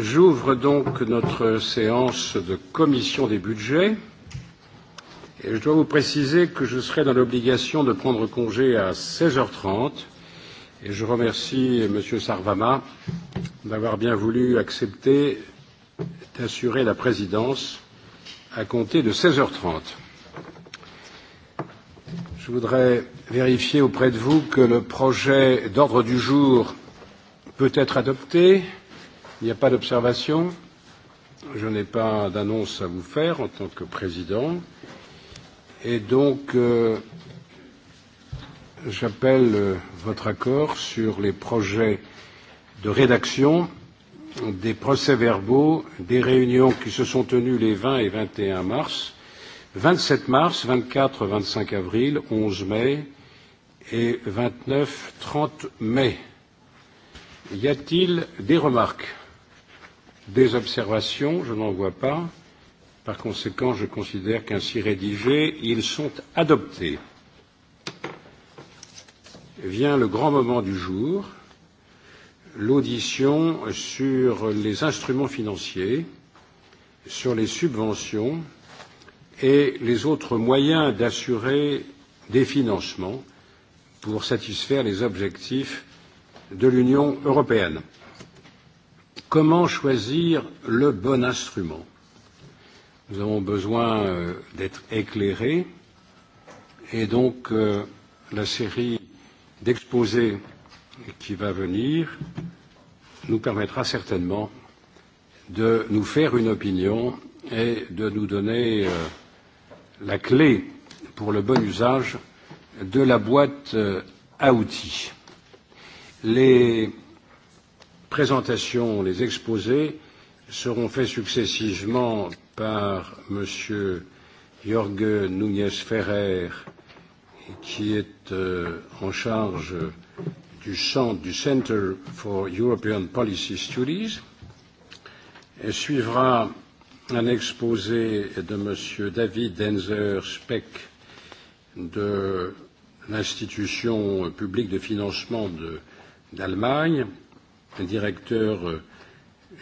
J'ouvre donc notre séance de commission des budgets. Et je dois vous préciser que je serai dans l'obligation de prendre congé à 16h30. Et je remercie M. Sarvama d'avoir bien voulu accepter d'assurer la présidence à compter de 16h30. Je voudrais vérifier auprès de vous que le projet d'ordre du jour peut être adopté Il n'y a pas d'observation. Je n'ai pas d'annonce à vous faire en tant que président. Et donc, j'appelle votre accord sur les projets de rédaction des procès-verbaux des réunions qui se sont tenues les 20 et 21 mars, 27 mars, 24, 25 avril, 11 mai et 29, 30 mai. Y a-t-il des remarques Des observations, je n'en vois pas. Par conséquent, je considère qu'ainsi rédigés, ils sont adoptés. Vient le grand moment du jour, l'audition sur les instruments financiers, sur les subventions et les autres moyens d'assurer des financements pour satisfaire les objectifs de l'Union européenne. Comment choisir le bon instrument Nous avons besoin d'être éclairés et donc la série d'exposés qui va venir nous permettra certainement de nous faire une opinion et de nous donner la clé pour le bon usage de la boîte à outils. Les présentation, les exposés seront faits successivement par M. Jorge Núñez Ferrer, qui est en charge du centre du Center for European Policy Studies, et suivra un exposé de M. David Denzer Speck de l'institution publique de financement d'Allemagne, le directeur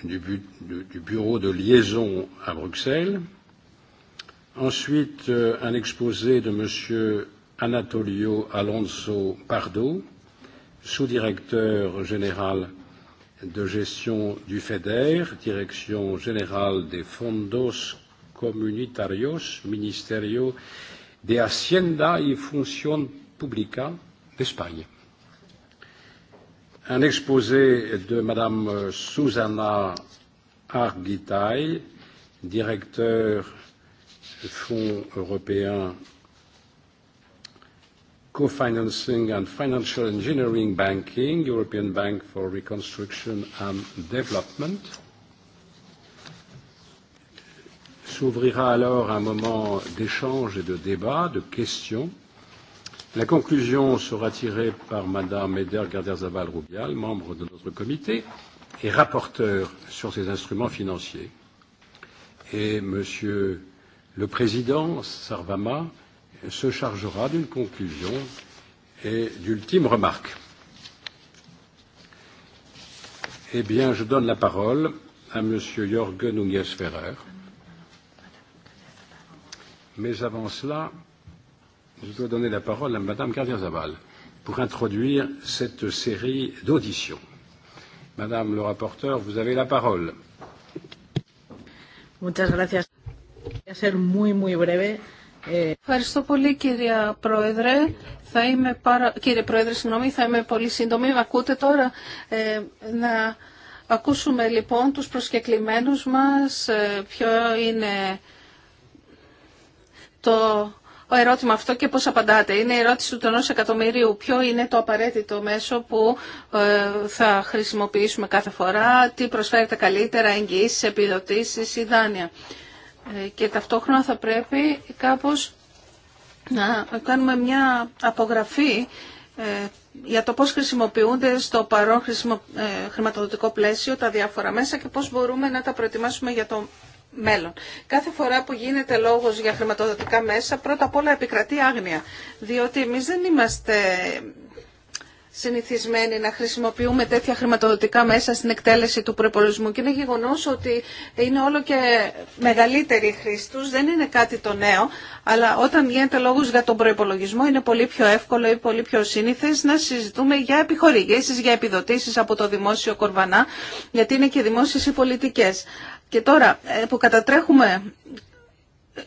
du, du bureau de liaison à Bruxelles. Ensuite, un exposé de M. Anatolio Alonso Pardo, sous-directeur général de gestion du FEDER, Direction générale des Fondos Comunitarios, Ministerio de Hacienda y Función Pública d'Espagne un exposé de Madame Susanna Argitay, directeur du Fonds européen Co-Financing and Financial Engineering Banking, European Bank for Reconstruction and Development. S'ouvrira alors un moment d'échange et de débat, de questions La conclusion sera tirée par Madame Eder Garderzabal Rubial, membre de notre comité et rapporteur sur ces instruments financiers. Et Monsieur le Président Sarvama se chargera d'une conclusion et d'ultime remarque. Eh bien, je donne la parole à Monsieur Jorgen Ferrer. Mais avant cela, je dois donner la parole à Madame Gardiazabal pour introduire cette série d'auditions. Madame le rapporteur, vous avez la parole. Muchas gracias. Voy a ser muy, muy breve. Ευχαριστώ πολύ κύριε Πρόεδρε. Θα είμαι πάρα... Κύριε Πρόεδρε, συγγνώμη, θα είμαι πολύ σύντομη. Ακούτε τώρα ε, να ακούσουμε λοιπόν τους προσκεκλημένους μας ε, ποιο είναι το ο ερώτημα αυτό και πώς απαντάτε. Είναι η ερώτηση του τονός εκατομμυρίου. Ποιο είναι το απαραίτητο μέσο που ε, θα χρησιμοποιήσουμε κάθε φορά, τι προσφέρεται καλύτερα, εγγυήσεις, επιδοτήσεις ή δάνεια. Ε, και ταυτόχρονα θα πρέπει κάπως να κάνουμε μια απογραφή ε, για το πώς χρησιμοποιούνται στο παρόν χρηματοδοτικό πλαίσιο τα διάφορα μέσα και πώς μπορούμε να τα προετοιμάσουμε για το μέλλον. Κάθε φορά που γίνεται λόγος για χρηματοδοτικά μέσα, πρώτα απ' όλα επικρατεί άγνοια, διότι εμείς δεν είμαστε συνηθισμένοι να χρησιμοποιούμε τέτοια χρηματοδοτικά μέσα στην εκτέλεση του προπολογισμού και είναι γεγονό ότι είναι όλο και μεγαλύτερη η χρήση του, δεν είναι κάτι το νέο, αλλά όταν γίνεται λόγο για τον προπολογισμό είναι πολύ πιο εύκολο ή πολύ πιο σύνηθε να συζητούμε για επιχορηγήσει, για επιδοτήσει από το δημόσιο κορβανά, γιατί είναι και δημόσιε οι πολιτικέ. Και τώρα ε, που κατατρέχουμε,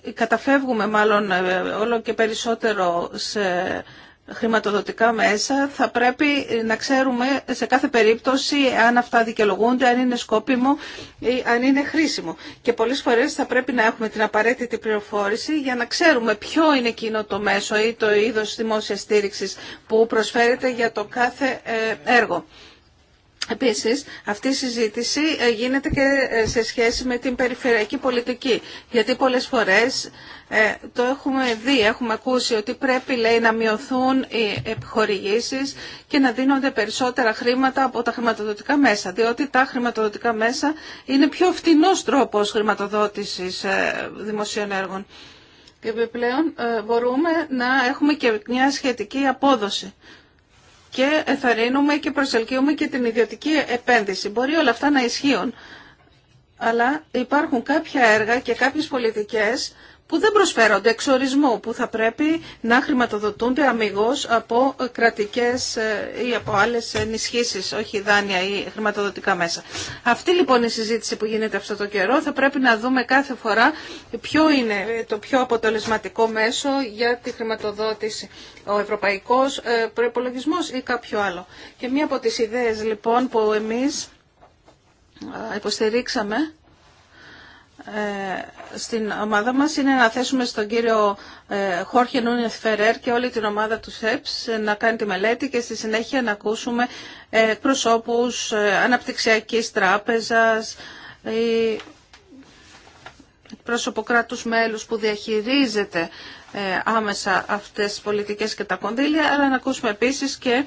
ε, καταφεύγουμε μάλλον ε, όλο και περισσότερο σε χρηματοδοτικά μέσα, θα πρέπει να ξέρουμε σε κάθε περίπτωση αν αυτά δικαιολογούνται, αν είναι σκόπιμο ή αν είναι χρήσιμο. Και πολλές φορές θα πρέπει να έχουμε την απαραίτητη πληροφόρηση για να ξέρουμε ποιο είναι εκείνο το μέσο ή το είδος δημόσιας στήριξης που προσφέρεται για το κάθε έργο. Επίση, αυτή η συζήτηση ε, γίνεται και ε, σε σχέση με την περιφερειακή πολιτική, γιατί πολλές φορές ε, το έχουμε δει, έχουμε ακούσει ότι πρέπει λέει, να μειωθούν οι επιχορηγήσεις και να δίνονται περισσότερα χρήματα από τα χρηματοδοτικά μέσα, διότι τα χρηματοδοτικά μέσα είναι πιο φτηνός τρόπος χρηματοδότηση δημοσίων έργων. Και επιπλέον μπορούμε να έχουμε και μια σχετική απόδοση και εθαρρύνουμε και προσελκύουμε και την ιδιωτική επένδυση. Μπορεί όλα αυτά να ισχύουν, αλλά υπάρχουν κάποια έργα και κάποιες πολιτικές που δεν προσφέρονται εξ ορισμού, που θα πρέπει να χρηματοδοτούνται αμυγός από κρατικές ε, ή από άλλες ενισχύσεις, όχι δάνεια ή χρηματοδοτικά μέσα. Αυτή λοιπόν η συζήτηση που γίνεται αυτό το καιρό θα πρέπει να δούμε κάθε φορά ποιο είναι το πιο αποτελεσματικό μέσο για τη χρηματοδότηση, ο ευρωπαϊκός ε, προϋπολογισμός ή κάποιο άλλο. Και μία από τις ιδέες λοιπόν που εμείς ε, υποστηρίξαμε ε, στην ομάδα μας είναι να θέσουμε στον κύριο ε, Χόρχε Νούνιεθ Φερέρ και όλη την ομάδα του ΣΕΠΣ να κάνει τη μελέτη και στη συνέχεια να ακούσουμε ε, προσώπους αναπτυξιακής τράπεζας ή πρόσωπο κράτους μέλους που διαχειρίζεται άμεσα αυτές τις πολιτικές και τα κονδύλια, αλλά να ακούσουμε επίσης και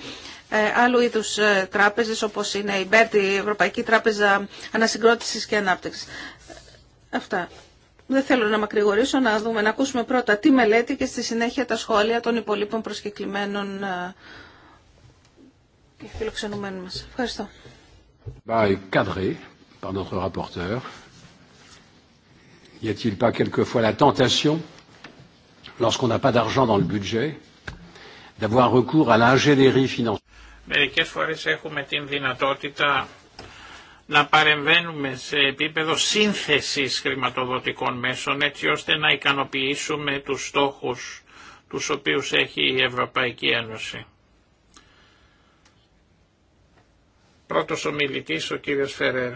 άλλου είδους τράπεζες όπως είναι η η Ευρωπαϊκή Τράπεζα Ανασυγκρότησης και Ανάπτυξης. Αυτά. Δεν θέλω να μακρηγορήσω, να δούμε, να ακούσουμε πρώτα τη μελέτη και στη συνέχεια τα σχόλια των υπολείπων προσκεκλημένων ε, και φιλοξενουμένων μας. Ευχαριστώ. By cadré par notre rapporteur. Y a-t-il pas quelquefois la tentation, lorsqu'on n'a pas d'argent dans le budget, d'avoir recours à l'ingénierie financière Μερικές φορές έχουμε την δυνατότητα να παρεμβαίνουμε σε επίπεδο σύνθεσης χρηματοδοτικών μέσων έτσι ώστε να ικανοποιήσουμε τους στόχους τους οποίους έχει η Ευρωπαϊκή Ένωση. Πρώτος ομιλητής ο κύριος Φερέρ.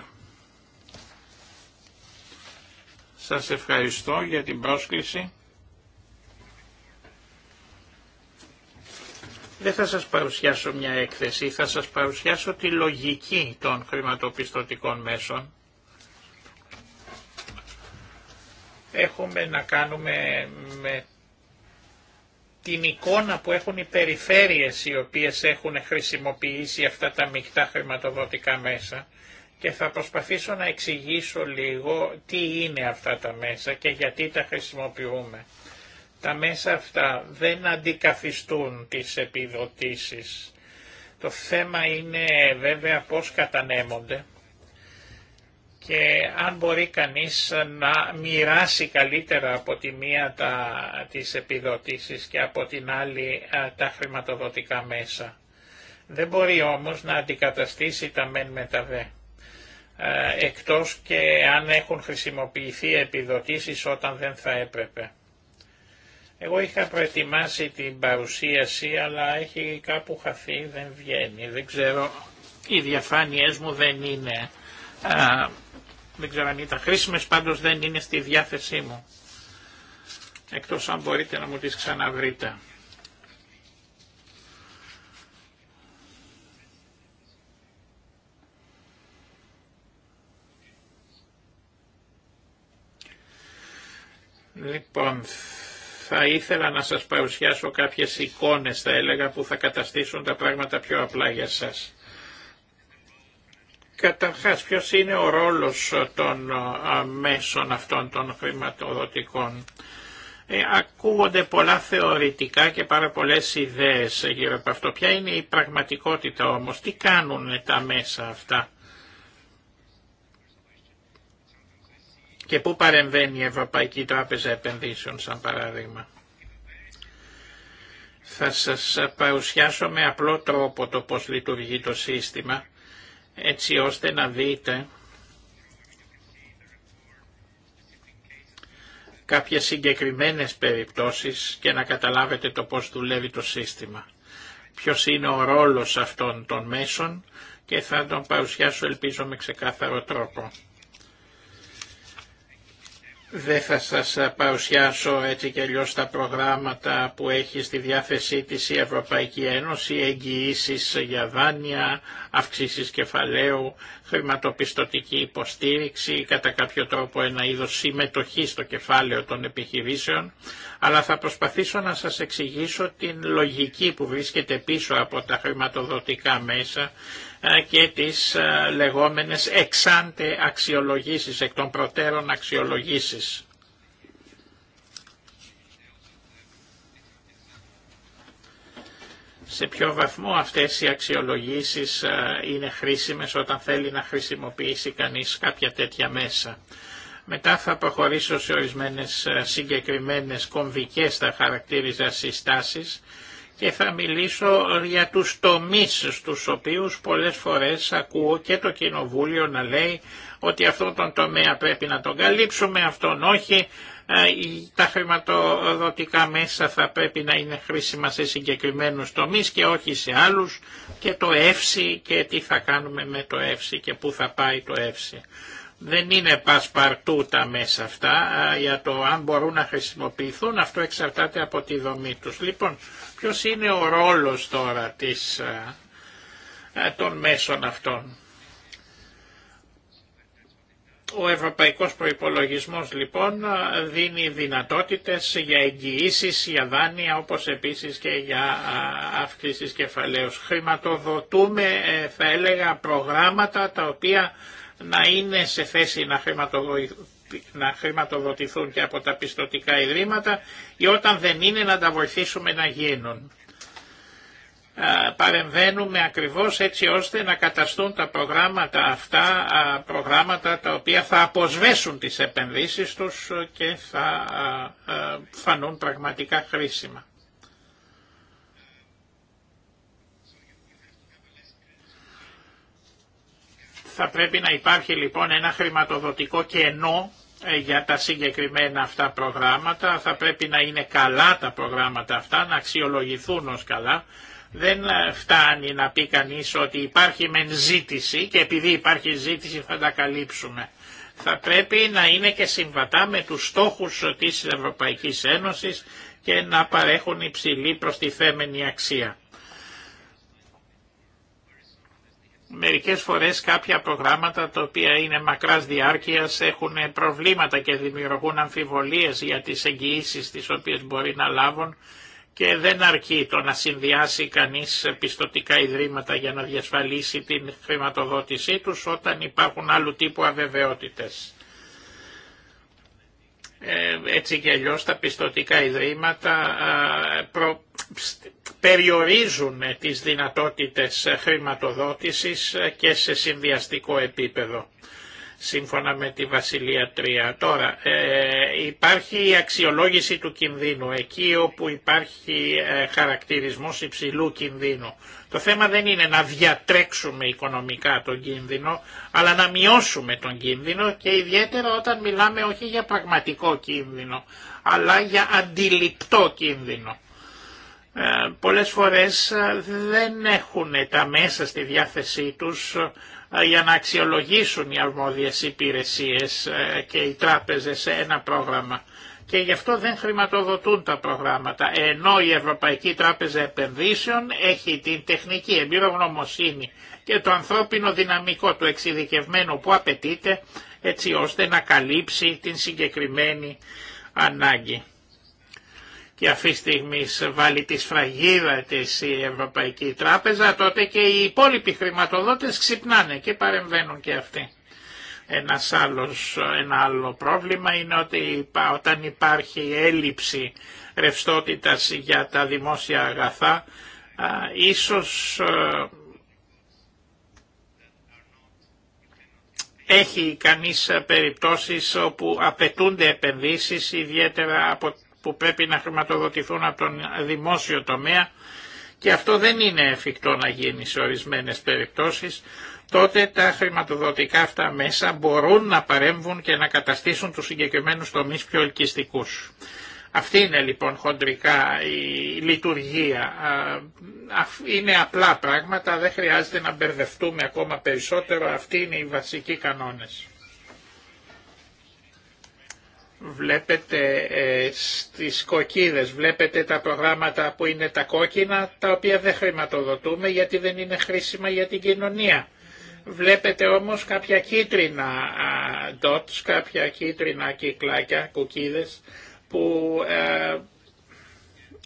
Σας ευχαριστώ για την πρόσκληση. Δεν θα σας παρουσιάσω μια έκθεση, θα σας παρουσιάσω τη λογική των χρηματοπιστωτικών μέσων. Έχουμε να κάνουμε με την εικόνα που έχουν οι περιφέρειες οι οποίες έχουν χρησιμοποιήσει αυτά τα μεικτά χρηματοδοτικά μέσα και θα προσπαθήσω να εξηγήσω λίγο τι είναι αυτά τα μέσα και γιατί τα χρησιμοποιούμε. Τα μέσα αυτά δεν αντικαθιστούν τις επιδοτήσεις. Το θέμα είναι βέβαια πώς κατανέμονται και αν μπορεί κανείς να μοιράσει καλύτερα από τη μία τα, τις επιδοτήσεις και από την άλλη τα χρηματοδοτικά μέσα. Δεν μπορεί όμως να αντικαταστήσει τα μεν με τα δε. Εκτός και αν έχουν χρησιμοποιηθεί επιδοτήσεις όταν δεν θα έπρεπε. Εγώ είχα προετοιμάσει την παρουσίαση, αλλά έχει κάπου χαθεί, δεν βγαίνει, δεν ξέρω. Οι διαφάνειές μου δεν είναι, α, δεν ξέρω αν ήταν χρήσιμες, πάντως δεν είναι στη διάθεσή μου. Εκτός αν μπορείτε να μου τις ξαναβρείτε. Λοιπόν, θα ήθελα να σας παρουσιάσω κάποιες εικόνες θα έλεγα που θα καταστήσουν τα πράγματα πιο απλά για σας. Καταρχάς ποιος είναι ο ρόλος των μέσων αυτών των χρηματοδοτικών. Ε, ακούγονται πολλά θεωρητικά και πάρα πολλές ιδέες γύρω από αυτό. Ποια είναι η πραγματικότητα όμως, τι κάνουν τα μέσα αυτά. και πού παρεμβαίνει η Ευρωπαϊκή Τράπεζα Επενδύσεων σαν παράδειγμα. Θα σας παρουσιάσω με απλό τρόπο το πώς λειτουργεί το σύστημα έτσι ώστε να δείτε κάποιες συγκεκριμένες περιπτώσεις και να καταλάβετε το πώς δουλεύει το σύστημα. Ποιος είναι ο ρόλος αυτών των μέσων και θα τον παρουσιάσω ελπίζω με ξεκάθαρο τρόπο. Δεν θα σας ε, παρουσιάσω έτσι και τα προγράμματα που έχει στη διάθεσή της η Ευρωπαϊκή Ένωση, εγγυήσει για δάνεια, αυξήσεις κεφαλαίου, χρηματοπιστωτική υποστήριξη, κατά κάποιο τρόπο ένα είδος συμμετοχή στο κεφάλαιο των επιχειρήσεων, αλλά θα προσπαθήσω να σας εξηγήσω την λογική που βρίσκεται πίσω από τα χρηματοδοτικά μέσα και τις λεγόμενες εξάντε αξιολογήσεις, εκ των προτέρων αξιολογήσεις. σε ποιο βαθμό αυτές οι αξιολογήσεις είναι χρήσιμες όταν θέλει να χρησιμοποιήσει κανείς κάποια τέτοια μέσα. Μετά θα προχωρήσω σε ορισμένες συγκεκριμένες κομβικές τα χαρακτήριζα συστάσεις και θα μιλήσω για τους τομείς στους οποίους πολλές φορές ακούω και το Κοινοβούλιο να λέει ότι αυτόν τον τομέα πρέπει να τον καλύψουμε, αυτόν όχι, ε, τα χρηματοδοτικά μέσα θα πρέπει να είναι χρήσιμα σε συγκεκριμένους τομείς και όχι σε άλλους και το εύση και τι θα κάνουμε με το εύση και πού θα πάει το εύση. Δεν είναι πασπαρτού τα μέσα αυτά για το αν μπορούν να χρησιμοποιηθούν, αυτό εξαρτάται από τη δομή τους. Λοιπόν, ποιος είναι ο ρόλος τώρα της, των μέσων αυτών. Ο ευρωπαϊκός προϋπολογισμός λοιπόν δίνει δυνατότητες για εγγυήσει, για δάνεια όπως επίσης και για αυξηση κεφαλαίους. Χρηματοδοτούμε ε, θα έλεγα προγράμματα τα οποία να είναι σε θέση να, να χρηματοδοτηθούν και από τα πιστοτικά ιδρύματα ή όταν δεν είναι να τα βοηθήσουμε να γίνουν. Παρεμβαίνουμε ακριβώς έτσι ώστε να καταστούν τα προγράμματα αυτά, προγράμματα τα οποία θα αποσβέσουν τις επενδύσεις τους και θα φανούν πραγματικά χρήσιμα. Θα πρέπει να υπάρχει λοιπόν ένα χρηματοδοτικό κενό ε, για τα συγκεκριμένα αυτά προγράμματα. Θα πρέπει να είναι καλά τα προγράμματα αυτά, να αξιολογηθούν ως καλά. Δεν ε, φτάνει να πει κανείς ότι υπάρχει μεν ζήτηση και επειδή υπάρχει ζήτηση θα τα καλύψουμε. Θα πρέπει να είναι και συμβατά με τους στόχους της Ευρωπαϊκής Ένωσης και να παρέχουν υψηλή προστιθέμενη αξία. Μερικές φορές κάποια προγράμματα τα οποία είναι μακράς διάρκειας έχουν προβλήματα και δημιουργούν αμφιβολίες για τις εγγυήσει τις οποίες μπορεί να λάβουν και δεν αρκεί το να συνδυάσει κανείς πιστοτικά ιδρύματα για να διασφαλίσει την χρηματοδότησή τους όταν υπάρχουν άλλου τύπου αβεβαιότητες. Ε, έτσι και αλλιώς τα πιστοτικά ιδρύματα περιορίζουν τις δυνατότητες χρηματοδότησης και σε συνδυαστικό επίπεδο σύμφωνα με τη Βασιλεία 3. Τώρα, ε, υπάρχει η αξιολόγηση του κινδύνου, εκεί όπου υπάρχει ε, χαρακτηρισμός υψηλού κινδύνου. Το θέμα δεν είναι να διατρέξουμε οικονομικά τον κίνδυνο, αλλά να μειώσουμε τον κίνδυνο και ιδιαίτερα όταν μιλάμε όχι για πραγματικό κίνδυνο, αλλά για αντιληπτό κίνδυνο. Ε, πολλές φορές ε, δεν έχουν τα μέσα στη διάθεσή τους ε, για να αξιολογήσουν οι αρμόδιες υπηρεσίες και οι τράπεζες ένα πρόγραμμα και γι' αυτό δεν χρηματοδοτούν τα προγράμματα. Ενώ η Ευρωπαϊκή Τράπεζα Επενδύσεων έχει την τεχνική εμπειρογνωμοσύνη και το ανθρώπινο δυναμικό του εξειδικευμένου που απαιτείται έτσι ώστε να καλύψει την συγκεκριμένη ανάγκη και αυτή τη στιγμή βάλει τη σφραγίδα της η Ευρωπαϊκή Τράπεζα, τότε και οι υπόλοιποι χρηματοδότες ξυπνάνε και παρεμβαίνουν και αυτοί. Ένας άλλος, ένα άλλο πρόβλημα είναι ότι όταν υπάρχει έλλειψη ρευστότητας για τα δημόσια αγαθά, ίσως έχει κανείς περιπτώσεις όπου απαιτούνται επενδύσεις ιδιαίτερα από που πρέπει να χρηματοδοτηθούν από τον δημόσιο τομέα και αυτό δεν είναι εφικτό να γίνει σε ορισμένες περιπτώσεις, τότε τα χρηματοδοτικά αυτά μέσα μπορούν να παρέμβουν και να καταστήσουν τους συγκεκριμένους τομείς πιο ελκυστικούς. Αυτή είναι λοιπόν χοντρικά η λειτουργία. Είναι απλά πράγματα, δεν χρειάζεται να μπερδευτούμε ακόμα περισσότερο, Αυτή είναι οι βασικοί κανόνες βλέπετε ε, στις κοκκίδες, βλέπετε τα προγράμματα που είναι τα κόκκινα, τα οποία δεν χρηματοδοτούμε γιατί δεν είναι χρήσιμα για την κοινωνία. Βλέπετε όμως κάποια κίτρινα dots, κάποια κίτρινα κυκλάκια, κουκίδες, που ε,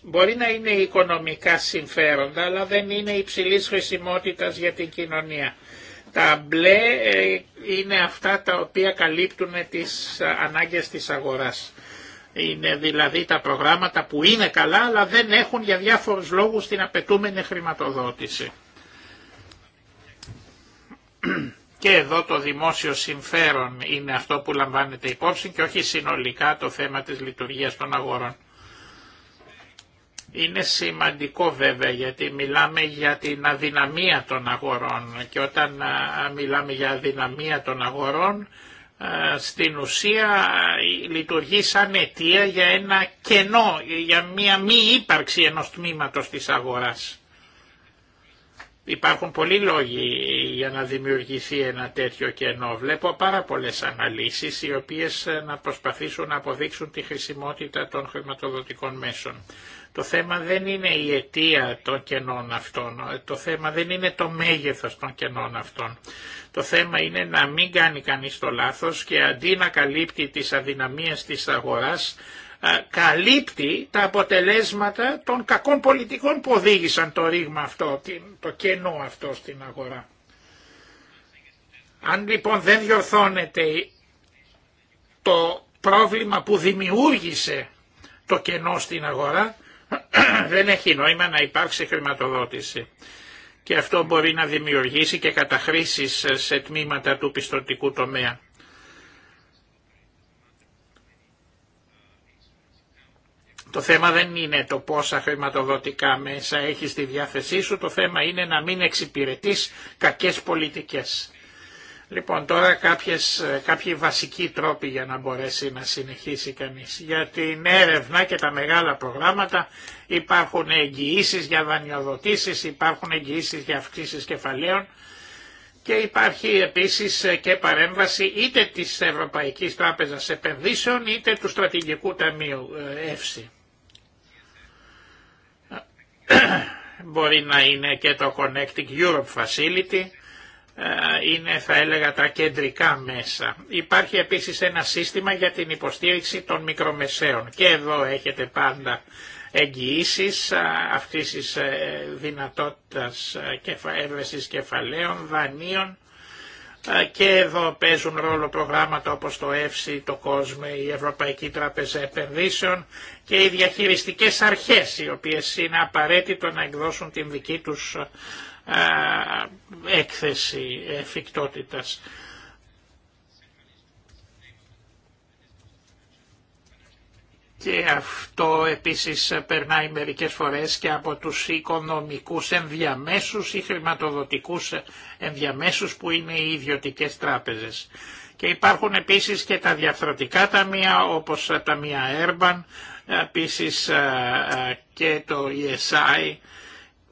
μπορεί να είναι οικονομικά συμφέροντα, αλλά δεν είναι υψηλής χρησιμότητας για την κοινωνία. Τα μπλε ε, είναι αυτά τα οποία καλύπτουν τις ε, ανάγκες της αγοράς. Είναι δηλαδή τα προγράμματα που είναι καλά αλλά δεν έχουν για διάφορους λόγους την απαιτούμενη χρηματοδότηση. Και εδώ το δημόσιο συμφέρον είναι αυτό που λαμβάνεται υπόψη και όχι συνολικά το θέμα της λειτουργίας των αγορών. Είναι σημαντικό βέβαια γιατί μιλάμε για την αδυναμία των αγορών και όταν μιλάμε για αδυναμία των αγορών στην ουσία λειτουργεί σαν αιτία για ένα κενό, για μια μη ύπαρξη ενός τμήματος της αγοράς. Υπάρχουν πολλοί λόγοι για να δημιουργηθεί ένα τέτοιο κενό. Βλέπω πάρα πολλές αναλύσεις οι οποίες ε, να προσπαθήσουν να αποδείξουν τη χρησιμότητα των χρηματοδοτικών μέσων. Το θέμα δεν είναι η αιτία των κενών αυτών, το θέμα δεν είναι το μέγεθος των κενών αυτών. Το θέμα είναι να μην κάνει κανείς το λάθος και αντί να καλύπτει τις αδυναμίες της αγοράς, καλύπτει τα αποτελέσματα των κακών πολιτικών που οδήγησαν το ρήγμα αυτό, το κενό αυτό στην αγορά. Αν λοιπόν δεν διορθώνεται το πρόβλημα που δημιούργησε το κενό στην αγορά, δεν έχει νόημα να υπάρξει χρηματοδότηση. Και αυτό μπορεί να δημιουργήσει και καταχρήσεις σε τμήματα του πιστοτικού τομέα. Το θέμα δεν είναι το πόσα χρηματοδοτικά μέσα έχει στη διάθεσή σου, το θέμα είναι να μην εξυπηρετείς κακές πολιτικές. Λοιπόν, τώρα κάποιες, κάποιοι βασικοί τρόποι για να μπορέσει να συνεχίσει κανείς. Για την έρευνα και τα μεγάλα προγράμματα υπάρχουν εγγυήσεις για δανειοδοτήσεις, υπάρχουν εγγυήσει για αυξήσεις κεφαλαίων και υπάρχει επίσης και παρέμβαση είτε της Ευρωπαϊκής Τράπεζας Επενδύσεων είτε του Στρατηγικού Ταμείου ΕΦΣΥ μπορεί να είναι και το Connecting Europe Facility ε, είναι θα έλεγα τα κεντρικά μέσα. Υπάρχει επίσης ένα σύστημα για την υποστήριξη των μικρομεσαίων και εδώ έχετε πάντα εγγυήσει αυτή τη ε, δυνατότητας ε, έβρεσης κεφαλαίων, δανείων και εδώ παίζουν ρόλο προγράμματα όπως το ΕΦΣΥ, το ΚΟΣΜΕ, η Ευρωπαϊκή Τράπεζα Επενδύσεων και οι διαχειριστικές αρχές οι οποίες είναι απαραίτητο να εκδώσουν την δική τους ε, έκθεση εφικτότητας. Και αυτό επίσης περνάει μερικές φορές και από τους οικονομικούς ενδιαμέσους ή χρηματοδοτικούς ενδιαμέσους που είναι οι ιδιωτικές τράπεζες. Και υπάρχουν επίσης και τα διαφθορτικά ταμεία όπως τα ταμεία Urban, επίσης ε, ε, και το ESI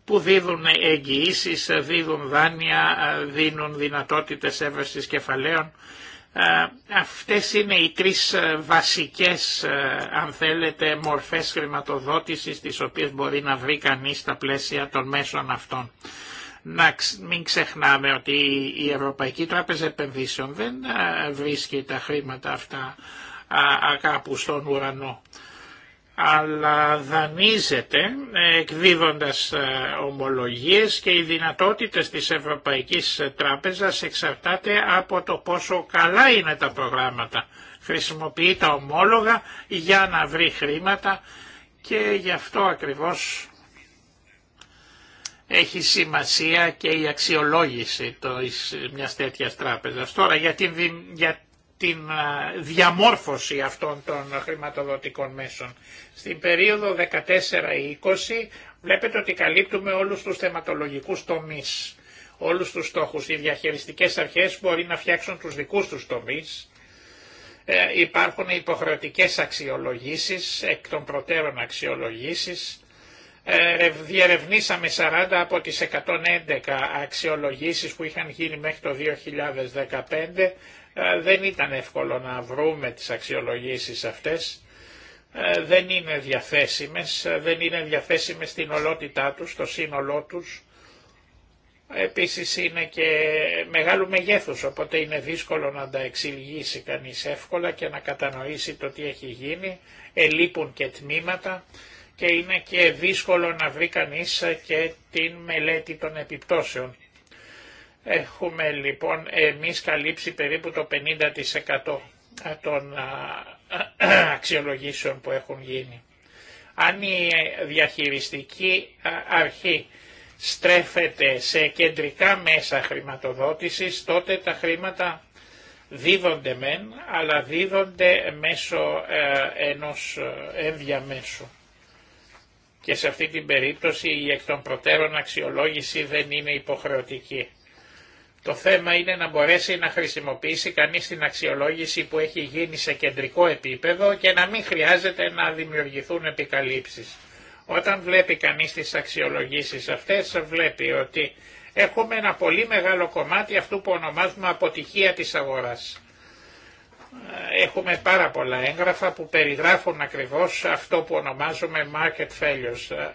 που δίδουν εγγυήσεις, δίδουν δάνεια, δίνουν δυνατότητες έβρεσης κεφαλαίων. Ε, αυτές είναι οι τρεις ε, βασικές, ε, αν θέλετε, μορφές χρηματοδότησης τις οποίες μπορεί να βρει κανείς στα πλαίσια των μέσων αυτών. Να μην ξεχνάμε ότι η Ευρωπαϊκή Τράπεζα Επενδύσεων δεν βρίσκει τα χρήματα αυτά κάπου στον ουρανό αλλά δανείζεται ε, εκδίδοντας ε, ομολογίες και οι δυνατότητες της Ευρωπαϊκής Τράπεζας εξαρτάται από το πόσο καλά είναι τα προγράμματα. Χρησιμοποιεί τα ομόλογα για να βρει χρήματα και γι' αυτό ακριβώς έχει σημασία και η αξιολόγηση μιας τέτοιας τράπεζας. Τώρα για την διαμόρφωση αυτών των χρηματοδοτικών μέσων. Στην περίοδο 14-20 βλέπετε ότι καλύπτουμε όλους τους θεματολογικούς τομείς, όλους τους στόχους. Οι διαχειριστικές αρχές μπορεί να φτιάξουν τους δικούς τους τομείς. Ε, υπάρχουν υποχρεωτικές αξιολογήσεις, εκ των προτέρων αξιολογήσεις. Ε, διερευνήσαμε 40 από τις 111 αξιολογήσεις που είχαν γίνει μέχρι το 2015 ε, δεν ήταν εύκολο να βρούμε τις αξιολογήσεις αυτές, ε, δεν είναι διαθέσιμες, ε, δεν είναι διαθέσιμες στην ολότητά τους, στο σύνολό τους. Επίσης είναι και μεγάλου μεγέθους, οπότε είναι δύσκολο να τα εξηγήσει κανείς εύκολα και να κατανοήσει το τι έχει γίνει, ελείπουν και τμήματα και είναι και δύσκολο να βρει κανείς και την μελέτη των επιπτώσεων. Έχουμε λοιπόν εμείς καλύψει περίπου το 50% των αξιολογήσεων που έχουν γίνει. Αν η διαχειριστική αρχή στρέφεται σε κεντρικά μέσα χρηματοδότησης, τότε τα χρήματα δίδονται μεν, αλλά δίδονται μέσω ε, ενός ε, ενδιαμέσου. Και σε αυτή την περίπτωση η εκ των προτέρων αξιολόγηση δεν είναι υποχρεωτική. Το θέμα είναι να μπορέσει να χρησιμοποιήσει κανείς την αξιολόγηση που έχει γίνει σε κεντρικό επίπεδο και να μην χρειάζεται να δημιουργηθούν επικαλύψεις. Όταν βλέπει κανείς τις αξιολογήσεις αυτές βλέπει ότι έχουμε ένα πολύ μεγάλο κομμάτι αυτού που ονομάζουμε αποτυχία της αγοράς. Έχουμε πάρα πολλά έγγραφα που περιγράφουν ακριβώς αυτό που ονομάζουμε market failures, ε, ε,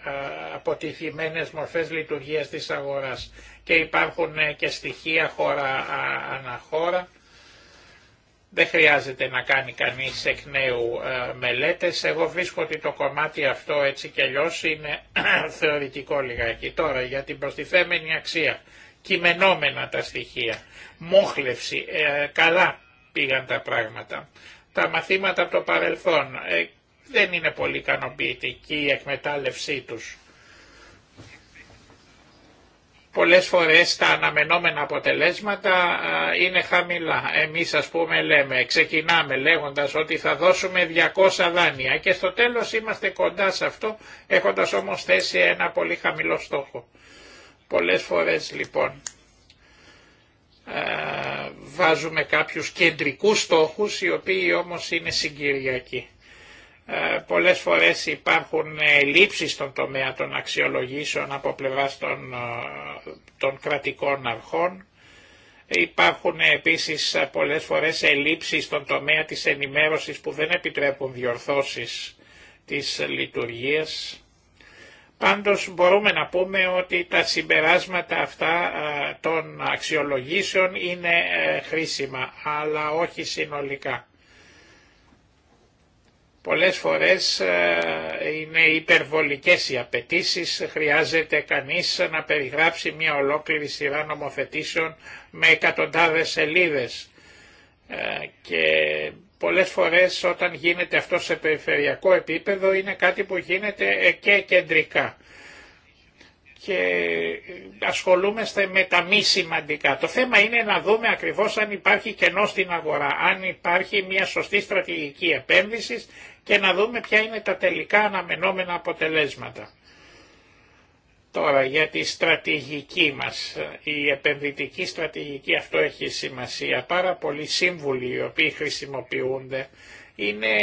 αποτυχημένες μορφές λειτουργίας της αγοράς και υπάρχουν ε, και στοιχεία χώρα αναχώρα. Δεν χρειάζεται να κάνει κανείς εκ νέου ε, μελέτες. Εγώ βρίσκω ότι το κομμάτι αυτό έτσι και αλλιώ είναι θεωρητικό λιγάκι. Τώρα για την προστιθέμενη αξία, κειμενόμενα τα στοιχεία, μόχλευση, ε, καλά πήγαν τα πράγματα. Τα μαθήματα από το παρελθόν δεν είναι πολύ ικανοποιητική η εκμετάλλευσή τους πολλές φορές τα αναμενόμενα αποτελέσματα είναι χαμηλά. Εμείς ας πούμε λέμε, ξεκινάμε λέγοντας ότι θα δώσουμε 200 δάνεια και στο τέλος είμαστε κοντά σε αυτό έχοντας όμως θέσει ένα πολύ χαμηλό στόχο. Πολλές φορές λοιπόν βάζουμε κάποιους κεντρικούς στόχους οι οποίοι όμως είναι συγκυριακοί. Ε, πολλές φορές υπάρχουν ε, ελλείψεις στον τομέα των αξιολογήσεων από πλευράς των, ε, κρατικών αρχών. Υπάρχουν επίσης πολλές φορές ελλείψεις στον τομέα της ενημέρωσης που δεν επιτρέπουν διορθώσεις της λειτουργίας. Πάντως μπορούμε να πούμε ότι τα συμπεράσματα αυτά των αξιολογήσεων είναι χρήσιμα, αλλά όχι συνολικά. Πολλές φορές ε, είναι υπερβολικές οι απαιτήσει, χρειάζεται κανείς να περιγράψει μια ολόκληρη σειρά νομοθετήσεων με εκατοντάδες σελίδες ε, και πολλές φορές όταν γίνεται αυτό σε περιφερειακό επίπεδο είναι κάτι που γίνεται και κεντρικά και ασχολούμαστε με τα μη σημαντικά. Το θέμα είναι να δούμε ακριβώς αν υπάρχει κενό στην αγορά, αν υπάρχει μια σωστή στρατηγική επένδυσης και να δούμε ποια είναι τα τελικά αναμενόμενα αποτελέσματα. Τώρα για τη στρατηγική μας, ε, η επενδυτική στρατηγική αυτό έχει σημασία. Πάρα πολλοί σύμβουλοι οι οποίοι χρησιμοποιούνται είναι,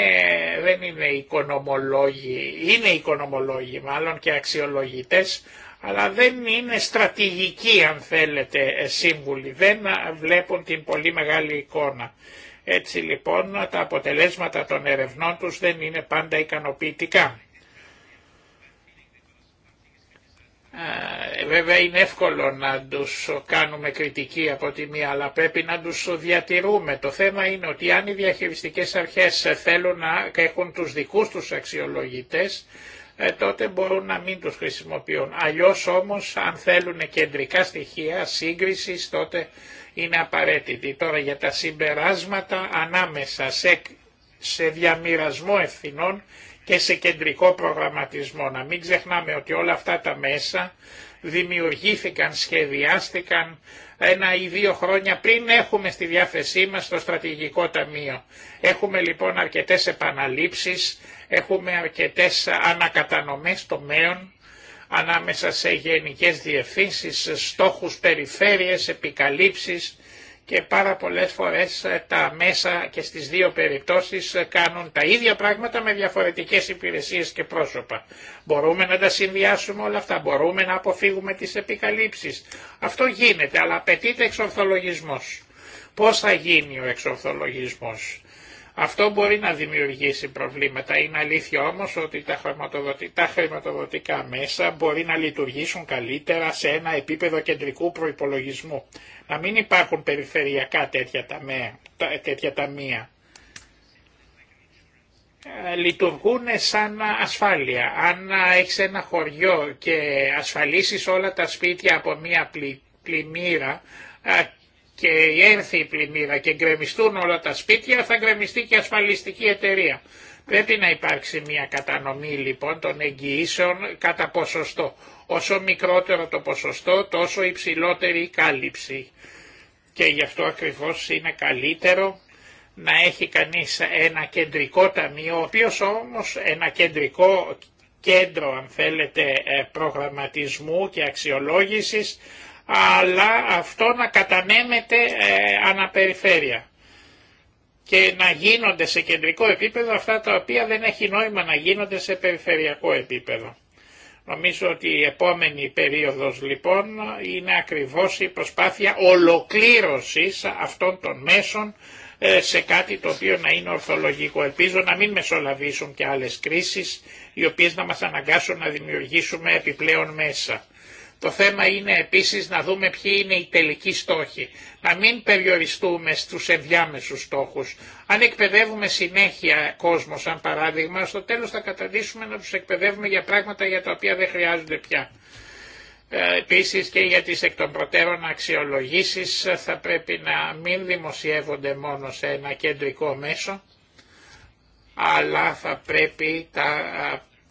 δεν είναι οικονομολόγοι, είναι οικονομολόγοι μάλλον και αξιολογητές, αλλά δεν είναι στρατηγικοί αν θέλετε ε, σύμβουλοι, δεν ε, βλέπουν την πολύ μεγάλη εικόνα. Έτσι λοιπόν τα αποτελέσματα των ερευνών τους δεν είναι πάντα ικανοποιητικά. Βέβαια είναι εύκολο να τους κάνουμε κριτική από τη μία αλλά πρέπει να τους διατηρούμε. Το θέμα είναι ότι αν οι διαχειριστικές αρχές θέλουν να έχουν τους δικούς τους αξιολογητές ε, τότε μπορούν να μην τους χρησιμοποιούν. Αλλιώς όμως αν θέλουν κεντρικά στοιχεία σύγκρισης τότε είναι απαραίτητη. Τώρα για τα συμπεράσματα ανάμεσα σε, σε διαμοιρασμό ευθυνών και σε κεντρικό προγραμματισμό. Να μην ξεχνάμε ότι όλα αυτά τα μέσα δημιουργήθηκαν, σχεδιάστηκαν ένα ή δύο χρόνια πριν έχουμε στη διάθεσή μας το στρατηγικό ταμείο. Έχουμε λοιπόν αρκετές επαναλήψεις, έχουμε αρκετές ανακατανομές τομέων ανάμεσα σε γενικές διευθύνσεις, στόχους περιφέρειες, επικαλύψεις και πάρα πολλές φορές ε, τα μέσα και στις δύο περιπτώσεις ε, κάνουν τα ίδια πράγματα με διαφορετικές υπηρεσίες και πρόσωπα. Μπορούμε να τα συνδυάσουμε όλα αυτά, μπορούμε να αποφύγουμε τις επικαλύψεις. Αυτό γίνεται, αλλά απαιτείται εξορθολογισμός. Πώς θα γίνει ο εξορθολογισμός. Αυτό μπορεί να δημιουργήσει προβλήματα. Είναι αλήθεια όμως ότι τα, χρηματοδοτικά, τα μέσα μπορεί να λειτουργήσουν καλύτερα σε ένα επίπεδο κεντρικού προϋπολογισμού. Να μην υπάρχουν περιφερειακά τέτοια ταμεία. Ε, λειτουργούν σαν ασφάλεια. Αν έχει ένα χωριό και ασφαλίσεις όλα τα σπίτια από μία πλημμύρα ε, και έρθει η πλημμύρα και γκρεμιστούν όλα τα σπίτια θα γκρεμιστεί και ασφαλιστική εταιρεία. Πρέπει να υπάρξει μια κατανομή λοιπόν των εγγυήσεων κατά ποσοστό. Όσο μικρότερο το ποσοστό τόσο υψηλότερη η κάλυψη. Και γι' αυτό ακριβώς είναι καλύτερο να έχει κανείς ένα κεντρικό ταμείο, ο οποίος όμως ένα κεντρικό κέντρο αν θέλετε ε, προγραμματισμού και αξιολόγησης, αλλά αυτό να κατανέμεται ε, αναπεριφέρεια και να γίνονται σε κεντρικό επίπεδο αυτά τα οποία δεν έχει νόημα να γίνονται σε περιφερειακό επίπεδο. Νομίζω ότι η επόμενη περίοδος λοιπόν είναι ακριβώς η προσπάθεια ολοκλήρωσης αυτών των μέσων ε, σε κάτι το οποίο να είναι ορθολογικό. Ελπίζω να μην μεσολαβήσουν και άλλες κρίσεις οι οποίες να μας αναγκάσουν να δημιουργήσουμε επιπλέον μέσα. Το θέμα είναι επίσης να δούμε ποιοι είναι οι τελικοί στόχοι. Να μην περιοριστούμε στους ενδιάμεσους στόχους. Αν εκπαιδεύουμε συνέχεια κόσμο, σαν παράδειγμα, στο τέλος θα καταντήσουμε να τους εκπαιδεύουμε για πράγματα για τα οποία δεν χρειάζονται πια. Ε, επίσης και για τις εκ των προτέρων αξιολογήσεις ε, θα πρέπει να μην δημοσιεύονται μόνο σε ένα κεντρικό μέσο, αλλά θα πρέπει τα,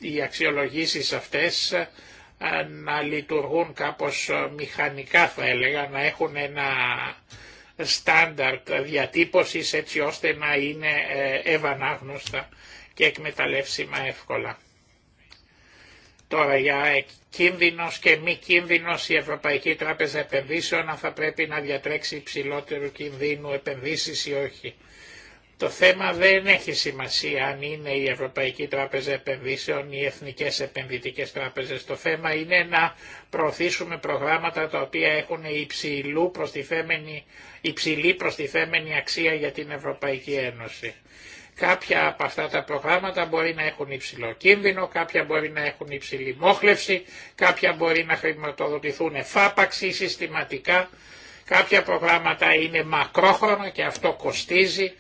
ε, οι αξιολογήσεις αυτές να λειτουργούν κάπως ε, μηχανικά θα έλεγα, να έχουν ένα στάνταρτ διατύπωσης έτσι ώστε να είναι ε, ευανάγνωστα και εκμεταλλεύσιμα εύκολα. Τώρα για κίνδυνος και μη κίνδυνος η Ευρωπαϊκή Τράπεζα Επενδύσεων αν θα πρέπει να διατρέξει υψηλότερου κινδύνου επενδύσεις ή όχι. Το θέμα δεν έχει σημασία αν είναι η Ευρωπαϊκή Τράπεζα Επενδύσεων ή οι Εθνικές Επενδυτικές Τράπεζες. Το θέμα είναι να προωθήσουμε προγράμματα τα οποία έχουν προστιθέμενη, υψηλή προστιθέμενη αξία για την Ευρωπαϊκή Ένωση. Κάποια από αυτά τα προγράμματα μπορεί να έχουν υψηλό κίνδυνο, κάποια μπορεί να έχουν υψηλή μόχλευση, κάποια μπορεί να χρηματοδοτηθούν εφάπαξη ή συστηματικά, κάποια προγράμματα είναι μακρόχρονα και αυτό κοστίζει.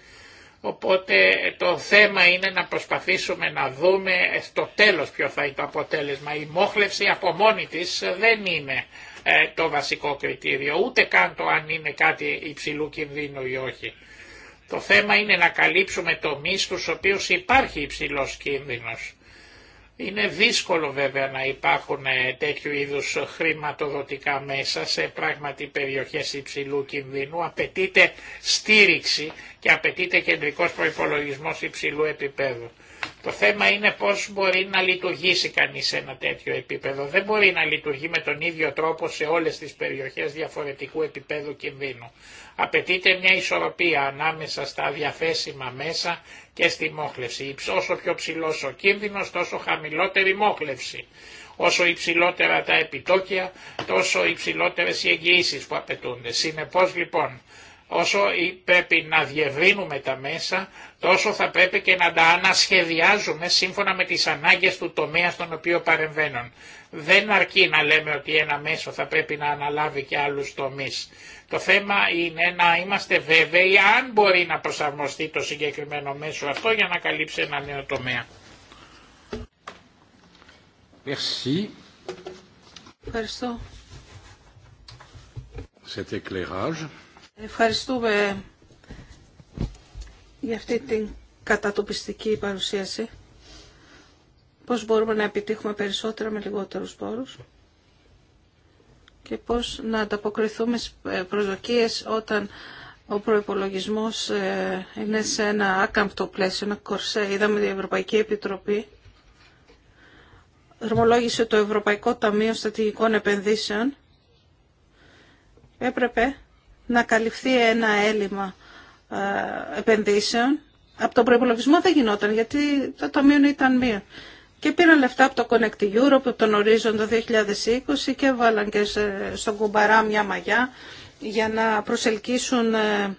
Οπότε το θέμα είναι να προσπαθήσουμε να δούμε στο τέλος ποιο θα είναι το αποτέλεσμα. Η μόχλευση από μόνη της δεν είναι ε, το βασικό κριτήριο, ούτε καν το αν είναι κάτι υψηλού κινδύνου ή όχι. Το θέμα είναι να καλύψουμε το τομείς ο οποίους υπάρχει υψηλός κίνδυνος. Είναι δύσκολο βέβαια να υπάρχουν ε, τέτοιου είδους χρηματοδοτικά μέσα σε πράγματι περιοχές υψηλού κινδύνου. Απαιτείται στήριξη και απαιτείται κεντρικός προϋπολογισμός υψηλού επίπεδου. Το θέμα είναι πώς μπορεί να λειτουργήσει κανείς σε ένα τέτοιο επίπεδο. Δεν μπορεί να λειτουργεί με τον ίδιο τρόπο σε όλες τις περιοχές διαφορετικού επίπεδου κινδύνου. Απαιτείται μια ισορροπία ανάμεσα στα διαθέσιμα μέσα και στη μόχλευση. Όσο πιο ψηλός ο κίνδυνος, τόσο χαμηλότερη μόχλευση. Όσο υψηλότερα τα επιτόκια, τόσο υψηλότερες οι εγγυήσεις που απαιτούνται. λοιπόν, όσο πρέπει να διευρύνουμε τα μέσα, τόσο θα πρέπει και να τα ανασχεδιάζουμε σύμφωνα με τις ανάγκες του τομέα στον οποίο παρεμβαίνουν. Δεν αρκεί να λέμε ότι ένα μέσο θα πρέπει να αναλάβει και άλλους τομείς. Το θέμα είναι να είμαστε βέβαιοι αν μπορεί να προσαρμοστεί το συγκεκριμένο μέσο αυτό για να καλύψει ένα νέο τομέα. Merci. Ευχαριστώ. éclairage. Ευχαριστούμε για αυτή την κατατοπιστική παρουσίαση. Πώς μπορούμε να επιτύχουμε περισσότερα με λιγότερους πόρους και πώς να ανταποκριθούμε στις προσδοκίες όταν ο προϋπολογισμός ε, είναι σε ένα άκαμπτο πλαίσιο, ένα κορσέ. Είδαμε η Ευρωπαϊκή Επιτροπή δρομολόγησε το Ευρωπαϊκό Ταμείο Στατηγικών Επενδύσεων. Έπρεπε να καλυφθεί ένα έλλειμμα ε, επενδύσεων. Από τον προπολογισμό δεν γινόταν γιατί το ταμείο ήταν μία. Και πήραν λεφτά από το Connect Europe, από τον ορίζοντα 2020 και βάλαν και στον κουμπαρά μια μαγιά για να προσελκύσουν ε,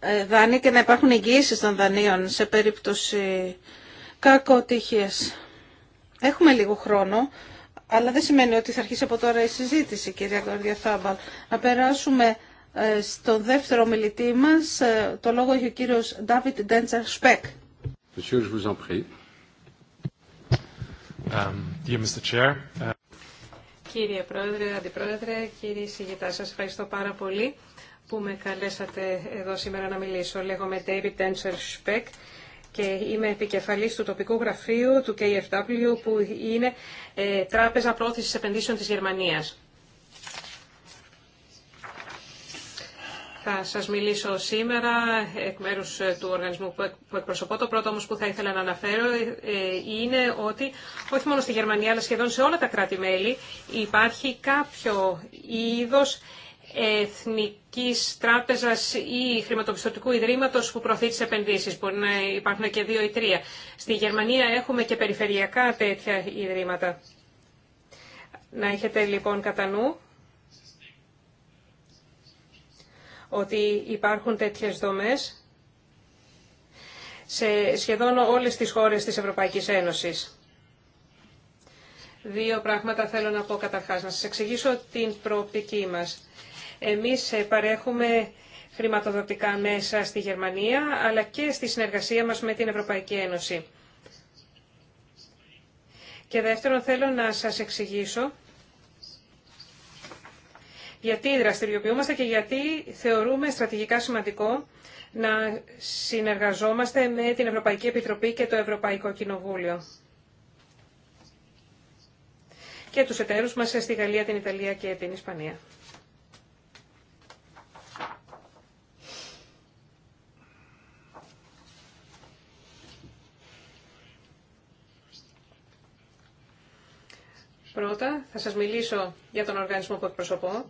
ε, δάνει και να υπάρχουν εγγύησει των δανείων σε περίπτωση κακοτυχίες. Έχουμε λίγο χρόνο. Αλλά δεν σημαίνει ότι θα αρχίσει από τώρα η συζήτηση, κυρία Γκορδία Θάμπαλ. Να περάσουμε ε, στο δεύτερο μιλητή μας. Ε, το λόγο έχει ο κύριος Ντάβιτ Ντέντσαρ Σπέκ. Um, uh, κύριε Πρόεδρε, Αντιπρόεδρε, κύριε Συγητά, σας ευχαριστώ πάρα πολύ που με καλέσατε εδώ σήμερα να μιλήσω. Λέγομαι David Tenser Σπέκ και είμαι επικεφαλής του τοπικού γραφείου του KFW που είναι ε, Τράπεζα Πρόθεσης Επενδύσεων της Γερμανίας. Θα σας μιλήσω σήμερα εκ μέρους ε, του οργανισμού που εκπροσωπώ. Το πρώτο όμως που θα ήθελα να αναφέρω ε, είναι ότι όχι μόνο στη Γερμανία αλλά σχεδόν σε όλα τα κράτη-μέλη υπάρχει κάποιο είδος εθνικό τράπεζα ή χρηματοπιστωτικού ιδρύματο που προωθεί τι επενδύσει. Μπορεί να υπάρχουν και δύο ή τρία. Στη Γερμανία έχουμε και περιφερειακά τέτοια ιδρύματα. Να έχετε λοιπόν κατά νου ότι υπάρχουν τέτοιες δομές σε σχεδόν όλες τις χώρες της Ευρωπαϊκής Ένωσης. Δύο πράγματα θέλω να πω καταρχάς. Να σας εξηγήσω την προοπτική μας. Εμείς ε, παρέχουμε χρηματοδοτικά μέσα στη Γερμανία, αλλά και στη συνεργασία μας με την Ευρωπαϊκή Ένωση. Και δεύτερον, θέλω να σας εξηγήσω γιατί δραστηριοποιούμαστε και γιατί θεωρούμε στρατηγικά σημαντικό να συνεργαζόμαστε με την Ευρωπαϊκή Επιτροπή και το Ευρωπαϊκό Κοινοβούλιο και τους εταίρους μας στη Γαλλία, την Ιταλία και την Ισπανία. Πρώτα θα σας μιλήσω για τον οργανισμό που εκπροσωπώ.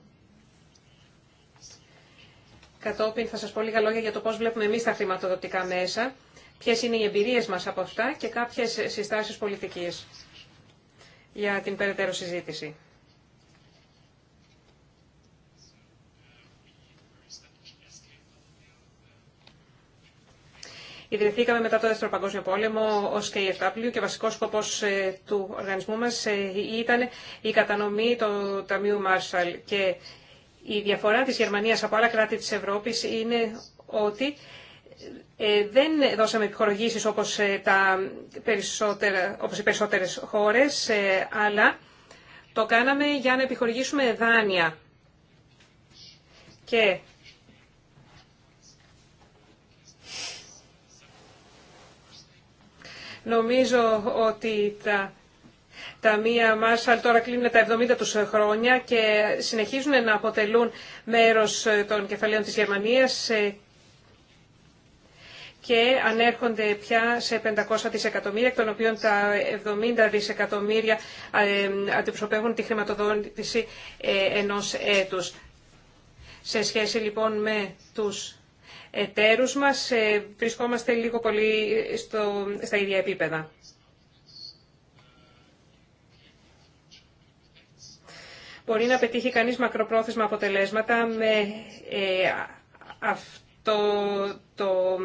Κατόπιν θα σας πω λίγα λόγια για το πώς βλέπουμε εμείς τα χρηματοδοτικά μέσα, ποιες είναι οι εμπειρίες μας από αυτά και κάποιες συστάσεις πολιτικής για την περαιτέρω συζήτηση. Ιδρυθήκαμε μετά το Δεύτερο Παγκόσμιο Πόλεμο ως KFW και βασικός σκοπός ε, του οργανισμού μας ε, ήταν η κατανομή του Ταμείου Μάρσαλ. Και η διαφορά της Γερμανία από άλλα κράτη τη Ευρώπη είναι ότι ε, δεν δώσαμε επιχορηγήσεις όπως, τα όπως οι περισσότερες χώρες, αλλά το κάναμε για να επιχορηγήσουμε δάνεια. Και Νομίζω ότι τα μία Μάρσαλ τώρα κλείνουν τα 70 τους χρόνια και συνεχίζουν να αποτελούν μέρος των κεφαλαίων της Γερμανίας ε, και ανέρχονται πια σε 500 δισεκατομμύρια, εκ των οποίων τα 70 δισεκατομμύρια ε, αντιπροσωπεύουν τη χρηματοδότηση ε, ενός έτους. Σε σχέση λοιπόν με τους εταίρους μας ε, βρισκόμαστε λίγο πολύ στο, στα ίδια επίπεδα. Μπορεί να πετύχει κανείς μακροπρόθεσμα αποτελέσματα με ε, αυτό το,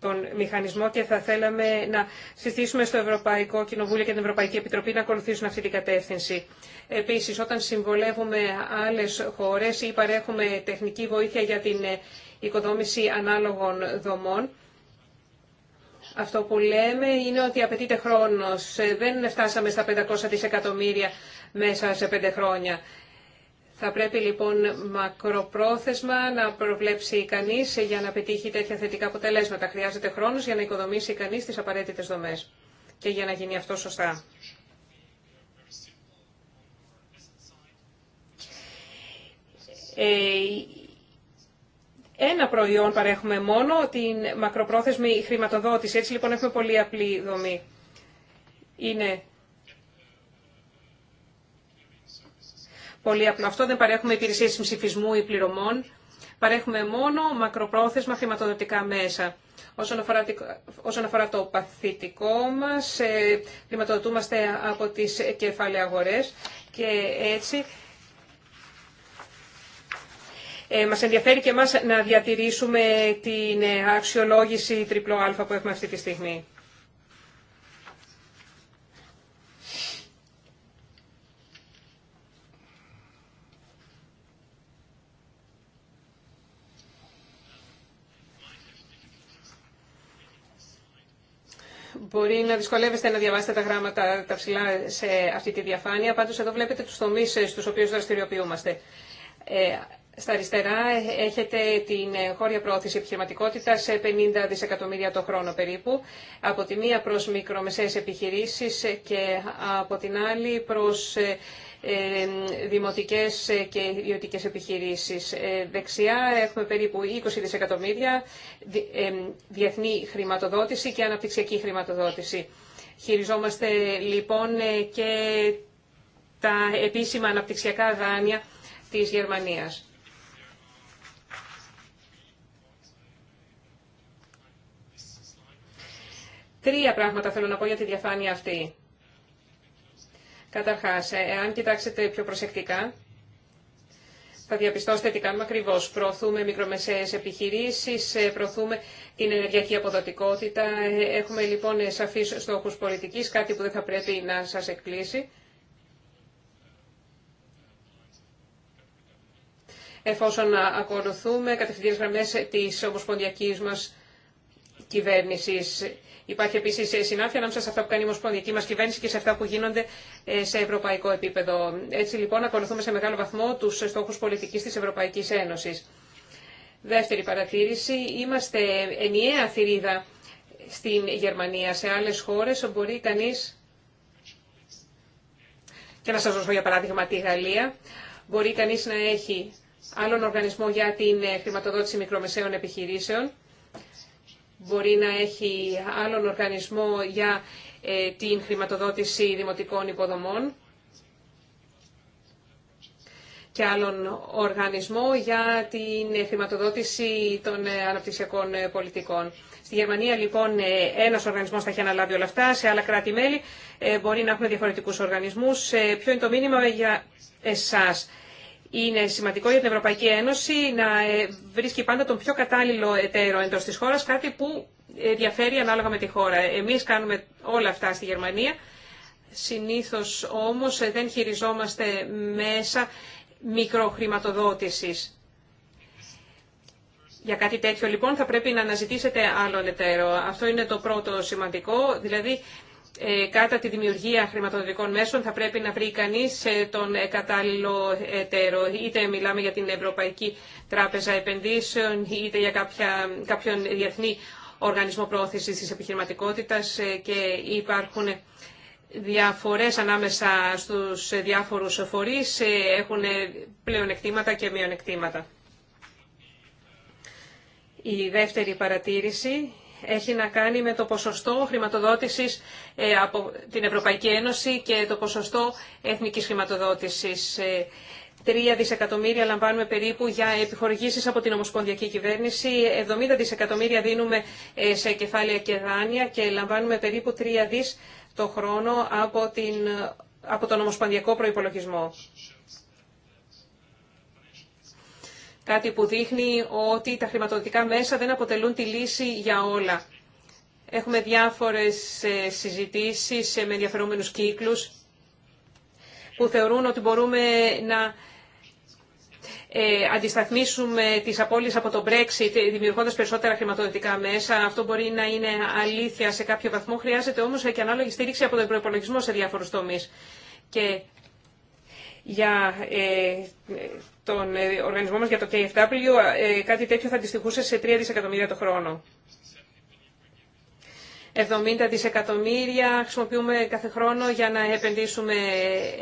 τον μηχανισμό και θα θέλαμε να συστήσουμε στο Ευρωπαϊκό Κοινοβούλιο και την Ευρωπαϊκή Επιτροπή να ακολουθήσουν αυτή την κατεύθυνση. Επίσης, όταν συμβολεύουμε άλλες χώρες ή παρέχουμε τεχνική βοήθεια για την οικοδόμηση ανάλογων δομών. Αυτό που λέμε είναι ότι απαιτείται χρόνος. Δεν φτάσαμε στα 500 δισεκατομμύρια μέσα σε πέντε χρόνια. Θα πρέπει λοιπόν μακροπρόθεσμα να προβλέψει κανείς για να πετύχει τέτοια θετικά αποτελέσματα. Χρειάζεται χρόνος για να οικοδομήσει κανείς τις απαραίτητες δομές και για να γίνει αυτό σωστά. Ε, ένα προϊόν παρέχουμε μόνο, την μακροπρόθεσμη χρηματοδότηση. Έτσι λοιπόν έχουμε πολύ απλή δομή. Είναι πολύ απλό αυτό, δεν παρέχουμε υπηρεσίε συμψηφισμού ή πληρωμών. Παρέχουμε μόνο μακροπρόθεσμα χρηματοδοτικά μέσα. Όσον αφορά, όσον αφορά το παθητικό μας, ε, χρηματοδοτούμαστε από τις κεφάλαια αγορές και έτσι ε, μας ενδιαφέρει και εμάς να διατηρήσουμε την ε, αξιολόγηση τριπλό αλφα που έχουμε αυτή τη στιγμή. Μπορεί να δυσκολεύεστε να διαβάσετε τα γράμματα τα ψηλά σε αυτή τη διαφάνεια, πάντως εδώ βλέπετε τους τομείς ε, στους οποίους δραστηριοποιούμαστε. Στα αριστερά έχετε την χώρια προώθηση επιχειρηματικότητα σε 50 δισεκατομμύρια το χρόνο περίπου, από τη μία προς μικρομεσαίες επιχειρήσεις ε, και από την άλλη προς ε, ε, δημοτικές και ιδιωτικέ επιχειρήσεις. Δεξιά έχουμε περίπου 20 δισεκατομμύρια διεθνή χρηματοδότηση και αναπτυξιακή χρηματοδότηση. Χειριζόμαστε λοιπόν και τα επίσημα αναπτυξιακά δάνεια της Γερμανίας. Τρία πράγματα θέλω να πω για τη διαφάνεια αυτή. Καταρχάς, ε, εάν κοιτάξετε πιο προσεκτικά, θα διαπιστώσετε τι κάνουμε ακριβώ. Προωθούμε μικρομεσαίε επιχειρήσει, ε, προωθούμε την ενεργειακή αποδοτικότητα. Ε, έχουμε λοιπόν σαφεί στόχου πολιτική, κάτι που δεν θα πρέπει να σα εκπλήσει. Εφόσον ακολουθούμε κατευθυντήρε γραμμέ τη ομοσπονδιακή μα κυβέρνηση. Υπάρχει επίση συνάφεια ανάμεσα σε αυτά που κάνει η Ομοσπονδιακή μα κυβέρνηση και σε αυτά που γίνονται ε, σε ευρωπαϊκό επίπεδο. Έτσι λοιπόν ακολουθούμε σε μεγάλο βαθμό του στόχου πολιτική τη Ευρωπαϊκή Ένωση. Δεύτερη παρατήρηση, είμαστε ενιαία θηρίδα στην Γερμανία. Σε άλλες χώρες μπορεί κανείς, και να σας δώσω για παράδειγμα τη Γαλλία, μπορεί κανείς να έχει άλλον οργανισμό για την ε, χρηματοδότηση μικρομεσαίων επιχειρήσεων μπορεί να έχει άλλον οργανισμό για ε, την χρηματοδότηση δημοτικών υποδομών και άλλον οργανισμό για την χρηματοδότηση των ε, αναπτυξιακών ε, πολιτικών. Στη Γερμανία, λοιπόν, ένα οργανισμό θα έχει αναλάβει όλα αυτά. Σε άλλα κράτη-μέλη μπορεί να έχουμε διαφορετικού οργανισμού. Ποιο είναι το μήνυμα για εσά. Είναι σημαντικό για την Ευρωπαϊκή Ένωση να ε, βρίσκει πάντα τον πιο κατάλληλο εταίρο εντός της χώρας, κάτι που ε, διαφέρει ανάλογα με τη χώρα. Εμείς κάνουμε όλα αυτά στη Γερμανία. Συνήθως όμως ε, δεν χειριζόμαστε μέσα μικροχρηματοδότησης. Για κάτι τέτοιο λοιπόν θα πρέπει να αναζητήσετε άλλον εταίρο. Αυτό είναι το πρώτο σημαντικό, δηλαδή ε, κατά τη δημιουργία χρηματοδοτικών μέσων θα πρέπει να βρει κανείς ε, τον ε, κατάλληλο εταίρο. Είτε μιλάμε για την Ευρωπαϊκή Τράπεζα Επενδύσεων, είτε για κάποια, κάποιον διεθνή οργανισμό προώθησης της επιχειρηματικότητας και υπάρχουν διαφορές ανάμεσα στους διάφορους φορείς, έχουν πλεονεκτήματα και μειονεκτήματα. Η δεύτερη παρατήρηση έχει να κάνει με το ποσοστό χρηματοδότησης ε, από την Ευρωπαϊκή Ένωση και το ποσοστό εθνικής χρηματοδότησης. Ε, τρία δισεκατομμύρια λαμβάνουμε περίπου για επιχορηγήσεις από την Ομοσπονδιακή Κυβέρνηση, 70 δισεκατομμύρια δίνουμε ε, σε κεφάλαια και δάνεια και λαμβάνουμε περίπου 3 δις το χρόνο από, την, από τον Ομοσπονδιακό Προϋπολογισμό. Κάτι που δείχνει ότι τα χρηματοδοτικά μέσα δεν αποτελούν τη λύση για όλα. Έχουμε διάφορες ε, συζητήσεις ε, με ενδιαφερόμενους κύκλους που θεωρούν ότι μπορούμε να ε, αντισταθμίσουμε τις απώλειες από το Brexit δημιουργώντας περισσότερα χρηματοδοτικά μέσα. Αυτό μπορεί να είναι αλήθεια σε κάποιο βαθμό. Χρειάζεται όμως και ανάλογη στήριξη από τον προπολογισμό σε διάφορους τομείς. Και για ε, τον ε, οργανισμό μας για το KFW, ε, κάτι τέτοιο θα αντιστοιχούσε σε 3 δισεκατομμύρια το χρόνο. 70 δισεκατομμύρια χρησιμοποιούμε κάθε χρόνο για να επενδύσουμε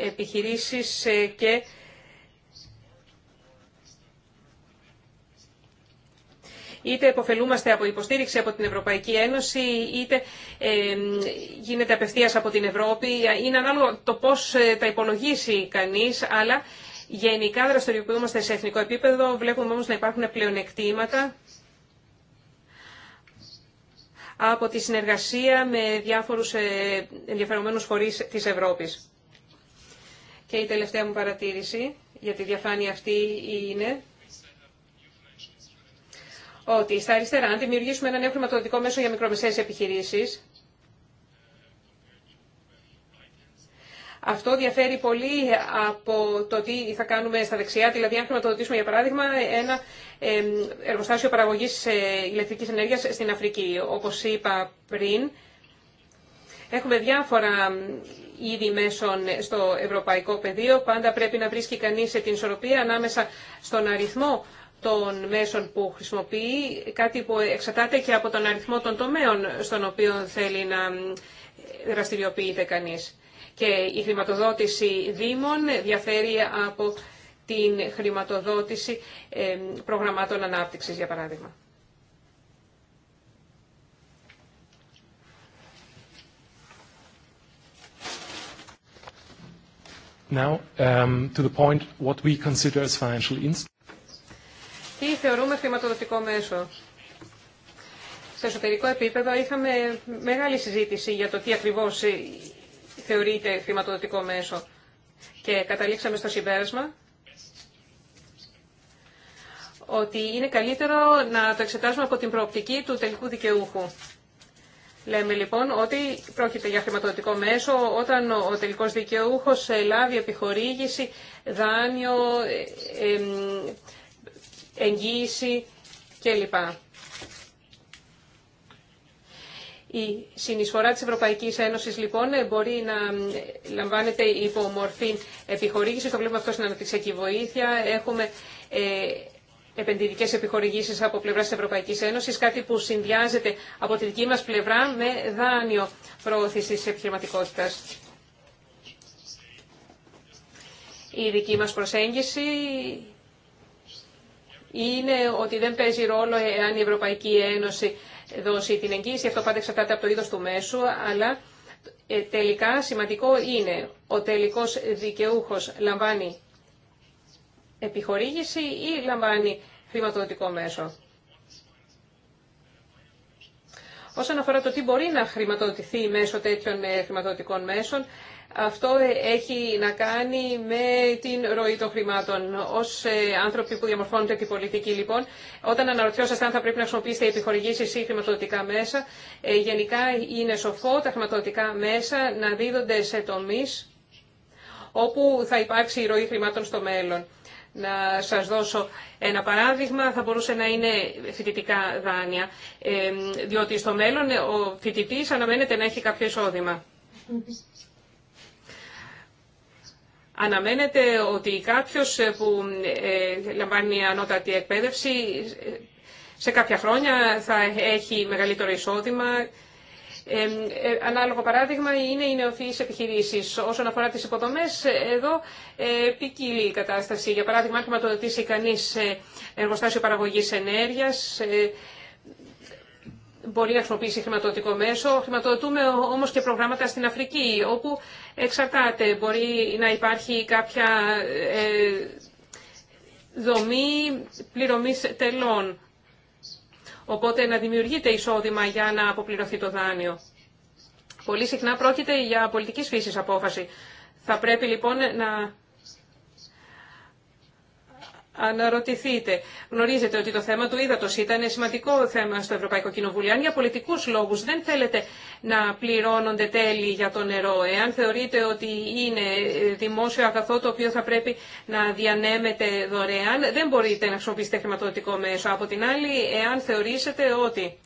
επιχειρήσεις και Είτε επωφελούμαστε από υποστήριξη από την Ευρωπαϊκή Ένωση, είτε γίνεται απευθεία από την Ευρώπη. Είναι ανάλογο το πώ ε, τα υπολογίσει κανεί, αλλά γενικά δραστηριοποιούμαστε σε εθνικό επίπεδο. Βλέπουμε όμω να υπάρχουν πλεονεκτήματα από τη συνεργασία με διάφορους ε, ενδιαφερομένους φορείς της Ευρώπης. Και η τελευταία μου παρατήρηση για τη διαφάνεια αυτή είναι ότι στα αριστερά, αν δημιουργήσουμε ένα νέο χρηματοδοτικό μέσο για μικρομεσαίες επιχειρήσεις, Αυτό διαφέρει πολύ από το τι θα κάνουμε στα δεξιά, δηλαδή αν χρηματοδοτήσουμε για παράδειγμα ένα εργοστάσιο παραγωγής ε, ηλεκτρικής ενέργειας στην Αφρική. Όπως είπα πριν, έχουμε διάφορα είδη μέσων στο ευρωπαϊκό πεδίο. Πάντα πρέπει να βρίσκει κανείς την ισορροπία ανάμεσα στον αριθμό των μέσων που χρησιμοποιεί, κάτι που εξαρτάται και από τον αριθμό των τομέων στον οποίο θέλει να δραστηριοποιείται κανείς. Και η χρηματοδότηση δήμων διαφέρει από την χρηματοδότηση προγραμμάτων ανάπτυξης, για παράδειγμα. Now, um, to the point what we consider τι θεωρούμε χρηματοδοτικό μέσο. Στο εσωτερικό επίπεδο είχαμε μεγάλη συζήτηση για το τι ακριβώς ε, θεωρείται χρηματοδοτικό μέσο και καταλήξαμε στο συμπέρασμα ότι είναι καλύτερο να το εξετάσουμε από την προοπτική του τελικού δικαιούχου. Λέμε λοιπόν ότι πρόκειται για χρηματοδοτικό μέσο όταν ο τελικός δικαιούχος ε, λάβει επιχορήγηση, δάνειο, ε, εγγύηση κλπ. Η συνεισφορά της Ευρωπαϊκής Ένωσης λοιπόν μπορεί να λαμβάνεται υπό μορφή επιχορήγησης, το βλέπουμε αυτό στην αναπτυξιακή βοήθεια. Έχουμε ε, επενδυτικές επιχορηγήσεις από πλευράς της Ευρωπαϊκής Ένωσης, κάτι που συνδυάζεται από τη δική μας πλευρά με δάνειο προώθησης επιχειρηματικότητας. Η δική μας προσέγγιση είναι ότι δεν παίζει ρόλο εάν η Ευρωπαϊκή Ένωση δώσει την εγγύηση. Αυτό πάντα εξαρτάται από το είδος του μέσου, αλλά ε, τελικά σημαντικό είναι ο τελικός δικαιούχος λαμβάνει επιχορήγηση ή λαμβάνει χρηματοδοτικό μέσο. Όσον αφορά το τι μπορεί να χρηματοδοτηθεί μέσω τέτοιων ε, χρηματοδοτικών μέσων, αυτό ε, έχει να κάνει με την ροή των χρημάτων. Ω ε, άνθρωποι που διαμορφώνονται την πολιτική, λοιπόν, όταν αναρωτιόσαστε αν θα πρέπει να χρησιμοποιήσετε επιχορηγήσει ή χρηματοδοτικά μέσα, ε, γενικά είναι σοφό τα χρηματοδοτικά μέσα να δίδονται σε τομεί όπου θα υπάρξει η ροή χρημάτων στο μέλλον. Να σας δώσω ένα παράδειγμα, θα μπορούσε να είναι φοιτητικά δάνεια, διότι στο μέλλον ο φοιτητής αναμένεται να έχει κάποιο εισόδημα. Αναμένεται ότι κάποιος ε, που ε, λαμβάνει ανώτατη εκπαίδευση σε κάποια χρόνια θα έχει μεγαλύτερο εισόδημα. Ε, ε, ανάλογο παράδειγμα είναι οι νεοφυείς επιχειρήσεις. Όσον αφορά τις υποδομές, εδώ ε, ποικίλει η κατάσταση. Για παράδειγμα, αν χρηματοδοτήσει κανείς εργοστάσιο παραγωγής ενέργειας, μπορεί να χρησιμοποιήσει χρηματοδοτικό μέσο. Χρηματοδοτούμε όμως και προγράμματα στην Αφρική, όπου εξαρτάται, μπορεί να υπάρχει κάποια ε, δομή πληρωμής τελών. Οπότε να δημιουργείται εισόδημα για να αποπληρωθεί το δάνειο. Πολύ συχνά πρόκειται για πολιτικής φύσης απόφαση. Θα πρέπει λοιπόν να αναρωτηθείτε. Γνωρίζετε ότι το θέμα του ύδατο ήταν σημαντικό θέμα στο Ευρωπαϊκό Κοινοβούλιο. Αν για πολιτικού λόγου δεν θέλετε να πληρώνονται τέλη για το νερό, εάν θεωρείτε ότι είναι ε, δημόσιο αγαθό το οποίο θα πρέπει να διανέμεται δωρεάν, δεν μπορείτε να χρησιμοποιήσετε χρηματοδοτικό μέσο. Από την άλλη, εάν θεωρήσετε ότι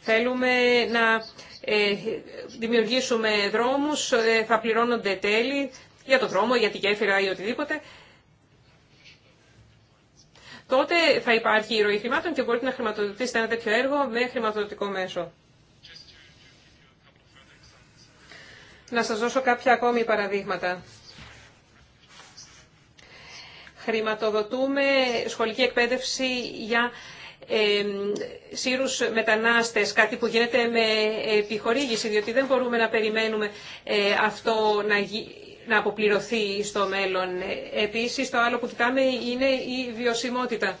θέλουμε να ε, δημιουργήσουμε δρόμους, ε, θα πληρώνονται τέλη για το δρόμο, για τη γέφυρα ή οτιδήποτε τότε θα υπάρχει η ροή χρημάτων και μπορείτε να χρηματοδοτήσετε ένα τέτοιο έργο με χρηματοδοτικό μέσο. Να σας δώσω κάποια ακόμη παραδείγματα. Χρηματοδοτούμε σχολική εκπαίδευση για ε, σύρους μετανάστες, κάτι που γίνεται με επιχορήγηση, διότι δεν μπορούμε να περιμένουμε ε, αυτό να, γίνει να αποπληρωθεί στο μέλλον. Επίσης, το άλλο που κοιτάμε είναι η βιωσιμότητα.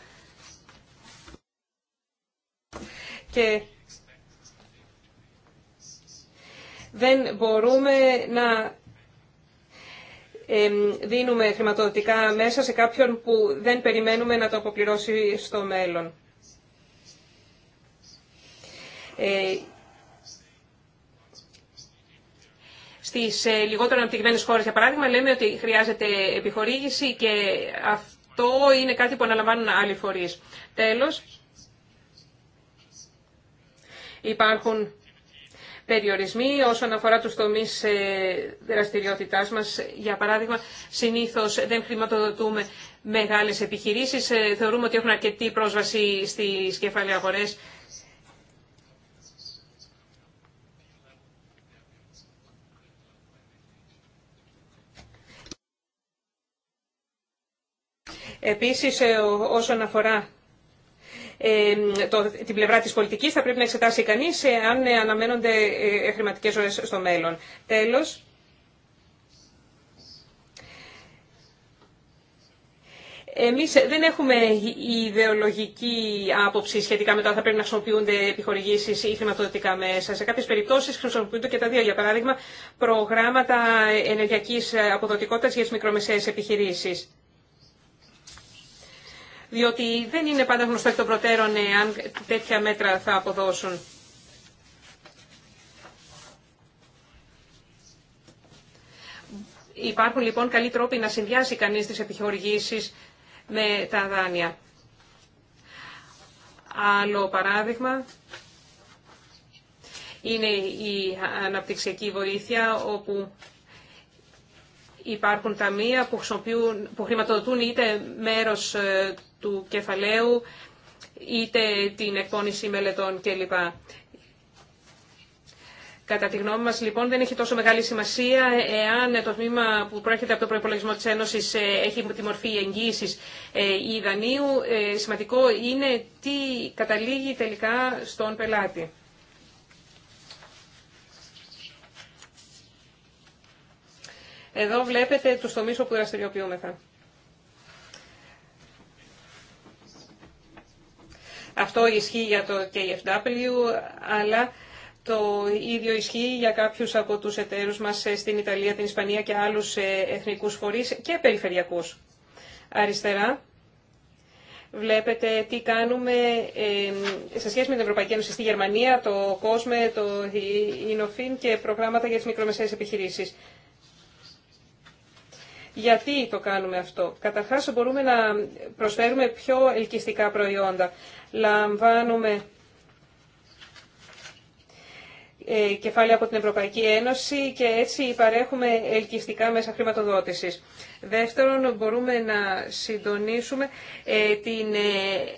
Και δεν μπορούμε να δίνουμε χρηματοδοτικά μέσα σε κάποιον που δεν περιμένουμε να το αποπληρώσει στο μέλλον. Ε, Στις ε, λιγότερο αναπτυγμένε χώρες, για παράδειγμα, λέμε ότι χρειάζεται επιχορήγηση και αυτό είναι κάτι που αναλαμβάνουν άλλοι φορείς. Τέλος, υπάρχουν περιορισμοί όσον αφορά τους τομείς ε, δραστηριότητάς μας. Για παράδειγμα, συνήθως δεν χρηματοδοτούμε μεγάλες επιχειρήσεις. Ε, θεωρούμε ότι έχουν αρκετή πρόσβαση στις κεφαλαίες αγορές Επίσης, ε, όσον αφορά ε, την πλευρά της πολιτικής, θα πρέπει να εξετάσει κανείς ε, αν αναμένονται χρηματικές ζωές στο μέλλον. Τέλος, Εμείς δεν έχουμε ιδεολογική άποψη σχετικά με το αν θα πρέπει να χρησιμοποιούνται επιχορηγήσεις ή χρηματοδοτικά μέσα. Σε κάποιες περιπτώσεις χρησιμοποιούνται και τα δύο. Για παράδειγμα, προγράμματα ενεργειακής αποδοτικότητας για τις μικρομεσαίες επιχειρήσεις διότι δεν είναι πάντα γνωστό εκ των προτέρων ε, αν τέτοια μέτρα θα αποδώσουν. Υπάρχουν λοιπόν καλοί τρόποι να συνδυάσει κανείς τις επιχορηγήσεις με τα δάνεια. Άλλο παράδειγμα είναι η αναπτυξιακή βοήθεια όπου υπάρχουν ταμεία που, χρηματοδοτούν είτε μέρος ε, του κεφαλαίου, είτε την εκπόνηση μελετών κλπ. Κατά τη γνώμη μας, λοιπόν, δεν έχει τόσο μεγάλη σημασία εάν το τμήμα που προέρχεται από το προϋπολογισμό της Ένωσης ε, έχει τη μορφή εγγύησης ε, ή δανείου. Ε, σημαντικό είναι τι καταλήγει τελικά στον πελάτη. Εδώ βλέπετε τους τομείς όπου δραστηριοποιούμεθα. Αυτό ισχύει για το KFW, αλλά το ίδιο ισχύει για κάποιους από τους εταίρους μας στην Ιταλία, την Ισπανία και άλλους ε, εθνικούς φορείς και περιφερειακούς. Αριστερά βλέπετε τι κάνουμε σε σχέση με την Ευρωπαϊκή Ένωση στη Γερμανία, το COSME, το INOFIN και προγράμματα για τις μικρομεσαίες επιχειρήσεις. Γιατί το κάνουμε αυτό. Καταρχάς μπορούμε να προσφέρουμε πιο ελκυστικά προϊόντα. Λαμβάνουμε ε, κεφάλαια από την Ευρωπαϊκή Ένωση και έτσι παρέχουμε ελκυστικά μέσα χρηματοδότησης. Δεύτερον, μπορούμε να συντονίσουμε ε, την ε,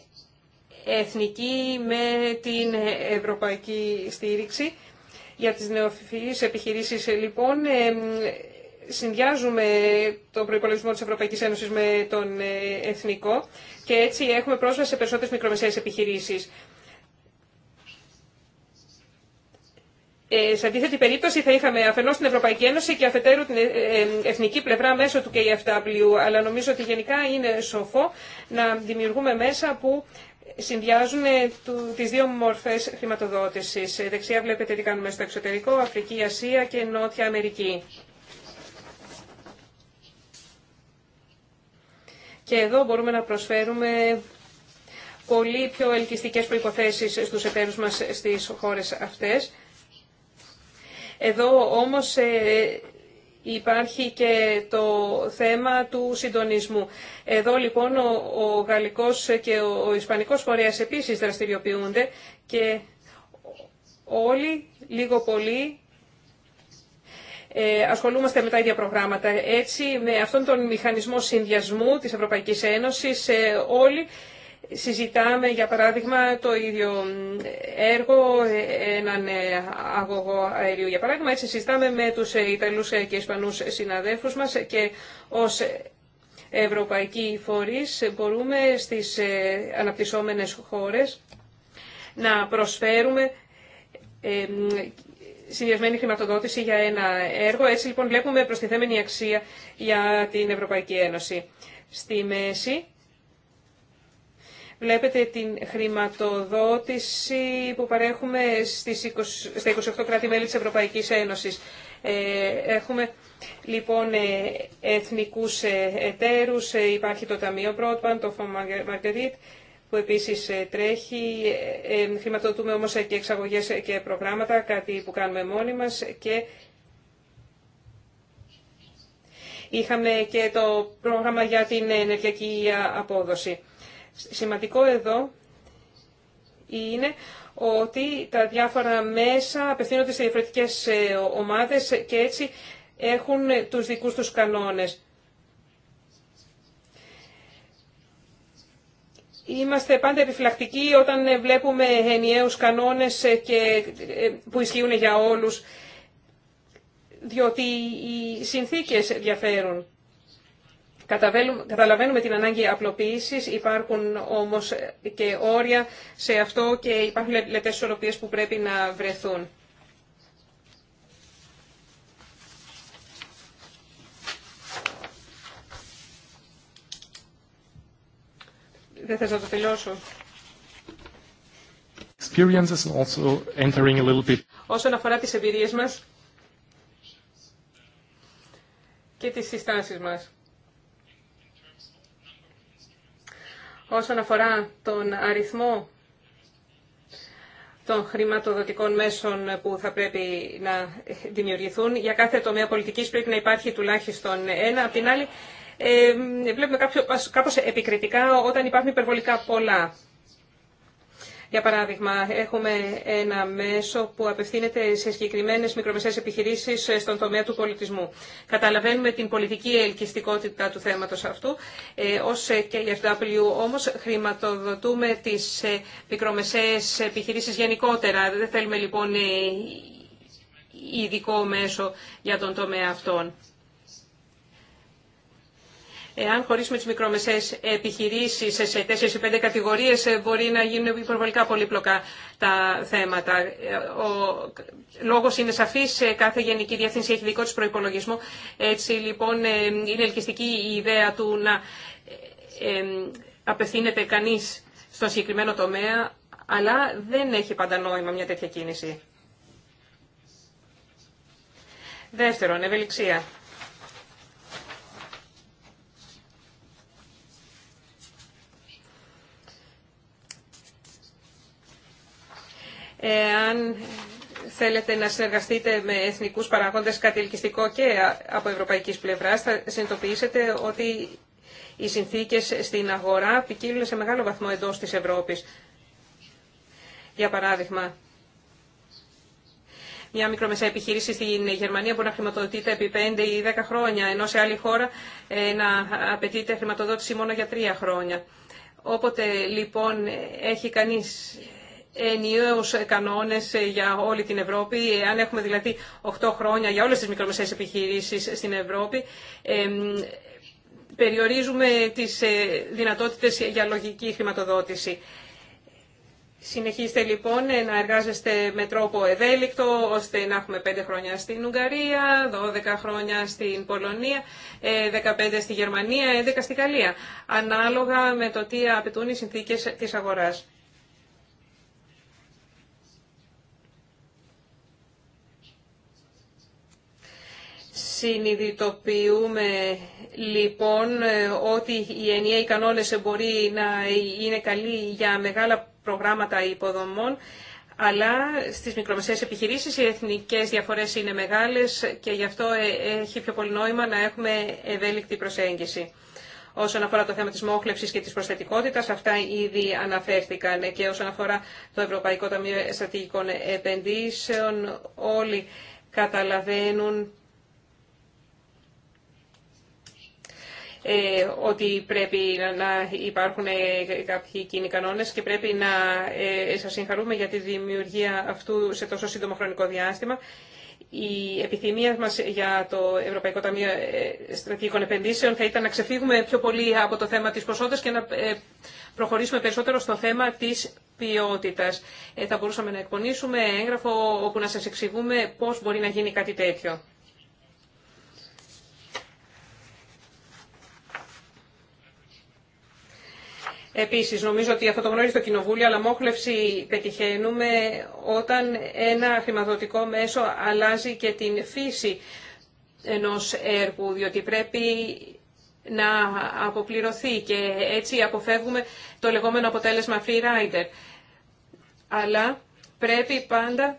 εθνική με την ευρωπαϊκή στήριξη. Για τις νεοφυείς επιχειρήσεις, λοιπόν, συνδυάζουμε τον προπολογισμό τη Ευρωπαϊκή Ένωση με τον ε, εθνικό και έτσι έχουμε πρόσβαση σε περισσότερες μικρομεσαίες επιχειρήσεις. Ε, σε αντίθετη περίπτωση θα είχαμε αφενός την Ευρωπαϊκή Ένωση και αφετέρου την ε, εθνική πλευρά μέσω του KFW. Αλλά νομίζω ότι γενικά είναι σοφό να δημιουργούμε μέσα που συνδυάζουν τις δύο μορφές χρηματοδότησης. Δεξιά βλέπετε τι κάνουμε στο εξωτερικό, Αφρική, Ασία και Νότια Αμερική. Και εδώ μπορούμε να προσφέρουμε πολύ πιο ελκυστικές προϋποθέσεις στους εταίρους μας στις χώρες αυτές. Εδώ όμως ε, υπάρχει και το θέμα του συντονισμού. Εδώ λοιπόν ο γαλλικός και ο ισπανικός φορέας επίσης δραστηριοποιούνται και όλοι λίγο πολύ ε, ασχολούμαστε με τα ίδια προγράμματα. Έτσι, με αυτόν τον μηχανισμό συνδυασμού της Ευρωπαϊκής Ένωσης, ε, όλοι συζητάμε, για παράδειγμα, το ίδιο έργο, ε, έναν αγωγό αερίου. Για παράδειγμα, έτσι συζητάμε με τους Ιταλούς και Ισπανούς συναδέλφους μας και ως ευρωπαϊκοί φορείς μπορούμε στις αναπτυσσόμενες χώρες να προσφέρουμε συνδυασμένη χρηματοδότηση για ένα έργο. Έτσι λοιπόν βλέπουμε προστιθέμενη αξία για την Ευρωπαϊκή Ένωση. Στη μέση βλέπετε την χρηματοδότηση που παρέχουμε στις στα 28 κράτη-μέλη της Ευρωπαϊκής Ένωσης. Ε, έχουμε λοιπόν ε, εθνικούς ε, εταίρους, υπάρχει το Ταμείο Broadband, το Fond που επίσης ε, τρέχει. Ε, ε, χρηματοδοτούμε όμως και εξαγωγές και προγράμματα, κάτι που κάνουμε μόνοι μας και είχαμε και το πρόγραμμα για την ενεργειακή απόδοση. Σημαντικό εδώ είναι ότι τα διάφορα μέσα απευθύνονται σε διαφορετικές ομάδες και έτσι έχουν τους δικούς τους κανόνες. Είμαστε πάντα επιφυλακτικοί όταν ε, βλέπουμε ενιαίους κανόνες ε, και, ε, που ισχύουν για όλους, διότι οι συνθήκες διαφέρουν. Καταλαβαίνουμε την ανάγκη απλοποίησης, υπάρχουν όμως και όρια σε αυτό και υπάρχουν λεπτές ισορροπίες που πρέπει να βρεθούν. Δεν θες να το τελειώσω. Όσον αφορά τις εμπειρίες μας και τις συστάσεις μας. Όσον αφορά τον αριθμό των χρηματοδοτικών μέσων που θα πρέπει να δημιουργηθούν. Για κάθε τομέα πολιτικής πρέπει να υπάρχει τουλάχιστον ένα. Απ' την άλλη, ε, βλέπουμε κάποιο, κάπως επικριτικά όταν υπάρχουν υπερβολικά πολλά. Για παράδειγμα, έχουμε ένα μέσο που απευθύνεται σε συγκεκριμένε μικρομεσαίες επιχειρήσει στον τομέα του πολιτισμού. Καταλαβαίνουμε την πολιτική ελκυστικότητα του θέματο αυτού. Ε, Ω KFW όμω χρηματοδοτούμε τι ε, μικρομεσαίες επιχειρήσει γενικότερα. Δεν θέλουμε λοιπόν ε, ειδικό μέσο για τον τομέα αυτόν. Εάν χωρίσουμε τι μικρομεσαίε επιχειρήσει σε 4-5 κατηγορίε ε, μπορεί να γίνουν υπερβολικά πολύπλοκα τα θέματα. Ε, ο λόγος είναι σαφής, ε, κάθε γενική διεύθυνση έχει δικό της προϋπολογισμό. Έτσι λοιπόν είναι ελκυστική η ιδέα του να απευθύνεται κανεί στο συγκεκριμένο τομέα, αλλά δεν έχει πάντα νόημα μια τέτοια κίνηση. Δεύτερον, ευελιξία. Ε, αν θέλετε να συνεργαστείτε με εθνικούς παραγόντες ελκυστικό και από ευρωπαϊκής πλευράς, θα συνειδητοποιήσετε ότι οι συνθήκες στην αγορά ποικίλουν σε μεγάλο βαθμό εντός της Ευρώπης. Για παράδειγμα, μια μικρομεσαία επιχείρηση στην Γερμανία μπορεί να χρηματοδοτείται επί 5 ή 10 χρόνια, ενώ σε άλλη χώρα ε, να απαιτείται χρηματοδότηση μόνο για 3 χρόνια. Όποτε λοιπόν έχει κανείς ενιαίους κανόνες ε, για όλη την Ευρώπη, αν έχουμε δηλαδή 8 χρόνια για όλες τις μικρομεσαίες επιχειρήσεις στην Ευρώπη, ε, περιορίζουμε τις ε, δυνατότητες για λογική χρηματοδότηση. Συνεχίστε λοιπόν να εργάζεστε με τρόπο ευέλικτο, ώστε να έχουμε 5 χρόνια στην Ουγγαρία, 12 χρόνια στην Πολωνία, 15 στη Γερμανία, 11 στη Γαλλία, ανάλογα με το τι απαιτούν οι συνθήκες της αγοράς. Συνειδητοποιούμε λοιπόν ε, ότι οι ενιαίοι κανόνε μπορεί να είναι καλοί για μεγάλα προγράμματα υποδομών, αλλά στις μικρομεσαίες επιχειρήσεις οι εθνικές διαφορές είναι μεγάλες και γι' αυτό ε, έχει πιο πολύ νόημα να έχουμε ευέλικτη προσέγγιση. Όσον αφορά το θέμα της μόχλευσης και της προσθετικότητας, αυτά ήδη αναφέρθηκαν και όσον αφορά το Ευρωπαϊκό Ταμείο Στρατηγικών Επενδύσεων, όλοι καταλαβαίνουν Ε, ότι πρέπει να υπάρχουν ε, κάποιοι κοινοί κανόνες και πρέπει να ε, σα συγχαρούμε για τη δημιουργία αυτού σε τόσο σύντομο χρονικό διάστημα. Η επιθυμία μας για το Ευρωπαϊκό Ταμείο Στρατηγικών Επενδύσεων θα ήταν να ξεφύγουμε πιο πολύ από το θέμα της ποσότητας και να προχωρήσουμε περισσότερο στο θέμα της ποιότητας. Θα μπορούσαμε να εκπονήσουμε έγγραφο όπου να σας εξηγούμε πώς μπορεί να γίνει κάτι τέτοιο. Επίσης, νομίζω ότι αυτό το γνωρίζει το Κοινοβούλιο, αλλά μόχλευση πετυχαίνουμε όταν ένα χρηματοδοτικό μέσο αλλάζει και την φύση ενός έργου, διότι πρέπει να αποπληρωθεί και έτσι αποφεύγουμε το λεγόμενο αποτέλεσμα free rider. Αλλά πρέπει πάντα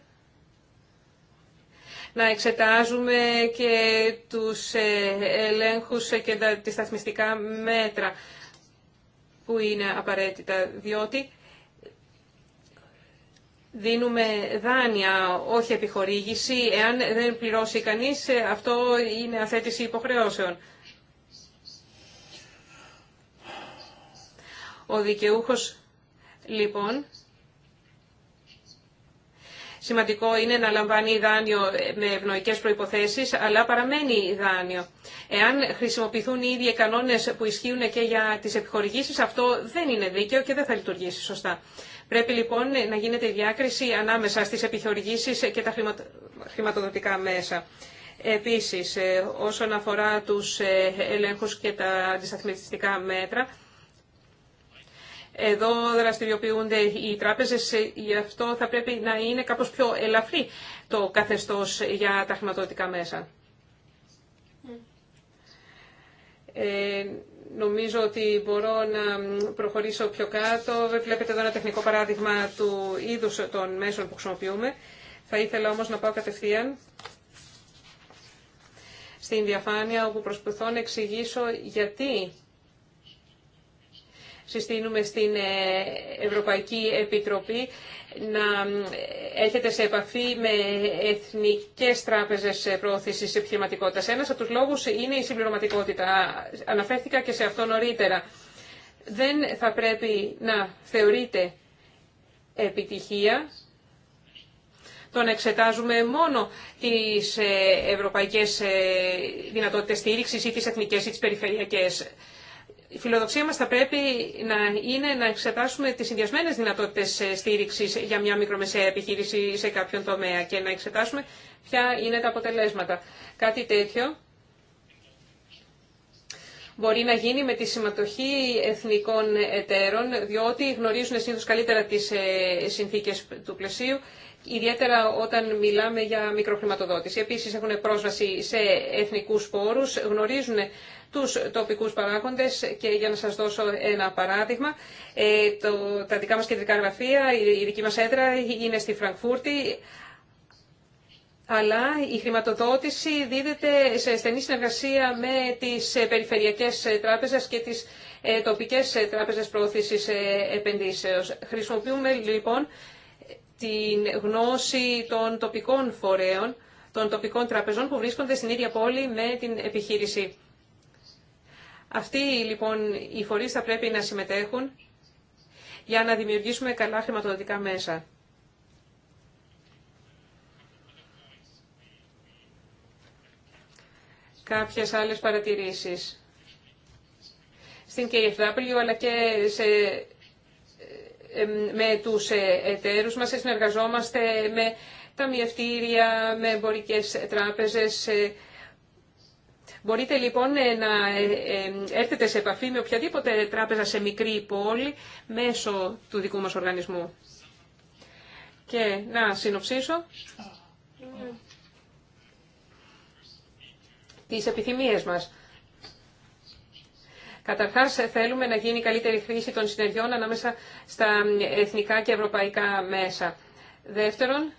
να εξετάζουμε και τους ε, ελέγχους και τα σταθμιστικά μέτρα που είναι απαραίτητα, διότι δίνουμε δάνεια, όχι επιχορήγηση. Εάν δεν πληρώσει κανείς, αυτό είναι αθέτηση υποχρεώσεων. Ο δικαιούχος, λοιπόν, Σημαντικό είναι να λαμβάνει δάνειο ε, με ευνοϊκές προϋποθέσεις, αλλά παραμένει δάνειο. Εάν χρησιμοποιηθούν οι ίδιοι κανόνες που ισχύουν και για τις επιχορηγήσεις, αυτό δεν είναι δίκαιο και δεν θα λειτουργήσει σωστά. Πρέπει λοιπόν να γίνεται η διάκριση ανάμεσα στις επιχορηγήσεις και τα χρηματοδοτικά μέσα. Επίσης, ε, όσον αφορά τους ε, ελέγχους και τα αντισταθμιστικά μέτρα, εδώ δραστηριοποιούνται οι τράπεζες, γι' αυτό θα πρέπει να είναι κάπως πιο ελαφρύ το καθεστώς για τα χρηματοδοτικά μέσα. Ε, νομίζω ότι μπορώ να προχωρήσω πιο κάτω. Βλέπετε εδώ ένα τεχνικό παράδειγμα του είδους των μέσων που χρησιμοποιούμε. Θα ήθελα όμως να πάω κατευθείαν στην διαφάνεια όπου προσπαθώ να εξηγήσω γιατί συστήνουμε στην ε, Ευρωπαϊκή Επιτροπή να ε, έρχεται σε επαφή με εθνικές τράπεζες ε, προώθησης επιχειρηματικότητας. Ένας από τους λόγους είναι η συμπληρωματικότητα. Αναφέρθηκα και σε αυτό νωρίτερα. Δεν θα πρέπει να θεωρείται επιτυχία το να εξετάζουμε μόνο τις ευρωπαϊκές δυνατότητες στήριξης ή τις εθνικές ή τις περιφερειακές η φιλοδοξία μας θα πρέπει να είναι να εξετάσουμε τις συνδυασμένες δυνατότητες ε, στήριξης για μια μικρομεσαία επιχείρηση σε κάποιον τομέα και να εξετάσουμε ποια είναι τα αποτελέσματα. Κάτι τέτοιο μπορεί να γίνει με τη συμμετοχή εθνικών εταίρων, διότι γνωρίζουν συνήθως καλύτερα τις ε, συνθήκες του πλαισίου, ιδιαίτερα όταν μιλάμε για μικροχρηματοδότηση. Επίσης έχουν πρόσβαση σε εθνικούς πόρους, γνωρίζουν τους τοπικούς παράγοντες και για να σας δώσω ένα παράδειγμα, ε, το, τα δικά μας κεντρικά γραφεία, η δική μας έδρα είναι στη Φραγκφούρτη, αλλά η χρηματοδότηση δίδεται σε στενή συνεργασία με τις περιφερειακές τράπεζες και τις ε, τοπικές τράπεζες προώθησης ε, επενδύσεως. Χρησιμοποιούμε λοιπόν την γνώση των τοπικών φορέων, των τοπικών τραπεζών που βρίσκονται στην ίδια πόλη με την επιχείρηση αυτοί λοιπόν οι φορεί θα πρέπει να συμμετέχουν για να δημιουργήσουμε καλά χρηματοδοτικά μέσα. Κάποιες άλλες παρατηρήσεις. Στην KFW αλλά και σε ε, με τους ε, εταίρους μας, συνεργαζόμαστε με ταμιευτήρια, με εμπορικές τράπεζες, Μπορείτε λοιπόν ε, να ε, ε, έρθετε σε επαφή με οποιαδήποτε τράπεζα σε μικρή πόλη μέσω του δικού μας οργανισμού. Και να συνοψίσω τις επιθυμίες μας. Καταρχάς θέλουμε να γίνει καλύτερη χρήση των συνεργειών ανάμεσα στα εθνικά και ευρωπαϊκά μέσα. Δεύτερον,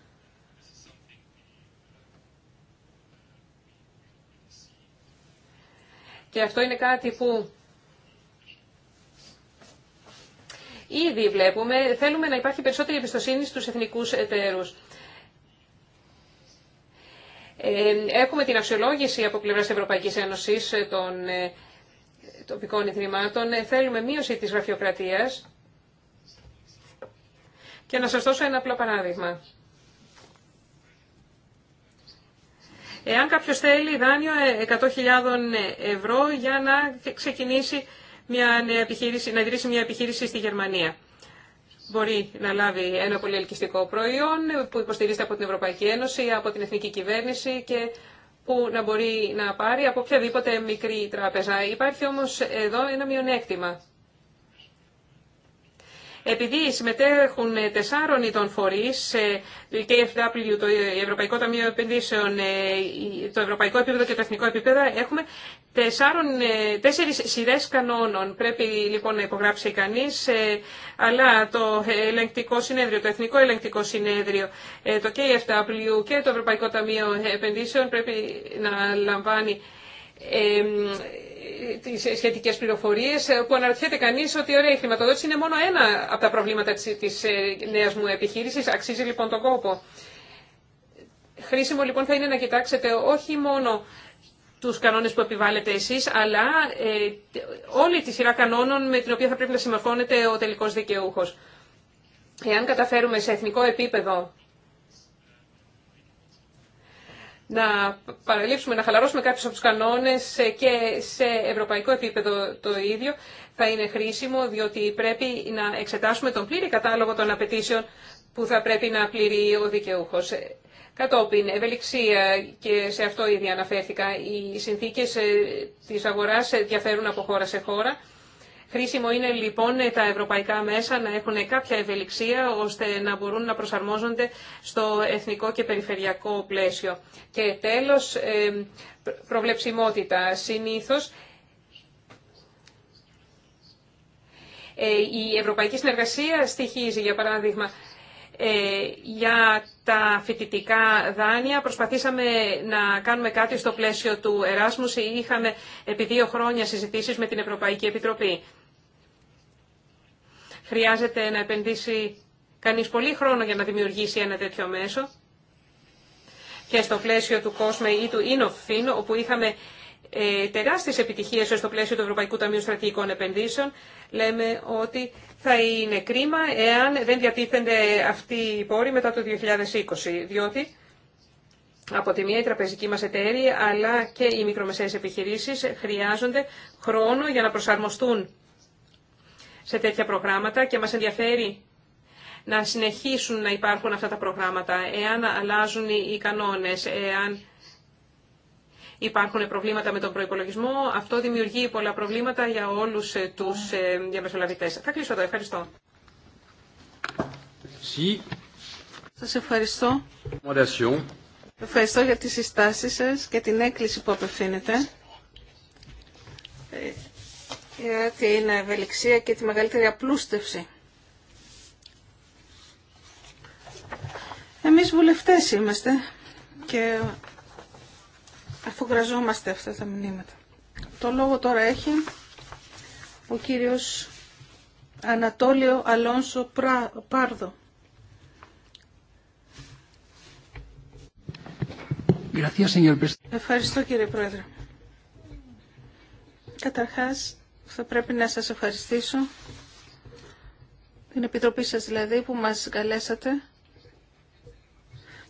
Και αυτό είναι κάτι που ήδη βλέπουμε. Θέλουμε να υπάρχει περισσότερη εμπιστοσύνη στους εθνικούς εταίρους. Ε, έχουμε την αξιολόγηση από πλευράς της Ευρωπαϊκής Ένωσης ε, των ε, τοπικών ιδρυμάτων. Θέλουμε μείωση της γραφειοκρατίας. Και να σας δώσω ένα απλό παράδειγμα. Εάν κάποιος θέλει δάνειο 100.000 ε, ε, ευρώ για να ξεκινήσει μια επιχείρηση, να ιδρύσει μια επιχείρηση στη Γερμανία. Μπορεί να λάβει ένα πολύ ελκυστικό προϊόν που υποστηρίζεται από την Ευρωπαϊκή Ένωση, από την Εθνική Κυβέρνηση και που να μπορεί να πάρει από οποιαδήποτε μικρή τράπεζα. Υπάρχει όμως εδώ ένα μειονέκτημα. Επειδή συμμετέχουν τεσσάρων ειδών φορείς, ε, η KFW, το Ευρωπαϊκό Ταμείο Επενδύσεων, ε, το Ευρωπαϊκό επίπεδο και το Εθνικό επίπεδο, έχουμε τέσσερι τέσσερις σειρές κανόνων. Πρέπει λοιπόν να υπογράψει κανείς, ε, αλλά το ελεγκτικό συνέδριο, το Εθνικό Ελεγκτικό Συνέδριο, το KFW και το Ευρωπαϊκό Ταμείο Επενδύσεων πρέπει να λαμβάνει τι σχετικές πληροφορίε ε, που αναρωτιέται κανείς ότι ωραία η χρηματοδότηση είναι μόνο ένα από τα προβλήματα της, νέα ε, νέας μου επιχείρησης. Αξίζει λοιπόν τον κόπο. Χρήσιμο λοιπόν θα είναι να κοιτάξετε όχι μόνο τους κανόνες που επιβάλλετε εσείς, αλλά ε, όλη τη σειρά κανόνων με την οποία θα πρέπει να συμμορφώνεται ο τελικός δικαιούχος. Εάν καταφέρουμε σε εθνικό επίπεδο να παραλείψουμε, να χαλαρώσουμε κάποιους από τους κανόνες ε, και σε ευρωπαϊκό επίπεδο το ίδιο θα είναι χρήσιμο, διότι πρέπει να εξετάσουμε τον πλήρη κατάλογο των απαιτήσεων που θα πρέπει να πληρεί ο δικαιούχος. Ε, κατόπιν, ευελιξία και σε αυτό ήδη αναφέρθηκα, οι συνθήκες ε, της αγοράς διαφέρουν από χώρα σε χώρα Χρήσιμο είναι λοιπόν τα ευρωπαϊκά μέσα να έχουν κάποια ευελιξία ώστε να μπορούν να προσαρμόζονται στο εθνικό και περιφερειακό πλαίσιο. Και τέλος, ε, προβλεψιμότητα. Συνήθως ε, η ευρωπαϊκή συνεργασία στοιχίζει, για παράδειγμα, ε, για τα φοιτητικά δάνεια. Προσπαθήσαμε να κάνουμε κάτι στο πλαίσιο του Εράσμους. Είχαμε επί δύο χρόνια συζητήσεις με την Ευρωπαϊκή Επιτροπή. Χρειάζεται να επενδύσει κανείς πολύ χρόνο για να δημιουργήσει ένα τέτοιο μέσο. Και στο πλαίσιο του COSME ή του InnoFin, όπου είχαμε ε, τεράστιες επιτυχίες στο πλαίσιο του Ευρωπαϊκού Ταμείου Στρατηγικών Επενδύσεων, λέμε ότι θα είναι κρίμα εάν δεν διατίθενται αυτοί οι πόροι μετά το 2020, διότι από τη μία η τραπεζική μας αλλά και οι μικρομεσαίες επιχειρήσεις χρειάζονται χρόνο για να προσαρμοστούν σε τέτοια προγράμματα και μας ενδιαφέρει να συνεχίσουν να υπάρχουν αυτά τα προγράμματα, εάν αλλάζουν οι κανόνες, εάν υπάρχουν προβλήματα με τον προϋπολογισμό. Αυτό δημιουργεί πολλά προβλήματα για όλους ε, τους ε, διαμεσολαβητές. Θα κλείσω εδώ. Ευχαριστώ. Σας ευχαριστώ. Ευχαριστώ για τις συστάσεις σας και την έκκληση που απευθύνετε. Ε, για την ευελιξία και τη μεγαλύτερη απλούστευση. Εμείς βουλευτές είμαστε και αφού αυτά τα μηνύματα. Το λόγο τώρα έχει ο κύριος Ανατόλιο Αλόνσο Πάρδο. Ευχαριστώ κύριε Πρόεδρε. Καταρχάς, θα πρέπει να σας ευχαριστήσω, την Επιτροπή σας δηλαδή που μας καλέσατε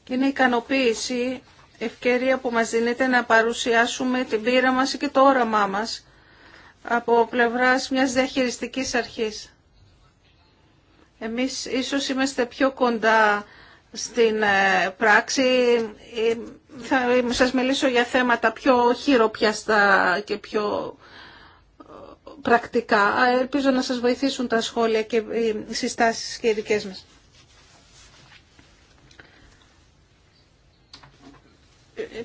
και είναι ικανοποίηση, ευκαιρία που μας δίνεται να παρουσιάσουμε την πείρα μας και το όραμά μας από πλευράς μιας διαχειριστικής αρχής. Εμείς ίσως είμαστε πιο κοντά στην ε, πράξη. Ε, θα ε, σας μιλήσω για θέματα πιο χειροπιαστά και πιο πρακτικά. Ελπίζω να σας βοηθήσουν τα σχόλια και οι συστάσεις και οι δικές μας.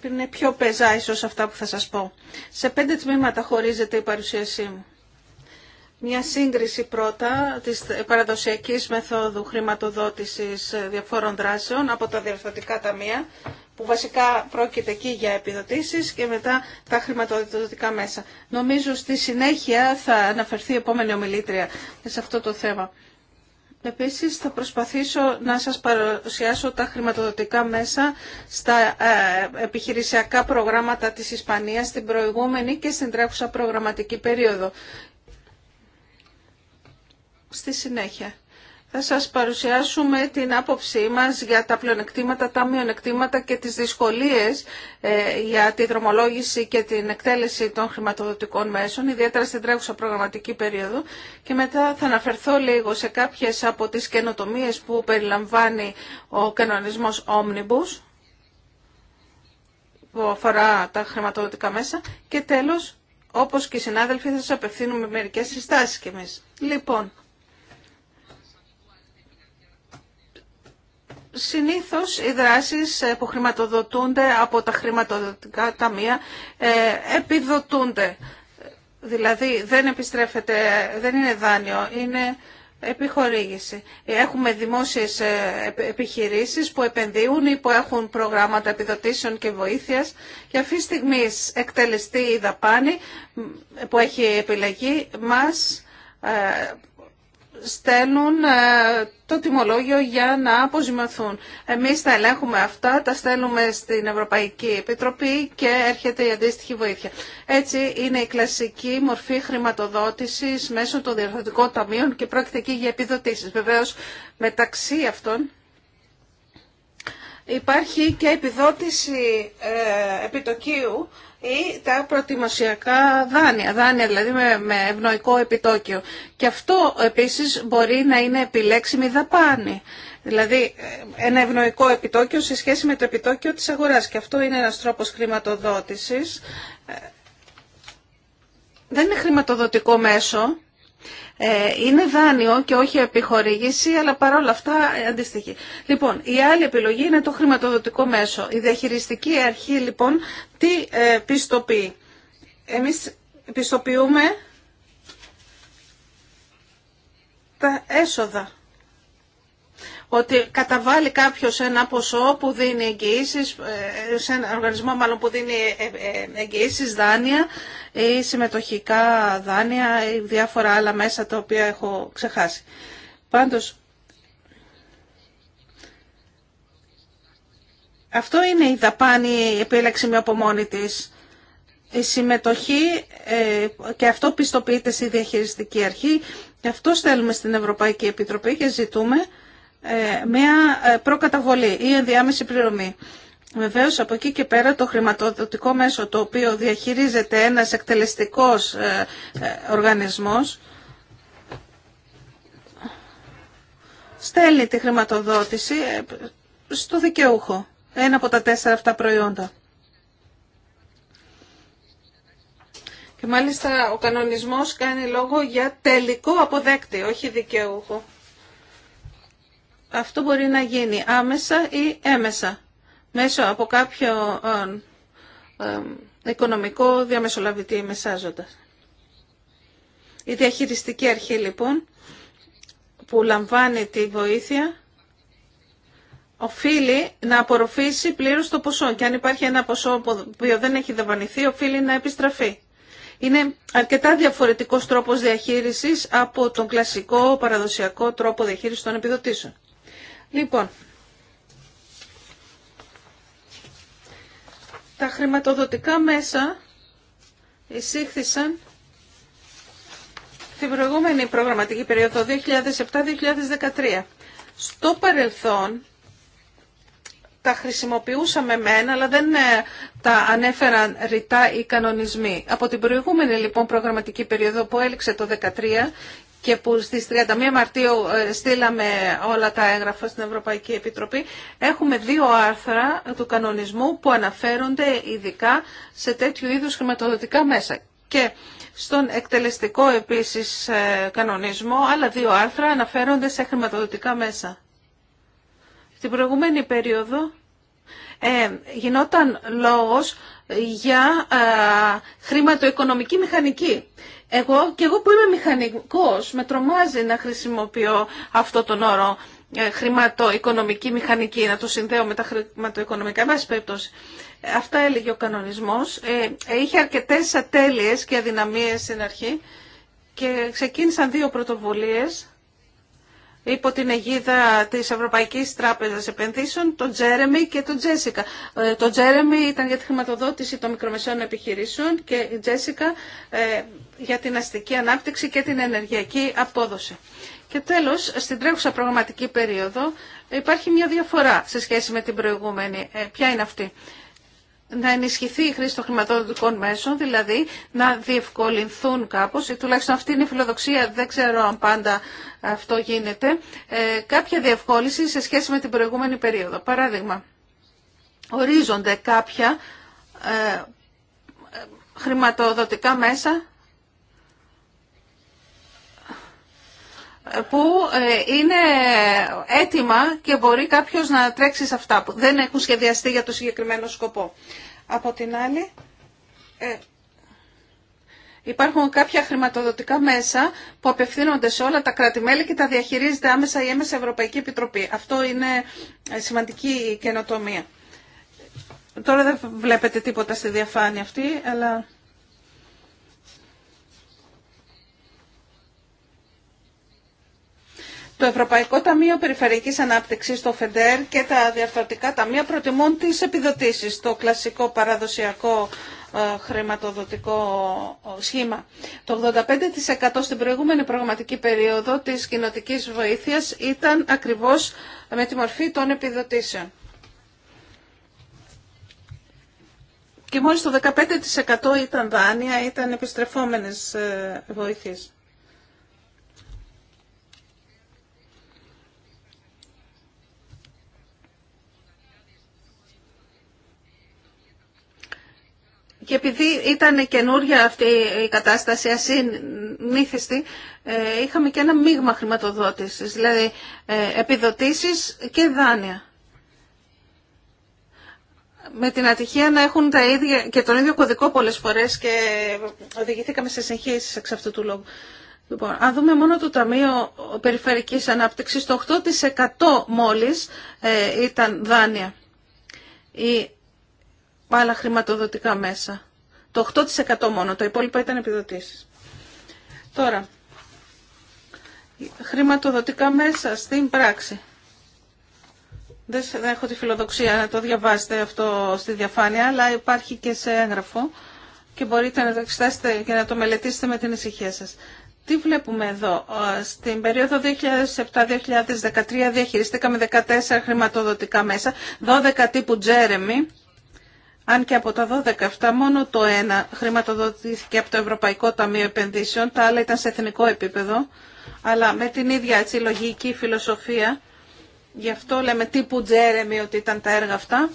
Είναι πιο πεζά ίσως αυτά που θα σας πω. Σε πέντε τμήματα χωρίζεται η παρουσίασή μου. Μια σύγκριση πρώτα της παραδοσιακής μεθόδου χρηματοδότησης διαφόρων δράσεων από τα διευθυντικά ταμεία που βασικά πρόκειται εκεί για επιδοτήσεις και μετά τα χρηματοδοτικά μέσα. Νομίζω στη συνέχεια θα αναφερθεί η επόμενη ομιλήτρια σε αυτό το θέμα. Επίσης θα προσπαθήσω να σας παρουσιάσω τα χρηματοδοτικά μέσα στα ε, επιχειρησιακά προγράμματα της Ισπανίας στην προηγούμενη και στην τρέχουσα προγραμματική περίοδο. Στη συνέχεια θα σας παρουσιάσουμε την άποψή μας για τα πλεονεκτήματα, τα μειονεκτήματα και τις δυσκολίες ε, για τη δρομολόγηση και την εκτέλεση των χρηματοδοτικών μέσων, ιδιαίτερα στην τρέχουσα προγραμματική περίοδο. Και μετά θα αναφερθώ λίγο σε κάποιες από τις καινοτομίες που περιλαμβάνει ο κανονισμός Omnibus, που αφορά τα χρηματοδοτικά μέσα. Και τέλος, όπως και οι συνάδελφοι, θα σας απευθύνουμε μερικές συστάσεις κι εμείς. Λοιπόν, συνήθως οι δράσεις ε, που χρηματοδοτούνται από τα χρηματοδοτικά ταμεία ε, επιδοτούνται. Δηλαδή δεν επιστρέφεται, δεν είναι δάνειο, είναι επιχορήγηση. Έχουμε δημόσιες ε, επιχειρήσεις που επενδύουν ή που έχουν προγράμματα επιδοτήσεων και βοήθειας και αυτή τη στιγμή εκτελεστεί η δαπάνη που έχει επιλεγεί μας στέλνουν ε, το τιμολόγιο για να αποζημιωθούν. Εμείς τα ελέγχουμε αυτά, τα στέλνουμε στην Ευρωπαϊκή Επιτροπή και έρχεται η αντίστοιχη βοήθεια. Έτσι είναι η κλασική μορφή χρηματοδότησης μέσω των διορθωτικών ταμείων και πρόκειται εκεί για επιδοτήσεις. Βεβαίως μεταξύ αυτών υπάρχει και επιδότηση ε, επιτοκίου ή τα προτιμασιακά δάνεια, δάνεια δηλαδή με, ευνοϊκό επιτόκιο. Και αυτό επίσης μπορεί να είναι επιλέξιμη δαπάνη. Δηλαδή ένα ευνοϊκό επιτόκιο σε σχέση με το επιτόκιο της αγοράς. Και αυτό είναι ένας τρόπος χρηματοδότησης. Ε, δεν είναι χρηματοδοτικό μέσο, ε, είναι δάνειο και όχι επιχορήγηση, αλλά παρόλα αυτά ε, αντιστοιχεί. Λοιπόν, η άλλη επιλογή είναι το χρηματοδοτικό μέσο. Η διαχειριστική αρχή λοιπόν τι ε, πιστοποιεί. Εμείς πιστοποιούμε τα έσοδα ότι καταβάλει κάποιο ένα ποσό που δίνει εγγυήσει, ε, σε ένα οργανισμό μάλλον που δίνει ε, ε, εγγυήσεις, δάνεια ή συμμετοχικά δάνεια ή διάφορα άλλα μέσα τα οποία έχω ξεχάσει. Πάντως, αυτό είναι η δαπάνη επιλέξιμη από μόνη της. Η συμμετοχή και αυτό πιστοποιείται στη διαχειριστική αρχή. και αυτό στέλνουμε στην Ευρωπαϊκή Επιτροπή και ζητούμε ε, μια ε, προκαταβολή ή ενδιάμεση πληρωμή. Βεβαίως από εκεί και πέρα το χρηματοδοτικό μέσο το οποίο διαχειρίζεται ένας εκτελεστικός ε, οργανισμός στέλνει τη χρηματοδότηση στο δικαιούχο, ένα από τα τέσσερα αυτά προϊόντα. Και μάλιστα ο κανονισμός κάνει λόγο για τελικό αποδέκτη, όχι δικαιούχο. Αυτό μπορεί να γίνει άμεσα ή έμεσα, μέσω από κάποιο οικονομικό διαμεσολαβητή μεσάζοντας. Η διαχειριστική αρχή λοιπόν που λαμβάνει τη βοήθεια οφείλει να απορροφήσει πλήρως το ποσό και αν υπάρχει ένα ποσό που δεν έχει δαπανηθεί οφείλει να επιστραφεί. Είναι αρκετά διαφορετικός τρόπος διαχείρισης από τον κλασικό παραδοσιακό τρόπο διαχείρισης των επιδοτήσεων. Λοιπόν, τα χρηματοδοτικά μέσα εισήχθησαν την προηγούμενη προγραμματική περίοδο 2007-2013. Στο παρελθόν τα χρησιμοποιούσαμε μένα, αλλά δεν ε, τα ανέφεραν ρητά οι κανονισμοί. Από την προηγούμενη λοιπόν προγραμματική περίοδο που έληξε το 2013, και που στις 31 Μαρτίου ε, στείλαμε όλα τα έγγραφα στην Ευρωπαϊκή Επιτροπή, έχουμε δύο άρθρα του κανονισμού που αναφέρονται ειδικά σε τέτοιου είδους χρηματοδοτικά μέσα. Και στον εκτελεστικό επίσης ε, κανονισμό άλλα δύο άρθρα αναφέρονται σε χρηματοδοτικά μέσα. Στην προηγούμενη περίοδο ε, γινόταν λόγος για ε, χρηματοοικονομική μηχανική. Εγώ και εγώ που είμαι μηχανικός με τρομάζει να χρησιμοποιώ αυτό τον όρο ε, χρηματοοικονομική μηχανική, να το συνδέω με τα χρηματοοικονομικά. Εν περιπτώσει, αυτά έλεγε ο κανονισμός. Ε, ε, είχε αρκετές ατέλειες και αδυναμίες στην αρχή και ξεκίνησαν δύο πρωτοβουλίες υπό την αιγίδα της Ευρωπαϊκής Τράπεζας Επενδύσεων, τον Τζέρεμι και τον Τζέσικα. Ε, Το Τζέρεμι ήταν για τη χρηματοδότηση των μικρομεσαίων επιχειρήσεων και η Τζέσικα ε, για την αστική ανάπτυξη και την ενεργειακή απόδοση. Και τέλος, στην τρέχουσα προγραμματική περίοδο υπάρχει μια διαφορά σε σχέση με την προηγούμενη. Ε, ποια είναι αυτή να ενισχυθεί η χρήση των χρηματοδοτικών μέσων, δηλαδή να διευκολυνθούν κάπως, ή ε, τουλάχιστον αυτή είναι η φιλοδοξία, δεν ξέρω αν πάντα αυτό γίνεται, ε, κάποια διευκόλυνση σε σχέση με την προηγούμενη περίοδο. Παράδειγμα, ορίζονται κάποια ε, χρηματοδοτικά μέσα που ε, είναι έτοιμα και μπορεί κάποιος να τρέξει σε αυτά που δεν έχουν σχεδιαστεί για το συγκεκριμένο σκοπό. Από την άλλη, ε, υπάρχουν κάποια χρηματοδοτικά μέσα που απευθύνονται σε όλα τα κρατη και τα διαχειρίζεται άμεσα η έμεσα Ευρωπαϊκή Επιτροπή. Αυτό είναι ε, σημαντική καινοτομία. Τώρα δεν βλέπετε τίποτα στη διαφάνεια αυτή, αλλά Το Ευρωπαϊκό Ταμείο Περιφερειακής Ανάπτυξης, το ΦΕΝΤΕΡ και τα διαφορετικά ταμεία προτιμούν τι επιδοτήσεις, το κλασικό παραδοσιακό ε, χρηματοδοτικό ε, σχήμα. Το 85% στην προηγούμενη προγραμματική περίοδο της κοινοτικής βοήθειας ήταν ακριβώς με τη μορφή των επιδοτήσεων. Και μόλις το 15% ήταν δάνεια, ήταν επιστρεφόμενες ε, βοήθειες. Και επειδή ήταν καινούρια αυτή η κατάσταση, ασυνήθιστη, ε, είχαμε και ένα μείγμα χρηματοδότησης, δηλαδή ε, επιδοτήσεις και δάνεια. Με την ατυχία να έχουν τα ίδια και τον ίδιο κωδικό πολλές φορές και οδηγηθήκαμε σε συγχύσεις εξ αυτού του λόγου. Λοιπόν, αν δούμε μόνο το Ταμείο Περιφερικής Ανάπτυξης, το 8% μόλις ε, ήταν δάνεια. Η άλλα χρηματοδοτικά μέσα. Το 8% μόνο, το υπόλοιπο ήταν επιδοτήσεις. Τώρα, χρηματοδοτικά μέσα στην πράξη. Δεν έχω τη φιλοδοξία να το διαβάσετε αυτό στη διαφάνεια, αλλά υπάρχει και σε έγγραφο και μπορείτε να το εξετάσετε και να το μελετήσετε με την ησυχία σας. Τι βλέπουμε εδώ. Στην περίοδο 2007-2013 διαχειριστήκαμε 14 χρηματοδοτικά μέσα, 12 τύπου Τζέρεμι, αν και από τα 12 αυτά μόνο το ένα χρηματοδοτήθηκε από το Ευρωπαϊκό Ταμείο Επενδύσεων, τα άλλα ήταν σε εθνικό επίπεδο, αλλά με την ίδια έτσι, λογική φιλοσοφία, γι' αυτό λέμε τύπου Τζέρεμι ότι ήταν τα έργα αυτά,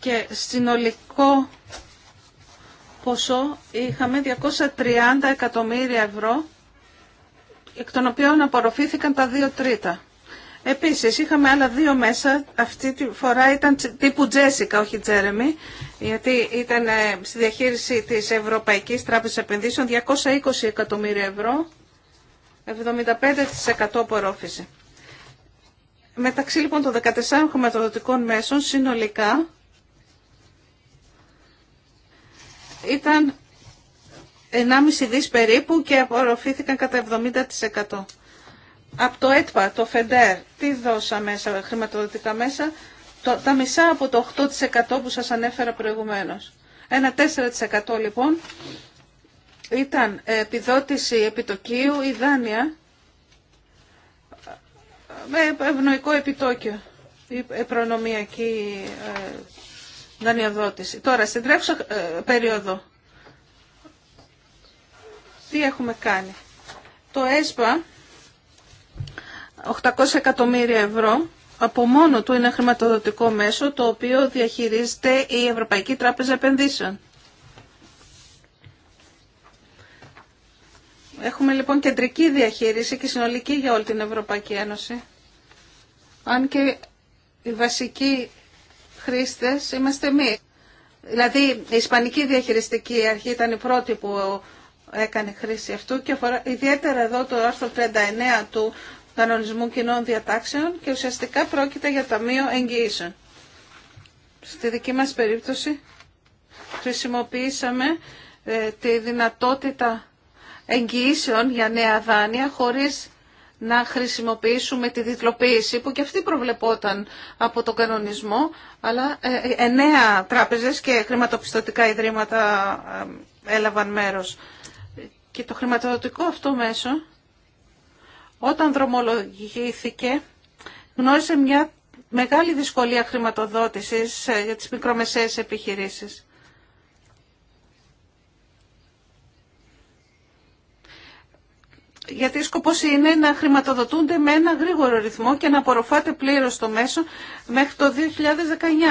και συνολικό ποσό είχαμε 230 εκατομμύρια ευρώ, εκ των οποίων απορροφήθηκαν τα δύο τρίτα. Επίσης είχαμε άλλα δύο μέσα, αυτή τη φορά ήταν τύπου Τζέσικα, όχι Τζέρεμι, γιατί ήταν ε, στη διαχείριση της Ευρωπαϊκής Τράπεζας Επενδύσεων 220 εκατομμύρια ευρώ, 75% απορρόφηση. Μεταξύ λοιπόν των 14 χρηματοδοτικών μέσων συνολικά ήταν 1,5 δις περίπου και απορροφήθηκαν κατά 70% από το ΕΤΠΑ, το ΦΕΝΤΕΡ, τι δώσα μέσα, χρηματοδοτικά μέσα, το, τα μισά από το 8% που σας ανέφερα προηγουμένως. Ένα 4% λοιπόν ήταν επιδότηση επιτοκίου ή δάνεια με ευνοϊκό επιτόκιο ή ε, προνομιακή ε, δανειοδότηση. Τώρα, στην τρέχουσα ε, περίοδο, τι έχουμε κάνει. Το ΕΣΠΑ 800 εκατομμύρια ευρώ από μόνο του είναι χρηματοδοτικό μέσο το οποίο διαχειρίζεται η Ευρωπαϊκή Τράπεζα Επενδύσεων. Έχουμε λοιπόν κεντρική διαχείριση και συνολική για όλη την Ευρωπαϊκή Ένωση. Αν και οι βασικοί χρήστες είμαστε εμεί. Δηλαδή η Ισπανική Διαχειριστική Αρχή ήταν η πρώτη που έκανε χρήση αυτού και αφορά ιδιαίτερα εδώ το άρθρο 39 του κανονισμού κοινών διατάξεων και ουσιαστικά πρόκειται για ταμείο εγγυήσεων. Στη δική μας περίπτωση χρησιμοποιήσαμε ε, τη δυνατότητα εγγυήσεων για νέα δάνεια χωρίς να χρησιμοποιήσουμε τη διτλοποίηση που και αυτή προβλεπόταν από τον κανονισμό, αλλά ε, ε, εννέα τράπεζες και χρηματοπιστωτικά ιδρύματα έλαβαν μέρος. Και το χρηματοδοτικό αυτό μέσο όταν δρομολογήθηκε γνώρισε μια μεγάλη δυσκολία χρηματοδότησης ε, για τις μικρομεσαίες επιχειρήσεις. γιατί σκοπός είναι να χρηματοδοτούνται με ένα γρήγορο ρυθμό και να απορροφάται πλήρως το μέσο μέχρι το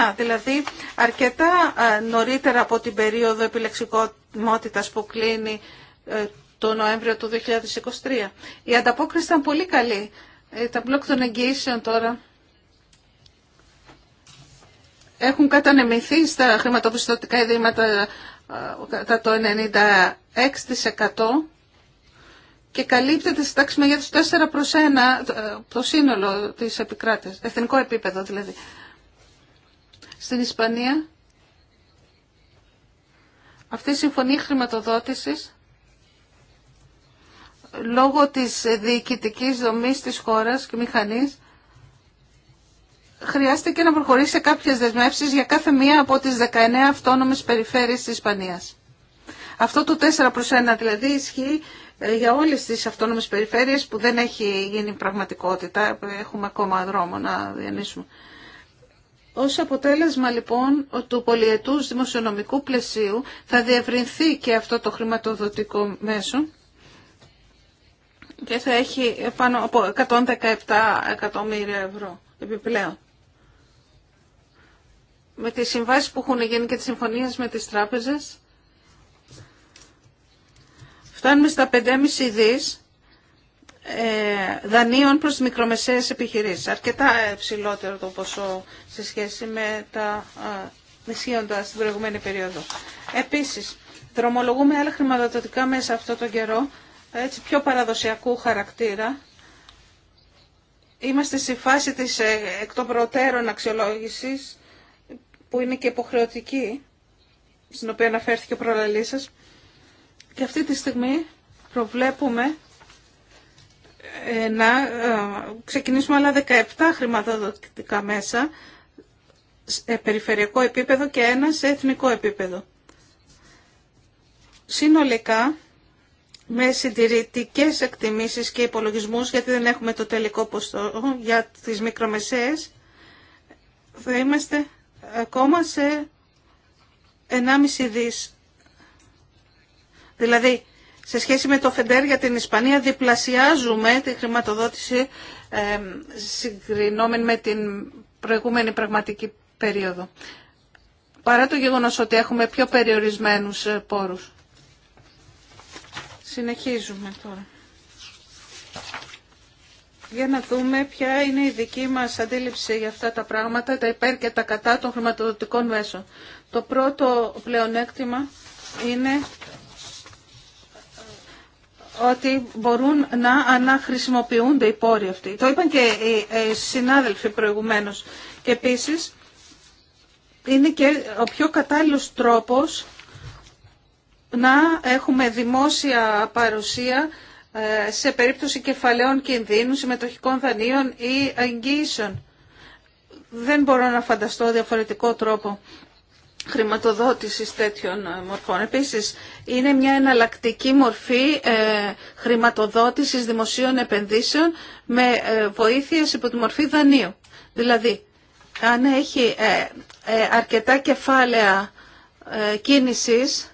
2019, δηλαδή αρκετά ε, νωρίτερα από την περίοδο επιλεξικότητας που κλείνει ε, το Νοέμβριο του 2023. Η ανταπόκριση ήταν πολύ καλή. Ε, τα μπλοκ των εγγυήσεων τώρα έχουν κατανεμηθεί στα χρηματοπιστωτικά ιδρύματα ε, κατά το 96% και καλύπτεται στη τάξη μεγέθους 4 προς 1 ε, το σύνολο της επικράτειας, εθνικό επίπεδο δηλαδή. Στην Ισπανία αυτή η συμφωνία χρηματοδότησης λόγω της διοικητικής δομής της χώρας και μηχανής χρειάστηκε να προχωρήσει σε κάποιες δεσμεύσεις για κάθε μία από τις 19 αυτόνομες περιφέρειες της Ισπανίας. Αυτό το 4 προς 1 δηλαδή ισχύει ε, για όλες τις αυτόνομες περιφέρειες που δεν έχει γίνει πραγματικότητα, έχουμε ακόμα δρόμο να διανύσουμε. Ως αποτέλεσμα λοιπόν του πολιετούς δημοσιονομικού πλαισίου θα διευρυνθεί και αυτό το χρηματοδοτικό μέσο και θα έχει πάνω από 117 εκατομμύρια ευρώ επιπλέον. Με τις συμβάσεις που έχουν γίνει και τις συμφωνίες με τις τράπεζες, φτάνουμε στα 5,5 δις ε, δανείων προς τις μικρομεσαίες επιχειρήσεις. Αρκετά ψηλότερο το ποσό σε σχέση με τα νησίοντα στην προηγούμενη περίοδο. Επίσης, δρομολογούμε άλλα χρηματοδοτικά μέσα αυτό τον καιρό έτσι πιο παραδοσιακού χαρακτήρα. Είμαστε στη φάση της ε, εκ των προτέρων αξιολόγησης που είναι και υποχρεωτική, στην οποία αναφέρθηκε ο Και αυτή τη στιγμή προβλέπουμε ε, να ε, ξεκινήσουμε άλλα 17 χρηματοδοτικά μέσα σε περιφερειακό επίπεδο και ένα σε εθνικό επίπεδο. Συνολικά με συντηρητικές εκτιμήσεις και υπολογισμούς, γιατί δεν έχουμε το τελικό ποστό για τις μικρομεσαίες, θα είμαστε ακόμα σε 1,5 δις. Δηλαδή, σε σχέση με το ΦΕΝΤΕΡ για την Ισπανία διπλασιάζουμε τη χρηματοδότηση ε, συγκρινόμενη με την προηγούμενη πραγματική περίοδο. Παρά το γεγονός ότι έχουμε πιο περιορισμένους ε, πόρους. Συνεχίζουμε τώρα. Για να δούμε ποια είναι η δική μας αντίληψη για αυτά τα πράγματα, τα υπέρ και τα κατά των χρηματοδοτικών μέσων. Το πρώτο πλεονέκτημα είναι ότι μπορούν να αναχρησιμοποιούνται οι πόροι αυτοί. Το είπαν και οι συνάδελφοι προηγουμένως. Και επίσης είναι και ο πιο κατάλληλος τρόπος να έχουμε δημόσια παρουσία ε, σε περίπτωση κεφαλαίων κινδύνου, συμμετοχικών δανείων ή εγγύησεων. Δεν μπορώ να φανταστώ διαφορετικό τρόπο χρηματοδότησης τέτοιων ε, μορφών. Επίσης, είναι μια εναλλακτική μορφή ε, χρηματοδότησης δημοσίων επενδύσεων με βοήθειες υπό τη μορφή δανείου. Δηλαδή, αν έχει αρκετά κεφάλαια κίνησης,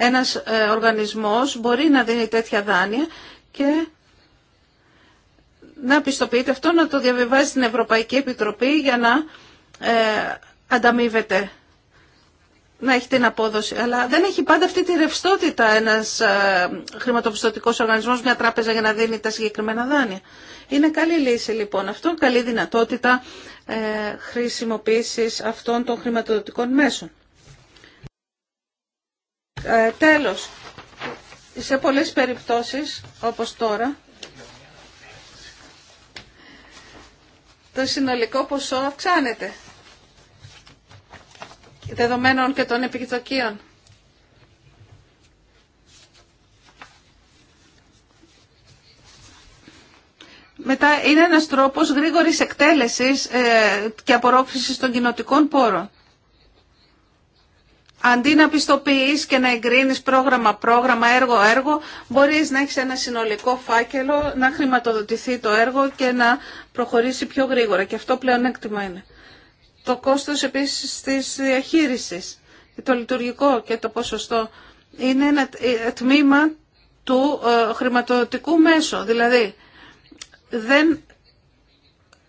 ένας ε, οργανισμός μπορεί να δίνει τέτοια δάνεια και να πιστοποιείται αυτό, να το διαβιβάζει στην Ευρωπαϊκή Επιτροπή για να ε, ανταμείβεται, να έχει την απόδοση. Αλλά δεν έχει πάντα αυτή τη ρευστότητα ένας ε, χρηματοπιστωτικός οργανισμός, μια τράπεζα για να δίνει τα συγκεκριμένα δάνεια. Είναι καλή λύση λοιπόν αυτό, καλή δυνατότητα ε, χρησιμοποίησης αυτών των χρηματοδοτικών μέσων. Ε, τέλος, σε πολλές περιπτώσεις, όπως τώρα, το συνολικό ποσό αυξάνεται δεδομένων και των επιδοκίων. Μετά είναι ένας τρόπος γρήγορης εκτέλεσης ε, και απορρόφησης των κοινοτικών πόρων αντί να πιστοποιεί και να εγκρίνεις πρόγραμμα-πρόγραμμα, έργο-έργο, μπορείς να έχεις ένα συνολικό φάκελο, να χρηματοδοτηθεί το έργο και να προχωρήσει πιο γρήγορα. Και αυτό πλέον έκτημα είναι. Το κόστος επίσης τη διαχείριση, το λειτουργικό και το ποσοστό, είναι ένα ε, τμήμα του ε, χρηματοδοτικού μέσου. Δηλαδή, δεν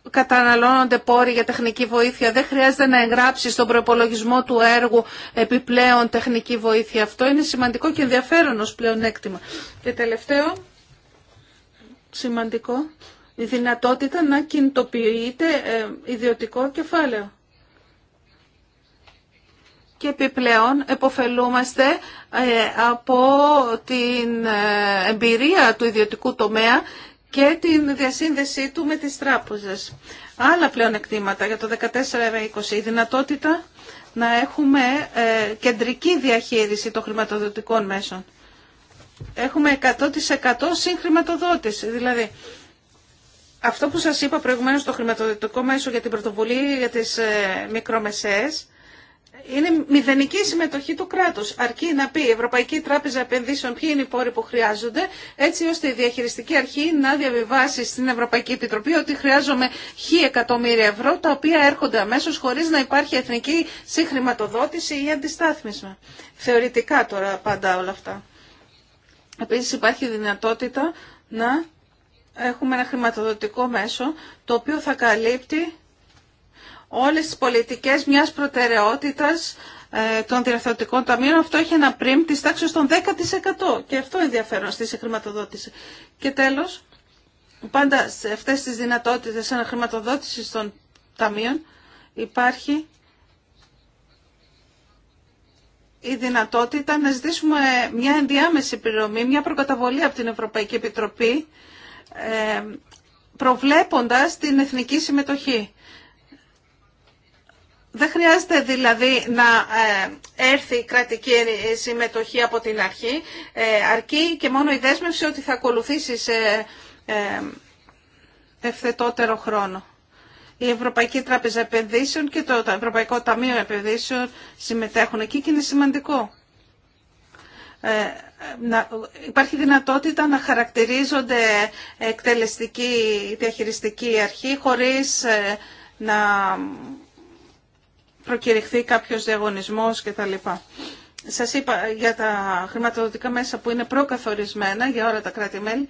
καταναλώνονται πόροι για τεχνική βοήθεια. Δεν χρειάζεται να εγγράψει στον προπολογισμό του έργου επιπλέον τεχνική βοήθεια. Αυτό είναι σημαντικό και ενδιαφέρον ως πλεονέκτημα. Και τελευταίο, σημαντικό, η δυνατότητα να κινητοποιείται ε, ιδιωτικό κεφάλαιο. Και επιπλέον εποφελούμαστε ε, από την ε, εμπειρία του ιδιωτικού τομέα και την διασύνδεσή του με τις τράπεζες. Άλλα πλέον εκτήματα για το 14-20, η δυνατότητα να έχουμε ε, κεντρική διαχείριση των χρηματοδοτικών μέσων. Έχουμε 100% συγχρηματοδότηση, δηλαδή αυτό που σας είπα προηγουμένως το χρηματοδοτικό μέσο για την πρωτοβουλία για τις ε, μικρομεσαίες είναι μηδενική συμμετοχή του κράτου. Αρκεί να πει η Ευρωπαϊκή Τράπεζα Επενδύσεων ποιοι είναι οι πόροι που χρειάζονται, έτσι ώστε η διαχειριστική αρχή να διαβιβάσει στην Ευρωπαϊκή Επιτροπή ότι χρειάζομαι χι εκατομμύρια ευρώ, τα οποία έρχονται αμέσω χωρί να υπάρχει εθνική συγχρηματοδότηση ή αντιστάθμισμα. Θεωρητικά τώρα πάντα όλα αυτά. Επίση υπάρχει δυνατότητα να έχουμε ένα χρηματοδοτικό μέσο το οποίο θα καλύπτει όλες τις πολιτικές μιας προτεραιότητας ε, των διευθυντικών ταμείων. Αυτό έχει ένα πριμ της τάξης των 10% και αυτό ενδιαφέρον στη χρηματοδότηση. Και τέλος, πάντα σε αυτές τις δυνατότητες χρηματοδότηση των ταμείων υπάρχει η δυνατότητα να ζητήσουμε μια ενδιάμεση πληρωμή, μια προκαταβολή από την Ευρωπαϊκή Επιτροπή, ε, προβλέποντας την εθνική συμμετοχή. Δεν χρειάζεται δηλαδή να ε, έρθει η κρατική συμμετοχή από την αρχή, ε, αρκεί και μόνο η δέσμευση ότι θα ακολουθήσει σε ε, ευθετότερο χρόνο. Η Ευρωπαϊκή Τράπεζα Επενδύσεων και το Ευρωπαϊκό Ταμείο Επενδύσεων συμμετέχουν εκεί και είναι σημαντικό. Να, υπάρχει δυνατότητα να χαρακτηρίζονται εκτελεστική διαχειριστική αρχή χωρίς να προκηρυχθεί κάποιος διαγωνισμός κτλ. Σας είπα για τα χρηματοδοτικά μέσα που είναι προκαθορισμένα για όλα τα κράτη-μέλη,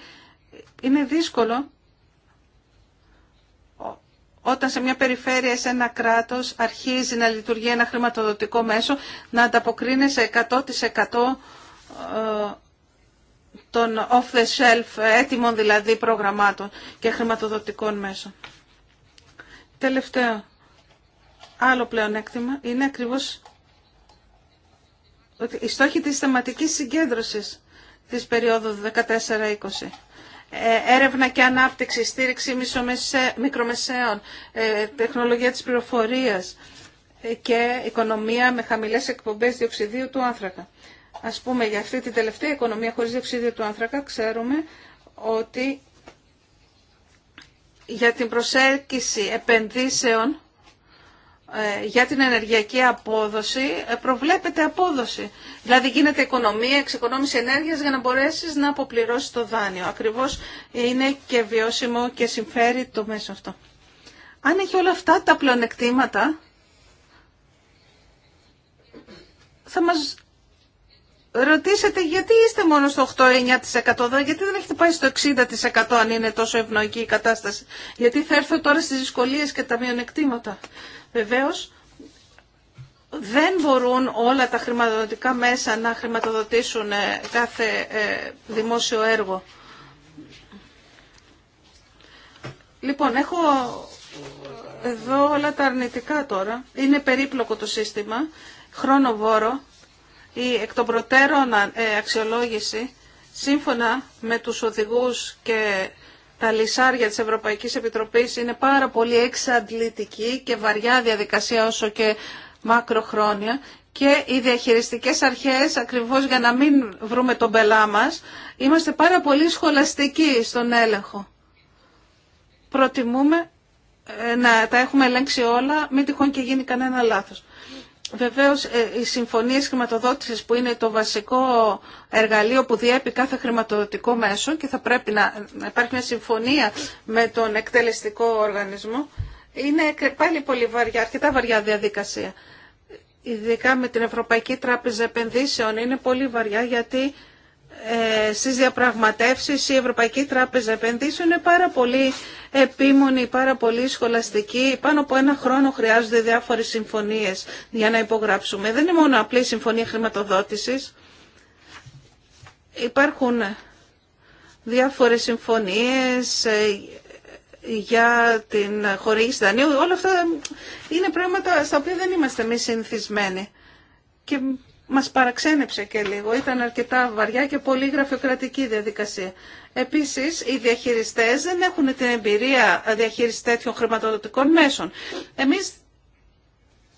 είναι δύσκολο όταν σε μια περιφέρεια, σε ένα κράτος αρχίζει να λειτουργεί ένα χρηματοδοτικό μέσο, να ανταποκρίνει σε 100% των off-the-shelf έτοιμων δηλαδή προγραμμάτων και χρηματοδοτικών μέσων. Τελευταίο άλλο πλεονέκτημα είναι ακριβώς ότι η στοχή της θεματικής συγκέντρωσης της περίοδου 14-20. Ε, έρευνα και ανάπτυξη, στήριξη μικρομεσαίων, ε, τεχνολογία της πληροφορίας ε, και οικονομία με χαμηλές εκπομπές διοξιδίου του άνθρακα. Ας πούμε για αυτή την τελευταία οικονομία χωρίς διοξιδίου του άνθρακα ξέρουμε ότι για την προσέλκυση επενδύσεων ε, για την ενεργειακή απόδοση ε, προβλέπεται απόδοση. Δηλαδή γίνεται οικονομία, εξοικονόμηση ενέργειας για να μπορέσεις να αποπληρώσεις το δάνειο. Ακριβώς είναι και βιώσιμο και συμφέρει το μέσο αυτό. Αν έχει όλα αυτά τα πλεονεκτήματα, θα μας ρωτήσετε γιατί είστε μόνο στο 8-9% γιατί δεν έχετε πάει στο 60% αν είναι τόσο ευνοϊκή η κατάσταση. Γιατί θα έρθω τώρα στις δυσκολίες και τα μειονεκτήματα. Βεβαίως, δεν μπορούν όλα τα χρηματοδοτικά μέσα να χρηματοδοτήσουν ε, κάθε ε, δημόσιο έργο. Λοιπόν, έχω εδώ όλα τα αρνητικά τώρα. Είναι περίπλοκο το σύστημα, χρόνο η εκ των προτέρων ε, αξιολόγηση, σύμφωνα με τους οδηγούς και τα λυσάρια της Ευρωπαϊκής Επιτροπής είναι πάρα πολύ εξαντλητική και βαριά διαδικασία όσο και μακροχρόνια και οι διαχειριστικές αρχές, ακριβώς για να μην βρούμε τον πελά μας, είμαστε πάρα πολύ σχολαστικοί στον έλεγχο. Προτιμούμε ε, να τα έχουμε ελέγξει όλα, μην τυχόν και γίνει κανένα λάθος. Βεβαίως ε, οι συμφωνίες χρηματοδότησης που είναι το βασικό εργαλείο που διέπει κάθε χρηματοδοτικό μέσο και θα πρέπει να υπάρχει μια συμφωνία με τον εκτελεστικό οργανισμό είναι πάλι πολύ βαριά, αρκετά βαριά διαδικασία. Ειδικά με την Ευρωπαϊκή Τράπεζα Επενδύσεων είναι πολύ βαριά γιατί ε, στις διαπραγματεύσεις η Ευρωπαϊκή Τράπεζα Επενδύσεων είναι πάρα πολύ επίμονη, πάρα πολύ σχολαστική. Πάνω από ένα χρόνο χρειάζονται διάφορες συμφωνίες για να υπογράψουμε. Δεν είναι μόνο απλή συμφωνία χρηματοδότησης. Υπάρχουν διάφορες συμφωνίες ε, για την χορήγηση δανείου. Όλα αυτά είναι πράγματα στα οποία δεν είμαστε εμεί συνηθισμένοι. Και μας παραξένεψε και λίγο. Ήταν αρκετά βαριά και πολύ γραφειοκρατική διαδικασία. Επίσης, οι διαχειριστές δεν έχουν την εμπειρία διαχείριση τέτοιων χρηματοδοτικών μέσων. Εμείς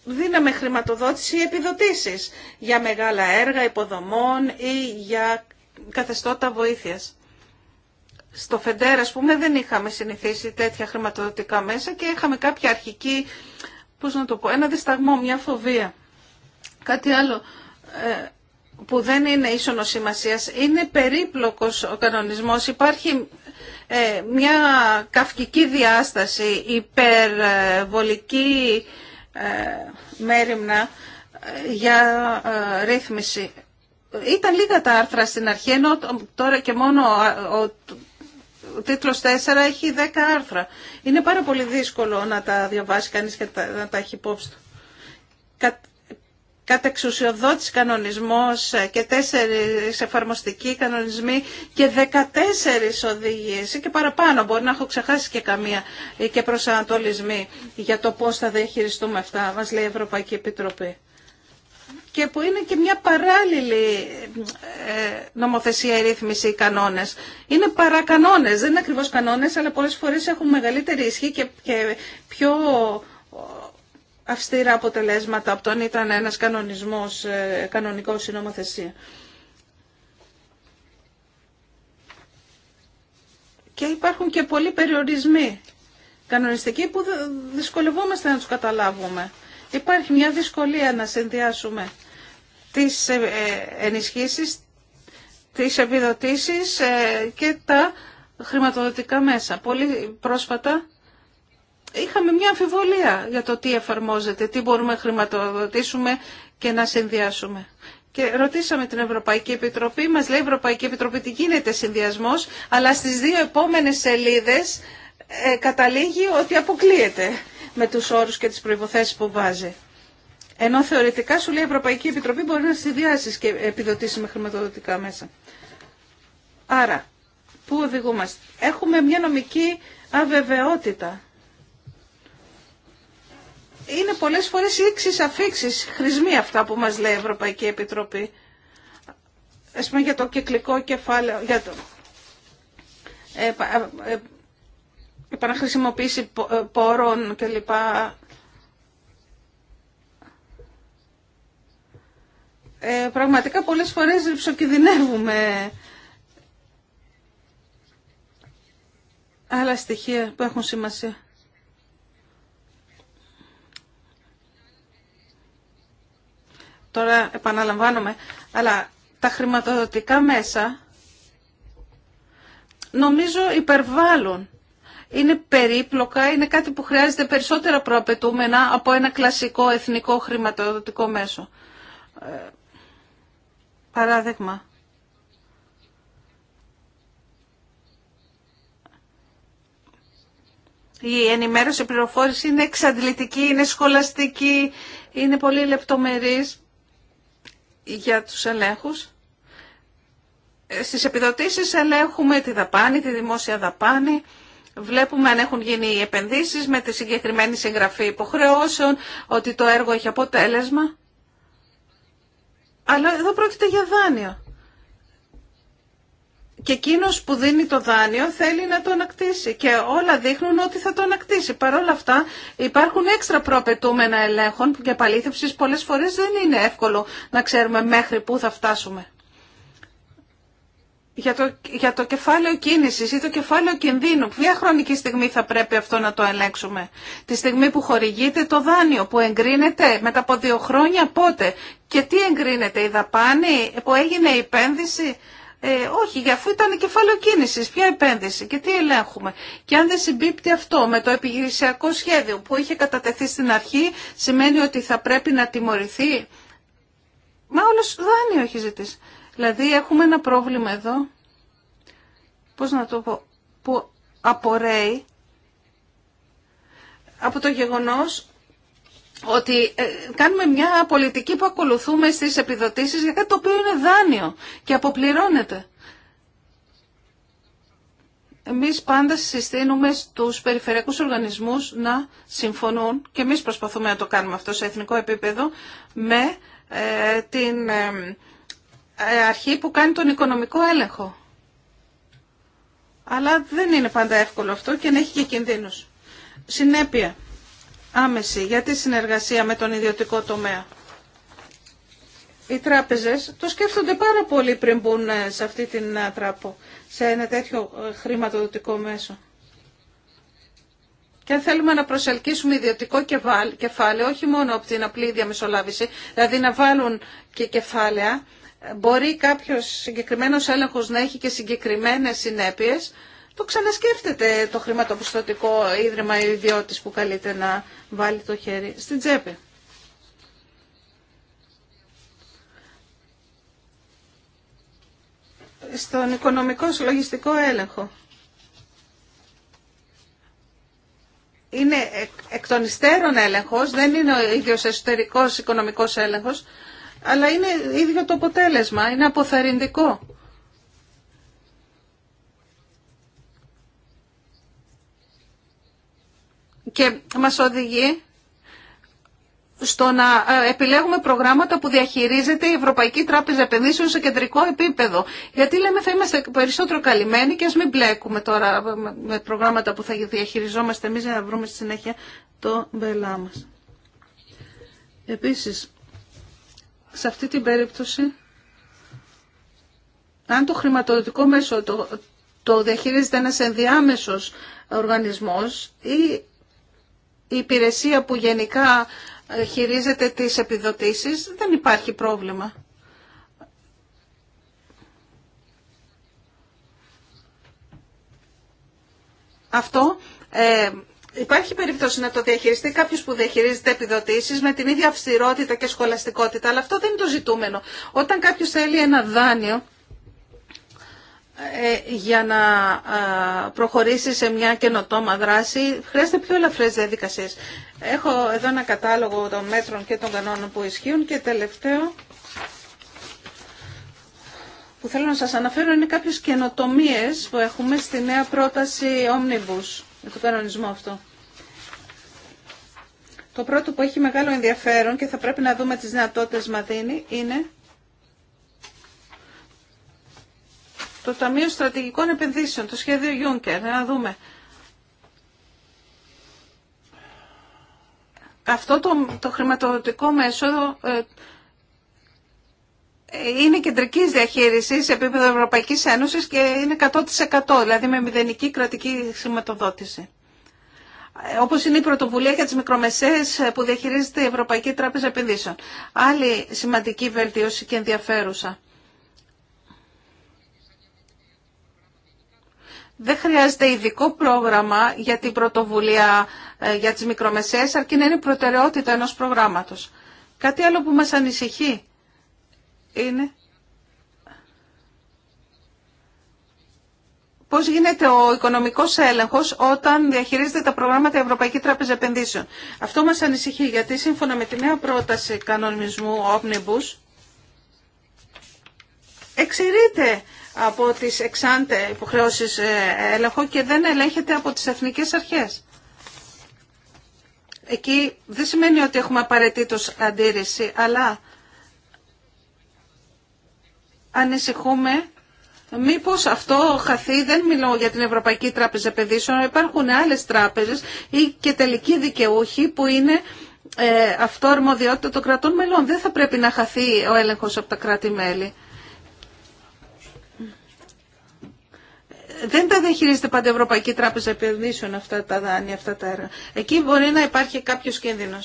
δίναμε χρηματοδότηση ή επιδοτήσεις για μεγάλα έργα υποδομών ή για καθεστώτα βοήθειας. Στο ΦΕΝΤΕΡ, ας πούμε, δεν είχαμε συνηθίσει τέτοια χρηματοδοτικά μέσα και είχαμε κάποια αρχική, πώς να το πω, ένα δισταγμό, μια φοβία. Κάτι άλλο που δεν είναι ίσονος σημασίας, είναι περίπλοκος ο κανονισμός. Υπάρχει ε, μια καυκική διάσταση, υπερβολική ε, μέρημνα ε, για ρύθμιση. Ήταν λίγα τα άρθρα στην αρχή, ενώ τώρα και μόνο ο τίτλος 4 έχει 10 άρθρα. Είναι πάρα πολύ δύσκολο να τα διαβάσει κανείς και να τα έχει υπόψη του κατεξουσιοδότης κανονισμός ε, και τέσσερις εφαρμοστικοί κανονισμοί και 14 οδηγίες και παραπάνω. Μπορεί να έχω ξεχάσει και καμία ε, και προσανατολισμοί για το πώς θα διαχειριστούμε αυτά, μας λέει η Ευρωπαϊκή Επιτροπή και που είναι και μια παράλληλη ε, νομοθεσία η ρύθμιση, κανόνες. Είναι παρακανόνες, δεν είναι ακριβώς κανόνες, αλλά πολλές φορές έχουν μεγαλύτερη ισχύ και, πιο αυστηρά αποτελέσματα από τον ήταν ένας κανονισμός, ε, κανονικός συνομοθεσία. Και υπάρχουν και πολλοί περιορισμοί κανονιστικοί που δυσκολευόμαστε να τους καταλάβουμε. Υπάρχει μια δυσκολία να συνδυάσουμε τις ε, ε, ενισχύσεις, τις επιδοτήσεις και τα χρηματοδοτικά μέσα. Πολύ πρόσφατα είχαμε μια αμφιβολία για το τι εφαρμόζεται, τι μπορούμε να χρηματοδοτήσουμε και να συνδυάσουμε. Και ρωτήσαμε την Ευρωπαϊκή Επιτροπή, μας λέει η Ευρωπαϊκή Επιτροπή τι γίνεται συνδυασμός, αλλά στις δύο επόμενες σελίδες ε, καταλήγει ότι αποκλείεται με τους όρους και τις προϋποθέσεις που βάζει. Ενώ θεωρητικά σου λέει η Ευρωπαϊκή Επιτροπή μπορεί να συνδυάσεις και επιδοτήσει με χρηματοδοτικά μέσα. Άρα, πού οδηγούμαστε. Έχουμε μια νομική αβεβαιότητα είναι πολλές φορές ήξεις αφήξεις, χρησμοί αυτά που μας λέει η Ευρωπαϊκή Επιτροπή. Ας πούμε για το κυκλικό κεφάλαιο, για το... Ε, ε, ε επαναχρησιμοποίηση ε, πόρων κλπ. Ε, πραγματικά πολλές φορές ψοκινδυνεύουμε άλλα στοιχεία που έχουν σημασία. Τώρα επαναλαμβάνομαι, αλλά τα χρηματοδοτικά μέσα νομίζω υπερβάλλουν. Είναι περίπλοκα, είναι κάτι που χρειάζεται περισσότερα προαπαιτούμενα από ένα κλασικό εθνικό χρηματοδοτικό μέσο. Ε, παράδειγμα. Η ενημέρωση, πληροφόρηση είναι εξαντλητική, είναι σχολαστική, είναι πολύ λεπτομερής για τους ελέγχους. Ε, στις επιδοτήσεις ελέγχουμε τη δαπάνη, τη δημόσια δαπάνη. Βλέπουμε αν έχουν γίνει οι επενδύσεις με τη συγκεκριμένη συγγραφή υποχρεώσεων, ότι το έργο έχει αποτέλεσμα. Αλλά εδώ πρόκειται για δάνειο και εκείνο που δίνει το δάνειο θέλει να το ανακτήσει και όλα δείχνουν ότι θα το ανακτήσει. Παρ' όλα αυτά υπάρχουν έξτρα προαπαιτούμενα ελέγχων και παλήθευση πολλέ φορέ δεν είναι εύκολο να ξέρουμε μέχρι πού θα φτάσουμε. Για το, για το κεφάλαιο κίνηση ή το κεφάλαιο κινδύνου, ποια χρονική στιγμή θα πρέπει αυτό να το ελέγξουμε. Τη στιγμή που χορηγείται το δάνειο, που εγκρίνεται μετά από δύο χρόνια πότε και τι εγκρίνεται, η δαπάνη που έγινε η επένδυση. Ε, όχι, για αφού ήταν κεφάλαιο κίνηση, ποια επένδυση και τι ελέγχουμε. Και αν δεν συμπίπτει αυτό με το επιχειρησιακό σχέδιο που είχε κατατεθεί στην αρχή, σημαίνει ότι θα πρέπει να τιμωρηθεί. Μα όλος δάνειο έχει ζητήσει. Δηλαδή έχουμε ένα πρόβλημα εδώ, πώς να το πω, που απορρέει από το γεγονός ότι ε, κάνουμε μια πολιτική που ακολουθούμε στις επιδοτήσεις για κάτι το οποίο είναι δάνειο και αποπληρώνεται. Εμείς πάντα συστήνουμε στους περιφερειακούς οργανισμούς να συμφωνούν και εμείς προσπαθούμε να το κάνουμε αυτό σε εθνικό επίπεδο με ε, την ε, αρχή που κάνει τον οικονομικό έλεγχο. Αλλά δεν είναι πάντα εύκολο αυτό και να έχει και κινδύνους. Συνέπεια άμεση για τη συνεργασία με τον ιδιωτικό τομέα. Οι τράπεζες το σκέφτονται πάρα πολύ πριν μπουν ε, σε αυτή την ε, τράπο, σε ένα τέτοιο ε, χρηματοδοτικό μέσο. Και αν θέλουμε να προσελκύσουμε ιδιωτικό κεφάλαιο, όχι μόνο από την απλή διαμεσολάβηση, δηλαδή να βάλουν και κεφάλαια, μπορεί κάποιος συγκεκριμένος έλεγχος να έχει και συγκεκριμένες συνέπειες, το ξανασκέφτεται το χρηματοπιστωτικό ίδρυμα ή που καλείται να βάλει το χέρι στην τσέπη. Στον οικονομικό συλλογιστικό έλεγχο. Είναι εκ των υστέρων έλεγχος, δεν είναι ο ίδιος εσωτερικός οικονομικός έλεγχος, αλλά είναι ίδιο το αποτέλεσμα, είναι αποθαρρυντικό. και μας οδηγεί στο να ε, επιλέγουμε προγράμματα που διαχειρίζεται η Ευρωπαϊκή Τράπεζα Επενδύσεων σε κεντρικό επίπεδο. Γιατί λέμε θα είμαστε περισσότερο καλυμμένοι και ας μην μπλέκουμε τώρα με προγράμματα που θα διαχειριζόμαστε εμείς για να βρούμε στη συνέχεια το μπελά μας. Επίσης, σε αυτή την περίπτωση, αν το χρηματοδοτικό μέσο το, το διαχειρίζεται ένας ενδιάμεσος οργανισμός ή η υπηρεσία που γενικά ε, χειρίζεται τις επιδοτήσεις, δεν υπάρχει πρόβλημα. Αυτό ε, υπάρχει περίπτωση να το διαχειριστεί κάποιο που διαχειρίζεται επιδοτήσει με την ίδια αυστηρότητα και σχολαστικότητα, αλλά αυτό δεν είναι το ζητούμενο. Όταν κάποιο θέλει ένα δάνειο, ε, για να προχωρήσει σε μια καινοτόμα δράση χρειάζεται πιο ελαφρές διαδικασίε. Έχω εδώ ένα κατάλογο των μέτρων και των κανόνων που ισχύουν και τελευταίο που θέλω να σας αναφέρω είναι κάποιες καινοτομίες που έχουμε στη νέα πρόταση Omnibus με τον κανονισμό αυτό. Το πρώτο που έχει μεγάλο ενδιαφέρον και θα πρέπει να δούμε τις δυνατότητες μα είναι το Ταμείο Στρατηγικών Επενδύσεων, το σχέδιο Juncker. Να δούμε. Αυτό το, το χρηματοδοτικό μέσο ε, είναι κεντρική διαχείριση σε επίπεδο Ευρωπαϊκή Ένωση και είναι 100%, δηλαδή με μηδενική κρατική χρηματοδότηση. Όπω είναι η πρωτοβουλία για τι μικρομεσαίε ε, που διαχειρίζεται η Ευρωπαϊκή Τράπεζα Επενδύσεων. Άλλη σημαντική βελτίωση και ενδιαφέρουσα. Δεν χρειάζεται ειδικό πρόγραμμα για την πρωτοβουλία ε, για τις μικρομεσαίες, αρκεί να είναι προτεραιότητα ενός προγράμματος. Κάτι άλλο που μας ανησυχεί είναι πώς γίνεται ο οικονομικός έλεγχος όταν διαχειρίζεται τα προγράμματα Ευρωπαϊκή Τράπεζα Επενδύσεων. Αυτό μας ανησυχεί γιατί σύμφωνα με τη νέα πρόταση κανονισμού Omnibus εξαιρείται από τις εξάντε υποχρεώσεις ε, έλεγχο και δεν ελέγχεται από τις εθνικές αρχές. Εκεί δεν σημαίνει ότι έχουμε απαραίτητο αντίρρηση, αλλά ανησυχούμε μήπως αυτό χαθεί, δεν μιλώ για την Ευρωπαϊκή Τράπεζα Επενδύσεων, υπάρχουν άλλες τράπεζες ή και τελικοί δικαιούχοι που είναι ε, αυτό αρμοδιότητα των κρατών μελών. Δεν θα πρέπει να χαθεί ο έλεγχος από τα κράτη-μέλη. δεν τα διαχειρίζεται πάντα η Ευρωπαϊκή Τράπεζα Επενδύσεων αυτά τα δάνεια, αυτά τα έργα. Εκεί μπορεί να υπάρχει κάποιος κίνδυνο.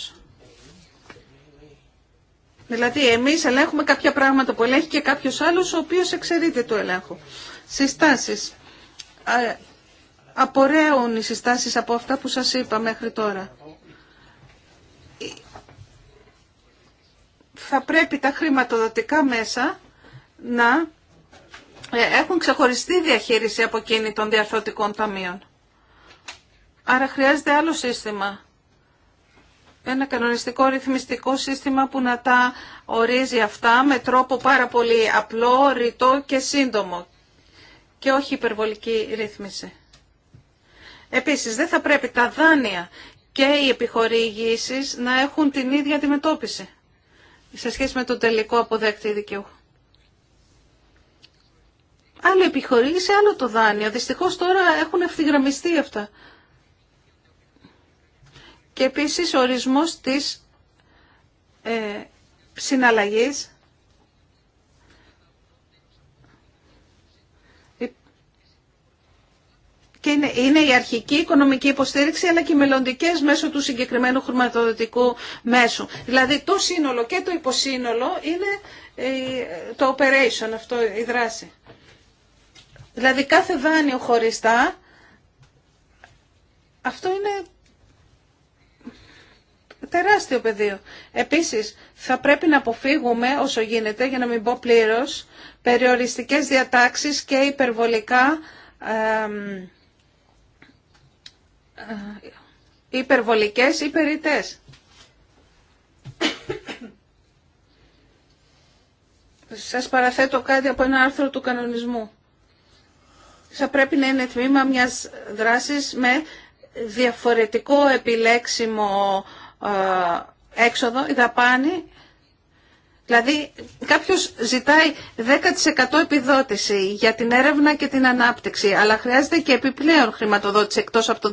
Δηλαδή εμεί ελέγχουμε κάποια πράγματα που ελέγχει και κάποιο άλλο, ο οποίο εξαιρείται το ελέγχο. Συστάσει. Απορρέουν οι συστάσεις από αυτά που σας είπα μέχρι τώρα. Θα πρέπει τα χρηματοδοτικά μέσα να ε, έχουν ξεχωριστή διαχείριση από εκείνη των διαρθρωτικών ταμείων. Άρα χρειάζεται άλλο σύστημα. Ένα κανονιστικό ρυθμιστικό σύστημα που να τα ορίζει αυτά με τρόπο πάρα πολύ απλό, ρητό και σύντομο και όχι υπερβολική ρύθμιση. Επίσης, δεν θα πρέπει τα δάνεια και οι επιχορηγήσεις να έχουν την ίδια αντιμετώπιση σε σχέση με τον τελικό αποδέκτη δικαιού. Άλλο επιχορήγηση, άλλο το δάνειο. Δυστυχώς τώρα έχουν ευθυγραμμιστεί αυτά. Και επίσης ορισμός της ε, συναλλαγής. Και είναι, η αρχική οικονομική υποστήριξη αλλά και οι μελλοντικέ μέσω του συγκεκριμένου χρηματοδοτικού μέσου. Δηλαδή το σύνολο και το υποσύνολο είναι ε, το operation αυτό, η δράση. Δηλαδή κάθε δάνειο χωριστά, αυτό είναι τεράστιο πεδίο. Επίσης, θα πρέπει να αποφύγουμε όσο γίνεται, για να μην πω πλήρως, περιοριστικές διατάξεις και υπερβολικά ε, ε, υπερβολικές ή Σας παραθέτω κάτι από ένα άρθρο του κανονισμού θα πρέπει να είναι τμήμα μιας δράσης με διαφορετικό επιλέξιμο ε, έξοδο, η δαπάνη Δηλαδή κάποιος ζητάει 10% επιδότηση για την έρευνα και την ανάπτυξη, αλλά χρειάζεται και επιπλέον χρηματοδότηση εκτός από το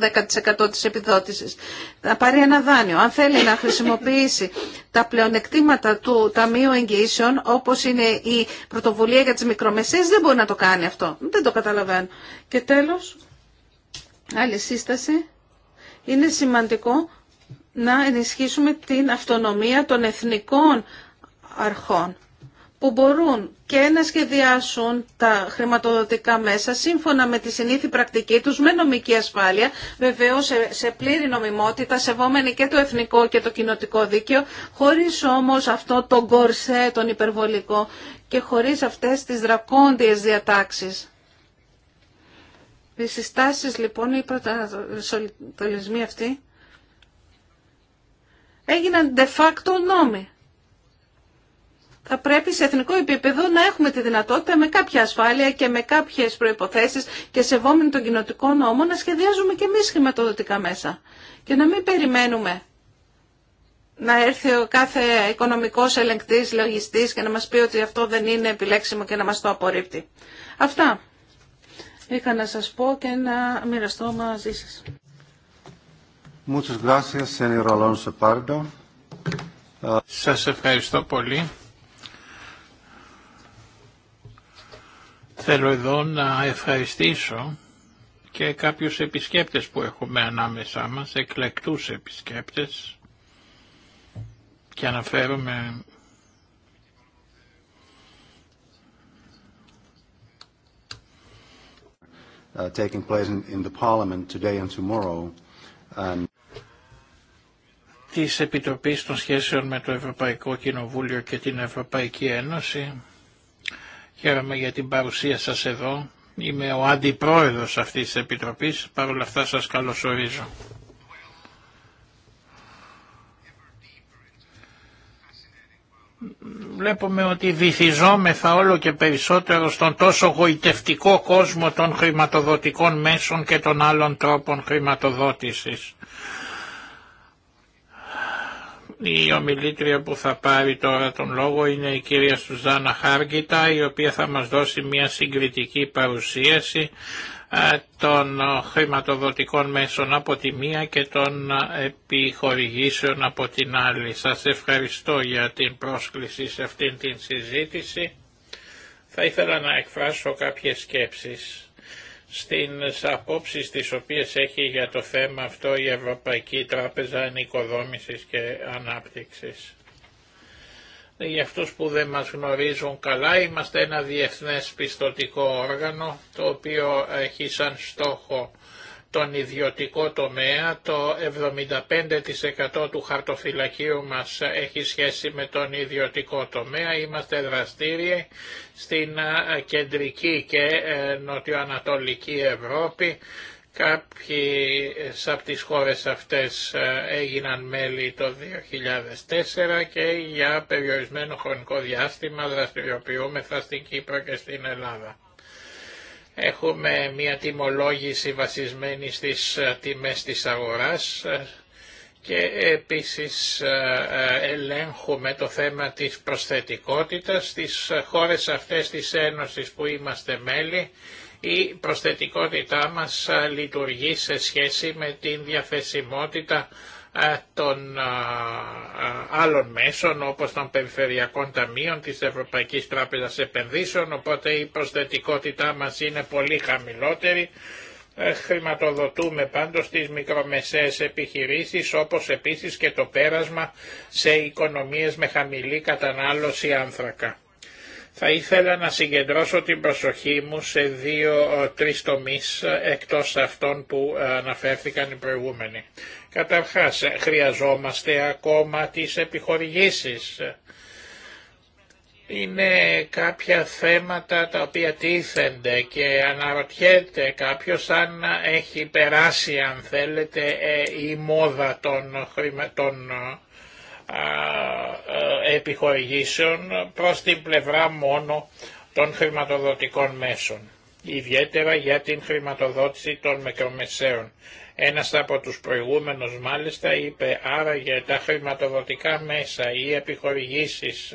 10% της επιδότησης. Να πάρει ένα δάνειο. Αν θέλει να χρησιμοποιήσει τα πλεονεκτήματα του Ταμείου Εγγυήσεων, όπως είναι η πρωτοβουλία για τις μικρομεσαίες, δεν μπορεί να το κάνει αυτό. Δεν το καταλαβαίνω. Και τέλος, άλλη σύσταση. Είναι σημαντικό να ενισχύσουμε την αυτονομία των εθνικών αρχών που μπορούν και να σχεδιάσουν τα χρηματοδοτικά μέσα σύμφωνα με τη συνήθη πρακτική τους με νομική ασφάλεια, βεβαίως σε, πλήρη νομιμότητα, σεβόμενη και το εθνικό και το κοινοτικό δίκαιο, χωρίς όμως αυτό το γκορσέ, τον υπερβολικό και χωρίς αυτές τις δρακόντιες διατάξεις. Οι συστάσεις λοιπόν, η πρωτοσολιτολισμοί αυτοί, έγιναν de facto νόμοι θα πρέπει σε εθνικό επίπεδο να έχουμε τη δυνατότητα με κάποια ασφάλεια και με κάποιες προϋποθέσεις και σεβόμενοι τον κοινοτικό νόμο να σχεδιάζουμε και εμεί χρηματοδοτικά μέσα και να μην περιμένουμε να έρθει ο κάθε οικονομικός ελεγκτής, λογιστής και να μας πει ότι αυτό δεν είναι επιλέξιμο και να μας το απορρίπτει. Αυτά είχα να σα πω και να μοιραστώ μαζί σα. Muchas ευχαριστώ πολύ. Θέλω εδώ να ευχαριστήσω και κάποιους επισκέπτες που έχουμε ανάμεσά μας, εκλεκτούς επισκέπτες και αναφέρομαι uh, taking place in, the Parliament today and tomorrow. And... Επιτροπής των Σχέσεων με το Ευρωπαϊκό Κοινοβούλιο και την Ευρωπαϊκή Ένωση Χαίρομαι για την παρουσία σας εδώ. Είμαι ο αντιπρόεδρος αυτής της Επιτροπής, όλα αυτά σας καλωσορίζω. Βλέπουμε ότι βυθιζόμεθα όλο και περισσότερο στον τόσο γοητευτικό κόσμο των χρηματοδοτικών μέσων και των άλλων τρόπων χρηματοδότησης. Η ομιλήτρια που θα πάρει τώρα τον λόγο είναι η κυρία Σουζάνα χάργητα η οποία θα μας δώσει μια συγκριτική παρουσίαση των χρηματοδοτικών μέσων από τη μία και των επιχορηγήσεων από την άλλη. Σας ευχαριστώ για την πρόσκληση σε αυτήν την συζήτηση. Θα ήθελα να εκφράσω κάποιες σκέψεις στην απόψει τις οποίες έχει για το θέμα αυτό η Ευρωπαϊκή Τράπεζα Ανοικοδόμησης και Ανάπτυξης. Για αυτούς που δεν μας γνωρίζουν καλά, είμαστε ένα διεθνές πιστοτικό όργανο, το οποίο έχει σαν στόχο τον ιδιωτικό τομέα, το 75% του χαρτοφυλακίου μας έχει σχέση με τον ιδιωτικό τομέα. Είμαστε δραστήριοι στην κεντρική και ε, νοτιοανατολική Ευρώπη. Κάποιοι από τις χώρες αυτές ε, έγιναν μέλη το 2004 και για περιορισμένο χρονικό διάστημα δραστηριοποιούμεθα στην Κύπρο και στην Ελλάδα. Έχουμε μια τιμολόγηση βασισμένη στις ε, τιμές της αγοράς ε, και επίσης ε, ελέγχουμε το θέμα της προσθετικότητας στις χώρες αυτές της Ένωσης που είμαστε μέλη. Η προσθετικότητά μας λειτουργεί σε σχέση με την διαθεσιμότητα ε, των άλλων μέσων όπως των περιφερειακών ταμείων της Ευρωπαϊκής Τράπεζας Επενδύσεων οπότε η προσθετικότητά μας είναι πολύ χαμηλότερη ε, χρηματοδοτούμε πάντως τις μικρομεσαίες επιχειρήσεις όπως επίσης και το πέρασμα σε οικονομίες με χαμηλή κατανάλωση άνθρακα. Θα ήθελα να συγκεντρώσω την προσοχή μου σε δύο-τρεις ε, τομείς εκτός αυτών που αναφέρθηκαν οι προηγούμενοι. Καταρχάς, χρειαζόμαστε ακόμα τις επιχορηγήσεις. Είναι κάποια θέματα τα οποία τίθενται και αναρωτιέται κάποιος αν έχει περάσει, αν θέλετε, ε, η μόδα των, των ε, επιχορηγήσεων προς την πλευρά μόνο των χρηματοδοτικών μέσων ιδιαίτερα για την χρηματοδότηση των μικρομεσαίων. Ένας από τους προηγούμενους μάλιστα είπε άραγε τα χρηματοδοτικά μέσα ή επιχορηγήσεις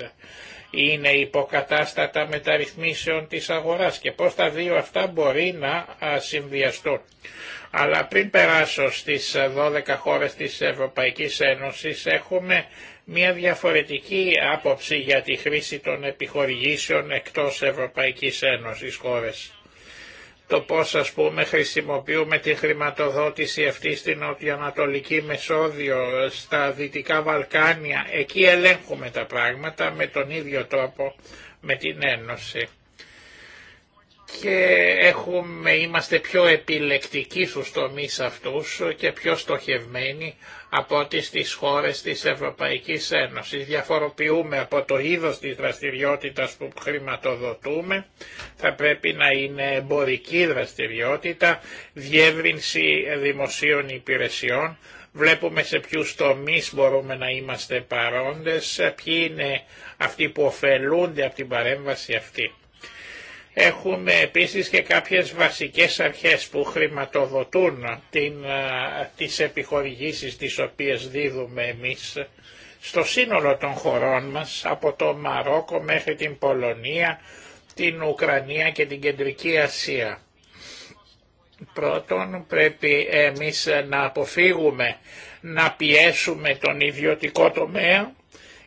είναι υποκατάστατα μεταρρυθμίσεων της αγοράς και πώς τα δύο αυτά μπορεί να συμβιαστούν. Αλλά πριν περάσω στις 12 χώρες της Ευρωπαϊκής Ένωσης έχουμε μια διαφορετική άποψη για τη χρήση των επιχορηγήσεων εκτός Ευρωπαϊκής Ένωσης χώρες το πώς ας πούμε χρησιμοποιούμε τη χρηματοδότηση αυτή στην Νοτιοανατολική Μεσόδιο, στα Δυτικά Βαλκάνια, εκεί ελέγχουμε τα πράγματα με τον ίδιο τρόπο με την Ένωση και έχουμε, είμαστε πιο επιλεκτικοί στους τομείς αυτούς και πιο στοχευμένοι από ό,τι στις χώρες της Ευρωπαϊκής Ένωσης. Διαφοροποιούμε από το είδος της δραστηριότητας που χρηματοδοτούμε. Θα πρέπει να είναι εμπορική δραστηριότητα, διεύρυνση δημοσίων υπηρεσιών. Βλέπουμε σε ποιους τομείς μπορούμε να είμαστε παρόντες, ποιοι είναι αυτοί που ωφελούνται από την παρέμβαση αυτή. Έχουμε επίσης και κάποιες βασικές αρχές που χρηματοδοτούν την, τις επιχορηγήσεις τις οποίες δίδουμε εμείς στο σύνολο των χωρών μας, από το Μαρόκο μέχρι την Πολωνία, την Ουκρανία και την Κεντρική Ασία. Πρώτον πρέπει εμείς να αποφύγουμε να πιέσουμε τον ιδιωτικό τομέα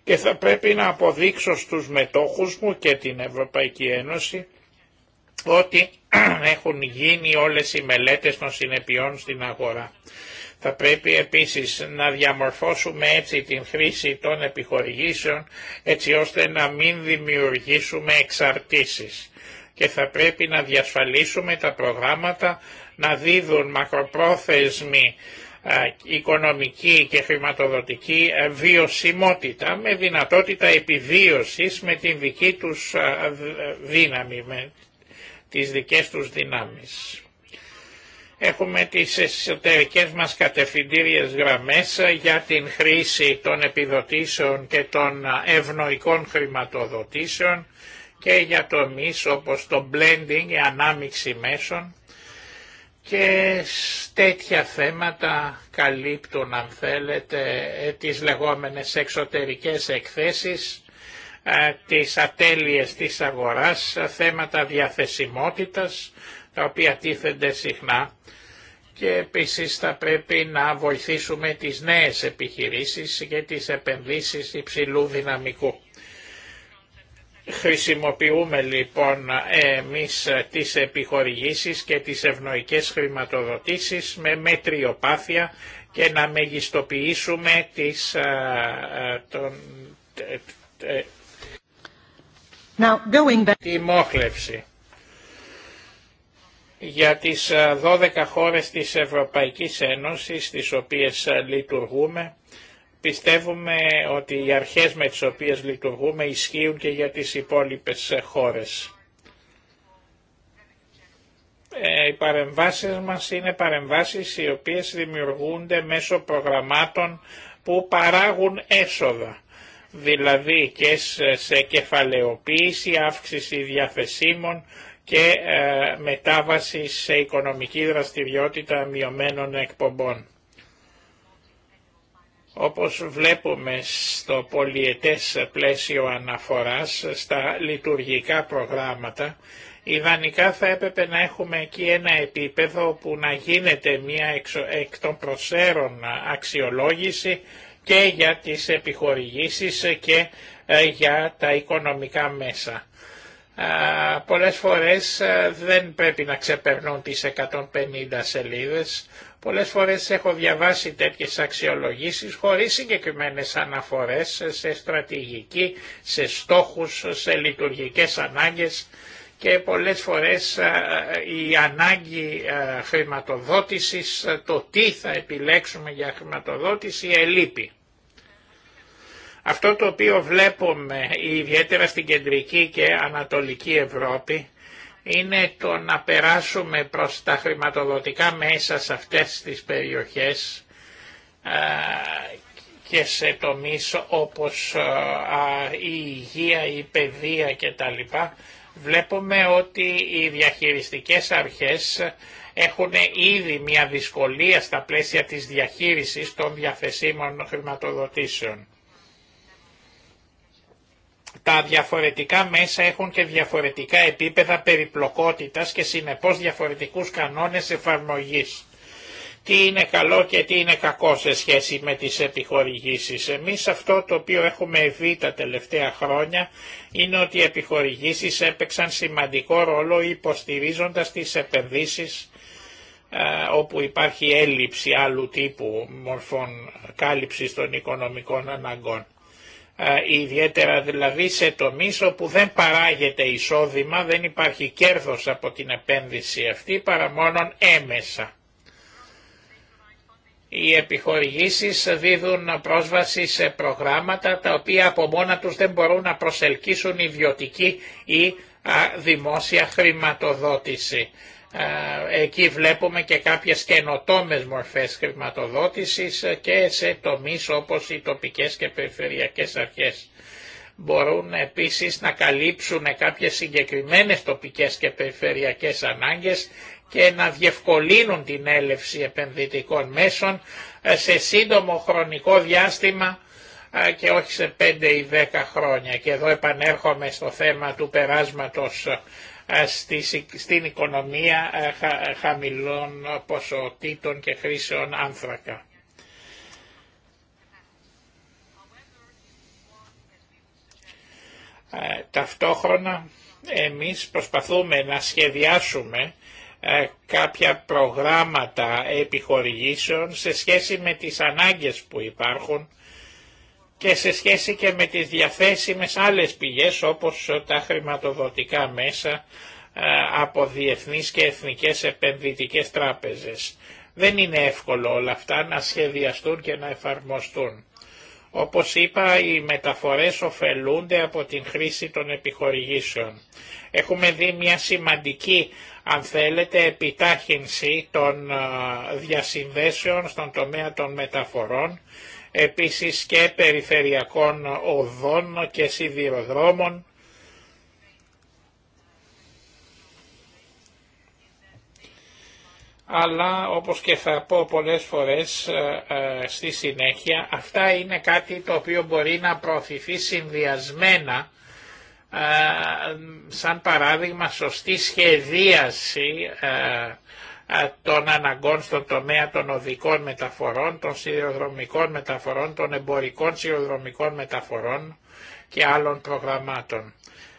και θα πρέπει να αποδείξω στους μετόχους μου και την Ευρωπαϊκή Ένωση ότι έχουν γίνει όλες οι μελέτες των συνεπειών στην αγορά. Θα πρέπει επίσης να διαμορφώσουμε έτσι την χρήση των επιχορηγήσεων έτσι ώστε να μην δημιουργήσουμε εξαρτήσεις και θα πρέπει να διασφαλίσουμε τα προγράμματα να δίδουν μακροπρόθεσμη οικονομική και χρηματοδοτική βιωσιμότητα με δυνατότητα επιβίωσης με την δική τους δύναμη, τις δικές τους δυνάμεις. Έχουμε τις εσωτερικές μας κατευθυντήριες γραμμές για την χρήση των επιδοτήσεων και των ευνοϊκών χρηματοδοτήσεων και για τομείς όπως το blending, η ανάμιξη μέσων και τέτοια θέματα καλύπτουν αν θέλετε τις λεγόμενες εξωτερικές εκθέσεις τις ατέλειες της αγοράς, θέματα διαθεσιμότητας, τα οποία τίθενται συχνά και επίσης θα πρέπει να βοηθήσουμε τις νέες επιχειρήσεις και τις επενδύσεις υψηλού δυναμικού. Χρησιμοποιούμε λοιπόν εμείς τις επιχορηγήσεις και τις ευνοϊκές χρηματοδοτήσεις με μετριοπάθεια και να μεγιστοποιήσουμε τις, τον, Now, going back... Τη μόχλευση για τις 12 ε, χώρες της Ευρωπαϊκής Ένωσης τις οποίες ε, λειτουργούμε πιστεύουμε ότι οι αρχές με τις οποίες λειτουργούμε ισχύουν και για τις υπόλοιπες ε, χώρες. Οι παρεμβάσεις μας είναι παρεμβάσεις οι οποίες δημιουργούνται μέσω προγραμμάτων που παράγουν έσοδα δηλαδή και σε κεφαλαιοποίηση, αύξηση διαθεσίμων και ε, μετάβαση σε οικονομική δραστηριότητα μειωμένων εκπομπών. Όπως βλέπουμε στο πολιετές πλαίσιο αναφοράς, στα λειτουργικά προγράμματα, ιδανικά θα έπρεπε να έχουμε εκεί ένα επίπεδο που να γίνεται μια εκ των προσέρων αξιολόγηση και για τις επιχορηγήσεις και ε, για τα οικονομικά μέσα. Πολλές φορές ε, δεν πρέπει να ξεπερνούν τις 150 σελίδες. Πολλές φορές έχω διαβάσει τέτοιες αξιολογήσεις χωρίς συγκεκριμένες αναφορές σε στρατηγική, σε στόχους, σε λειτουργικές ανάγκες και πολλές φορές ε, ε, η ανάγκη ε, χρηματοδότησης, το τι θα επιλέξουμε για χρηματοδότηση ελείπει. Αυτό το οποίο βλέπουμε ιδιαίτερα στην κεντρική και ανατολική Ευρώπη είναι το να περάσουμε προς τα χρηματοδοτικά μέσα σε αυτές τις περιοχές και σε τομείς όπως η υγεία, η παιδεία κτλ βλέπουμε ότι οι διαχειριστικές αρχές έχουν ήδη μια δυσκολία στα πλαίσια της διαχείρισης των διαθεσίμων χρηματοδοτήσεων. Τα διαφορετικά μέσα έχουν και διαφορετικά επίπεδα περιπλοκότητας και συνεπώς διαφορετικούς κανόνες εφαρμογής τι είναι καλό και τι είναι κακό σε σχέση με τις επιχορηγήσεις. Εμείς αυτό το οποίο έχουμε δει τα τελευταία χρόνια είναι ότι οι επιχορηγήσεις έπαιξαν σημαντικό ρόλο υποστηρίζοντας τις επενδύσεις όπου υπάρχει έλλειψη άλλου τύπου μορφών κάλυψης των οικονομικών αναγκών. Ιδιαίτερα δηλαδή σε τομείς όπου δεν παράγεται εισόδημα, δεν υπάρχει κέρδος από την επένδυση αυτή παρά μόνον έμεσα. Οι επιχορηγήσεις δίδουν πρόσβαση σε προγράμματα τα οποία από μόνα τους δεν μπορούν να προσελκύσουν ιδιωτική ή δημόσια χρηματοδότηση. Εκεί βλέπουμε και κάποιες καινοτόμες μορφές χρηματοδότησης και σε τομείς όπως οι τοπικές και περιφερειακές αρχές. Μπορούν επίσης να καλύψουν κάποιες συγκεκριμένες τοπικές και περιφερειακές ανάγκες και να διευκολύνουν την έλευση επενδυτικών μέσων ε, σε σύντομο χρονικό διάστημα ε, και όχι σε 5 ή 10 χρόνια. Και εδώ επανέρχομαι στο θέμα του περάσματος ε, στην οικονομία χαμηλών ποσοτήτων και χρήσεων άνθρακα. Ταυτόχρονα εμείς προσπαθούμε να σχεδιάσουμε ε, κάποια προγράμματα επιχορηγήσεων σε σχέση με τις ανάγκες που υπάρχουν και σε σχέση και με τις διαθέσιμες άλλες πηγές όπως τα χρηματοδοτικά μέσα ε, από διεθνείς και εθνικές επενδυτικές τράπεζες. Δεν είναι εύκολο όλα αυτά να σχεδιαστούν και να εφαρμοστούν. Όπως είπα, οι μεταφορές ωφελούνται από την χρήση των επιχορηγήσεων. Έχουμε δει μια σημαντική αν θέλετε, επιτάχυνση των διασυνδέσεων στον τομέα των μεταφορών, επίσης και περιφερειακών οδών και σιδηροδρόμων, αλλά όπως και θα πω πολλές φορές στη συνέχεια, αυτά είναι κάτι το οποίο μπορεί να προωθηθεί συνδυασμένα σαν παράδειγμα σωστή σχεδίαση των αναγκών στον τομέα των οδικών μεταφορών, των σιδηροδρομικών μεταφορών, των εμπορικών σιδηροδρομικών μεταφορών και άλλων προγραμμάτων.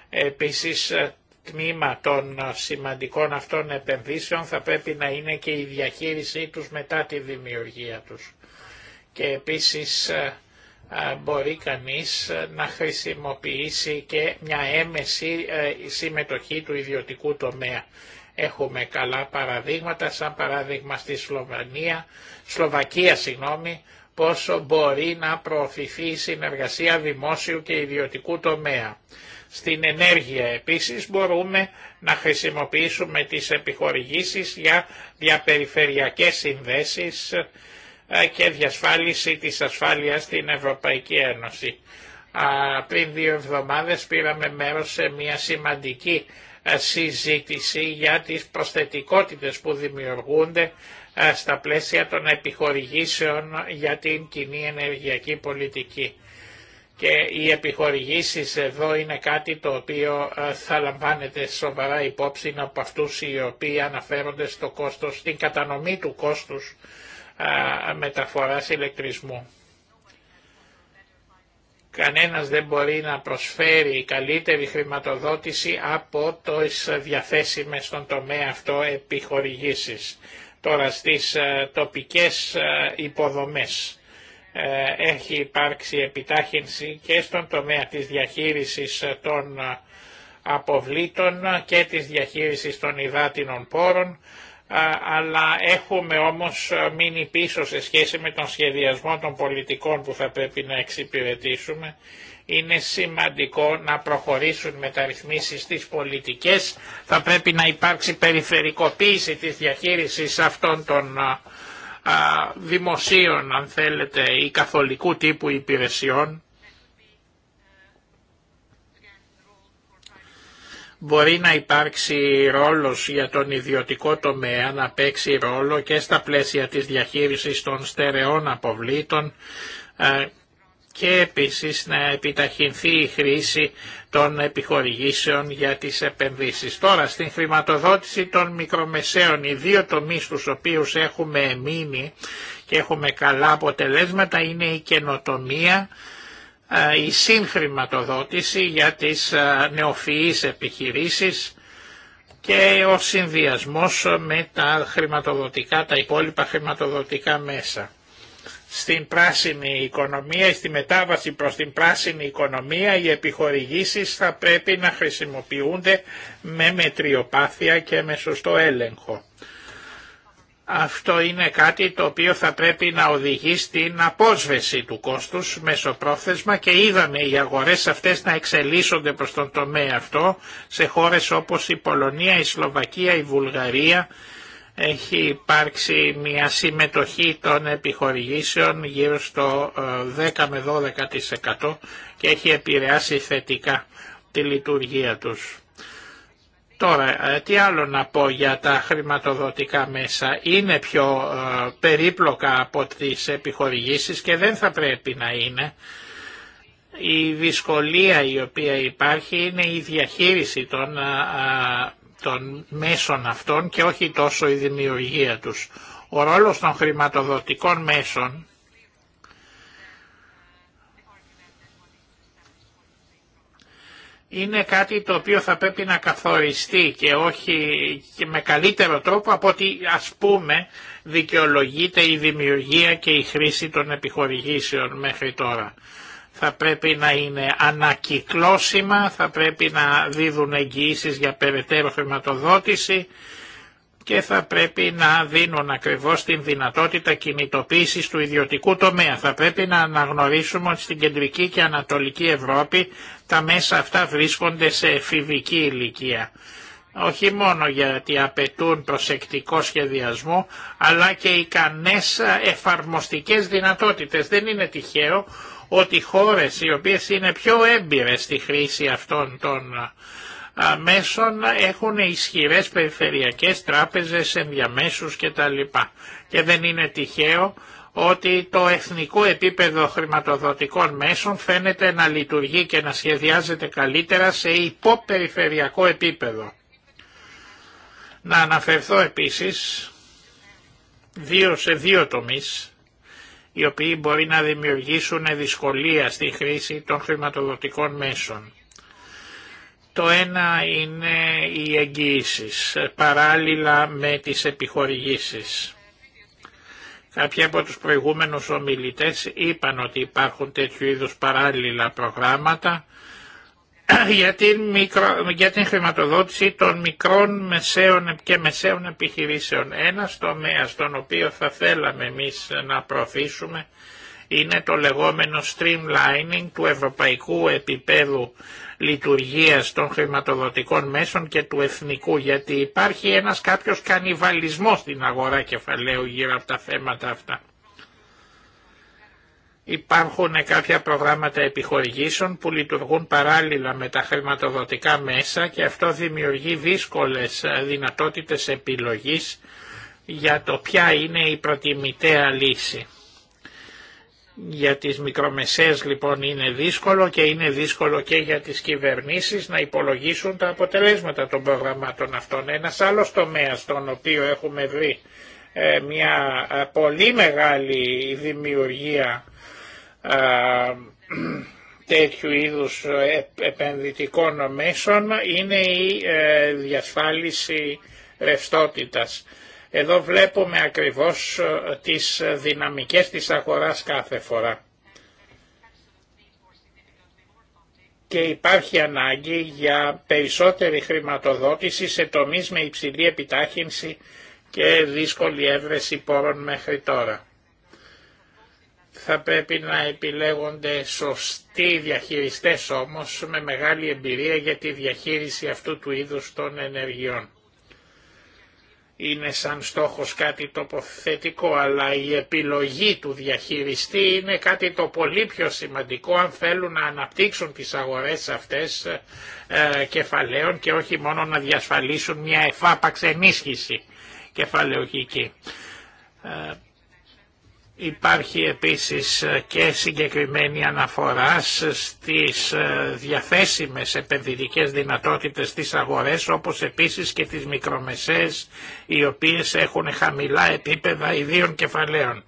Επίσης, ε, τμήμα των σημαντικών αυτών επενδύσεων θα πρέπει να είναι και η διαχείρισή τους μετά τη δημιουργία τους. Και επίσης ε, μπορεί κανείς ε, να χρησιμοποιήσει και μια έμεση ε, συμμετοχή του ιδιωτικού τομέα. Έχουμε καλά παραδείγματα, σαν παράδειγμα στη Σλοβανία, Σλοβακία πόσο μπορεί να προωθηθεί η συνεργασία δημόσιου και ιδιωτικού τομέα. Στην ενέργεια επίσης μπορούμε να χρησιμοποιήσουμε τις επιχορηγήσεις για διαπεριφερειακές συνδέσεις ε, και διασφάλιση της ασφάλειας στην Ευρωπαϊκή Ένωση. Πριν δύο εβδομάδες πήραμε μέρος σε μια σημαντική ε, συζήτηση για τις προσθετικότητες που δημιουργούνται ε, στα πλαίσια των επιχορηγήσεων για την κοινή ενεργειακή πολιτική. Και οι επιχορηγήσεις εδώ είναι κάτι το οποίο θα λαμβάνεται σοβαρά υπόψη από αυτούς οι οποίοι αναφέρονται κόστος, στην κατανομή του κόστους μεταφοράς ηλεκτρισμού. Κανένας δεν μπορεί να προσφέρει καλύτερη χρηματοδότηση από το διαθέσιμες στον τομέα αυτό επιχορηγήσεις. Τώρα στις τοπικές υποδομές έχει υπάρξει επιτάχυνση και στον τομέα της διαχείρισης των αποβλήτων και της διαχείρισης των υδάτινων πόρων αλλά έχουμε όμως ε, μείνει πίσω σε σχέση με τον σχεδιασμό των πολιτικών που θα πρέπει να εξυπηρετήσουμε. Είναι σημαντικό να προχωρήσουν μεταρρυθμίσεις στις πολιτικέ. Θα πρέπει να υπάρξει περιφερικοποίηση της διαχείρισης αυτών των ε, ε, δημοσίων, αν θέλετε, ή καθολικού τύπου υπηρεσιών μπορεί να υπάρξει ρόλος για τον ιδιωτικό τομέα να παίξει ρόλο και στα πλαίσια της διαχείρισης των στερεών αποβλήτων ε, και επίσης να επιταχυνθεί η χρήση των επιχορηγήσεων για τις επενδύσεις. Τώρα στην χρηματοδότηση των μικρομεσαίων, οι δύο τομείς τους οποίους έχουμε μείνει και έχουμε καλά αποτελέσματα είναι η καινοτομία ε, η συγχρηματοδότηση για τις ε, νεοφυείς επιχειρήσεις και ο συνδυασμός με τα χρηματοδοτικά, τα υπόλοιπα χρηματοδοτικά μέσα. Στην πράσινη οικονομία, στη μετάβαση προς την πράσινη οικονομία, οι επιχορηγήσεις θα πρέπει να χρησιμοποιούνται με μετριοπάθεια και με σωστό έλεγχο. Αυτό είναι κάτι το οποίο θα πρέπει να οδηγεί στην απόσβεση του κόστους μεσοπρόθεσμα και είδαμε οι αγορές αυτές να εξελίσσονται προς τον τομέα αυτό σε χώρες όπως η Πολωνία, η Σλοβακία, η Βουλγαρία. Έχει υπάρξει μια συμμετοχή των επιχορηγήσεων γύρω στο 10 ε, με 12% και έχει επηρεάσει θετικά τη λειτουργία τους. Τώρα, ε, τι άλλο να πω για τα χρηματοδοτικά μέσα. Είναι πιο ε, περίπλοκα από τις επιχορηγήσεις και δεν θα πρέπει να είναι. Η δυσκολία η οποία υπάρχει είναι η διαχείριση των, ε, των μέσων αυτών και όχι τόσο η δημιουργία τους. Ο ρόλος των χρηματοδοτικών μέσων είναι κάτι το οποίο θα πρέπει να καθοριστεί και όχι και με καλύτερο τρόπο από ότι ας πούμε δικαιολογείται η δημιουργία και η χρήση των επιχορηγήσεων μέχρι τώρα. Θα πρέπει να είναι ανακυκλώσιμα, θα πρέπει να δίδουν εγγυήσεις για περαιτέρω χρηματοδότηση και θα πρέπει να δίνουν ακριβώς την δυνατότητα κινητοποίησης του ιδιωτικού τομέα. Θα πρέπει να αναγνωρίσουμε ότι στην κεντρική και ανατολική Ευρώπη τα μέσα αυτά βρίσκονται σε εφηβική ηλικία. Όχι μόνο γιατί απαιτούν προσεκτικό σχεδιασμό, αλλά και ικανές εφαρμοστικές δυνατότητες. Δεν είναι τυχαίο ότι χώρες οι οποίες είναι πιο έμπειρες στη χρήση αυτών των μέσων έχουν ισχυρές περιφερειακές τράπεζες, ενδιαμέσους κτλ. Και δεν είναι τυχαίο ότι το εθνικό επίπεδο χρηματοδοτικών μέσων φαίνεται να λειτουργεί και να σχεδιάζεται καλύτερα σε υποπεριφερειακό επίπεδο. Να αναφερθώ επίσης δύο σε δύο τομείς, οι οποίοι μπορεί να δημιουργήσουν δυσκολία στη χρήση των χρηματοδοτικών μέσων. Το ένα είναι οι εγγύησει παράλληλα με τις επιχορηγήσεις. Κάποιοι από τους προηγούμενους ομιλητές είπαν ότι υπάρχουν τέτοιου είδους παράλληλα προγράμματα για την, μικρο, για την χρηματοδότηση των μικρών μεσαίων και μεσαίων επιχειρήσεων. Ένα τομέα τον οποίο θα θέλαμε εμείς να προωθήσουμε είναι το λεγόμενο streamlining του ευρωπαϊκού επίπεδου λειτουργίας των χρηματοδοτικών μέσων και του εθνικού, γιατί υπάρχει ένας κάποιος κανιβαλισμός στην αγορά κεφαλαίου γύρω από τα θέματα αυτά. Υπάρχουν κάποια προγράμματα επιχορηγήσεων που λειτουργούν παράλληλα με τα χρηματοδοτικά μέσα και αυτό δημιουργεί δύσκολες δυνατότητες επιλογής για το ποια είναι η προτιμητέα λύση. Για τις μικρομεσαίες λοιπόν είναι δύσκολο και είναι δύσκολο και για τις κυβερνήσεις να υπολογίσουν τα αποτελέσματα των προγραμμάτων αυτών. Ένας άλλος τομέας στον οποίο έχουμε βρει ε, μια ε, πολύ μεγάλη δημιουργία ε, τέτοιου είδους επενδυτικών μέσων είναι η διασφάλιση ρευστότητας. Εδώ βλέπουμε ακριβώς ε, τις δυναμικές της αγοράς κάθε φορά. και υπάρχει ανάγκη για περισσότερη χρηματοδότηση σε τομείς με υψηλή επιτάχυνση και δύσκολη έβρεση πόρων μέχρι τώρα. Θα πρέπει να επιλέγονται σωστοί διαχειριστές όμως με μεγάλη εμπειρία για τη διαχείριση αυτού του είδους των ενεργειών είναι σαν στόχος κάτι τοποθετικό, αλλά η επιλογή του διαχειριστή είναι κάτι το πολύ πιο σημαντικό αν θέλουν να αναπτύξουν τις αγορές αυτές ε, κεφαλαίων και όχι μόνο να διασφαλίσουν μια εφάπαξ ενίσχυση κεφαλαιοχική. Ε, Υπάρχει επίσης ε, και συγκεκριμένη αναφορά στις ε, διαθέσιμες επενδυτικές δυνατότητες στις αγορές όπως επίσης και τις μικρομεσές οι οποίες έχουν χαμηλά επίπεδα ιδίων κεφαλαίων.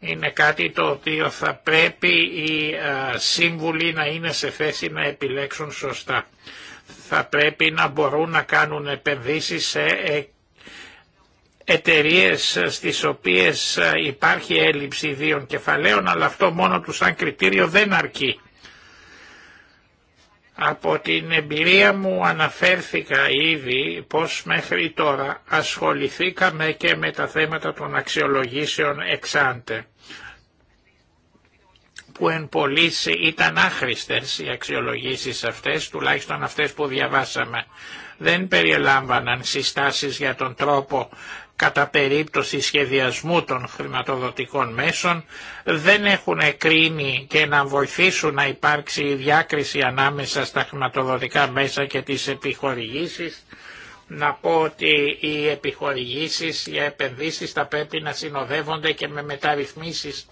Είναι κάτι το οποίο θα πρέπει οι ε, σύμβουλοι να είναι σε θέση να επιλέξουν σωστά. Θα πρέπει να μπορούν να κάνουν επενδύσεις σε εταιρείες στις οποίες ε, υπάρχει έλλειψη ιδίων κεφαλαίων, αλλά αυτό μόνο του σαν κριτήριο δεν αρκεί. Από την εμπειρία μου αναφέρθηκα ήδη πως μέχρι τώρα ασχοληθήκαμε και με τα θέματα των αξιολογήσεων εξάντε που εν πολλής ήταν άχρηστες οι αξιολογήσεις αυτές, τουλάχιστον αυτές που διαβάσαμε. Δεν περιελάμβαναν συστάσεις για τον τρόπο κατά περίπτωση σχεδιασμού των χρηματοδοτικών μέσων δεν έχουν κρίνει και να βοηθήσουν να υπάρξει η διάκριση ανάμεσα στα χρηματοδοτικά μέσα και τις επιχορηγήσεις. Να πω ότι οι επιχορηγήσεις οι επενδύσεις θα πρέπει να συνοδεύονται και με μεταρρυθμίσεις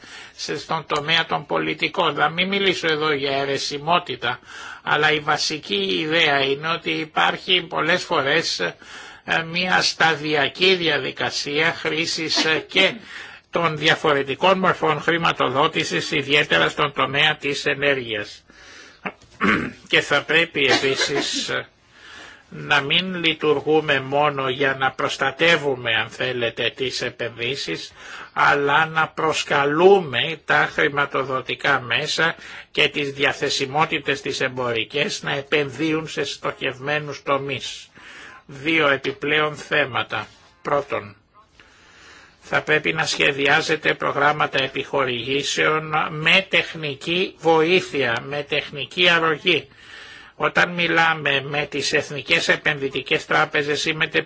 στον τομέα των πολιτικών. Να μην μιλήσω εδώ για αιρεσιμότητα, αλλά η βασική ιδέα είναι ότι υπάρχει πολλές φορές ε, μια σταδιακή διαδικασία χρήσης ε, και των διαφορετικών μορφών χρηματοδότησης, ιδιαίτερα στον τομέα της ενέργειας. Και θα πρέπει επίσης ε, να μην λειτουργούμε μόνο για να προστατεύουμε αν θέλετε τις επενδύσεις αλλά να προσκαλούμε τα χρηματοδοτικά μέσα και τις διαθεσιμότητες της εμπορικές να επενδύουν σε στοχευμένους τομείς δύο επιπλέον θέματα. Πρώτον, θα πρέπει να σχεδιάζεται προγράμματα επιχορηγήσεων με τεχνική βοήθεια, με τεχνική αρρωγή. Όταν μιλάμε με τις εθνικές επενδυτικές τράπεζες ή με τα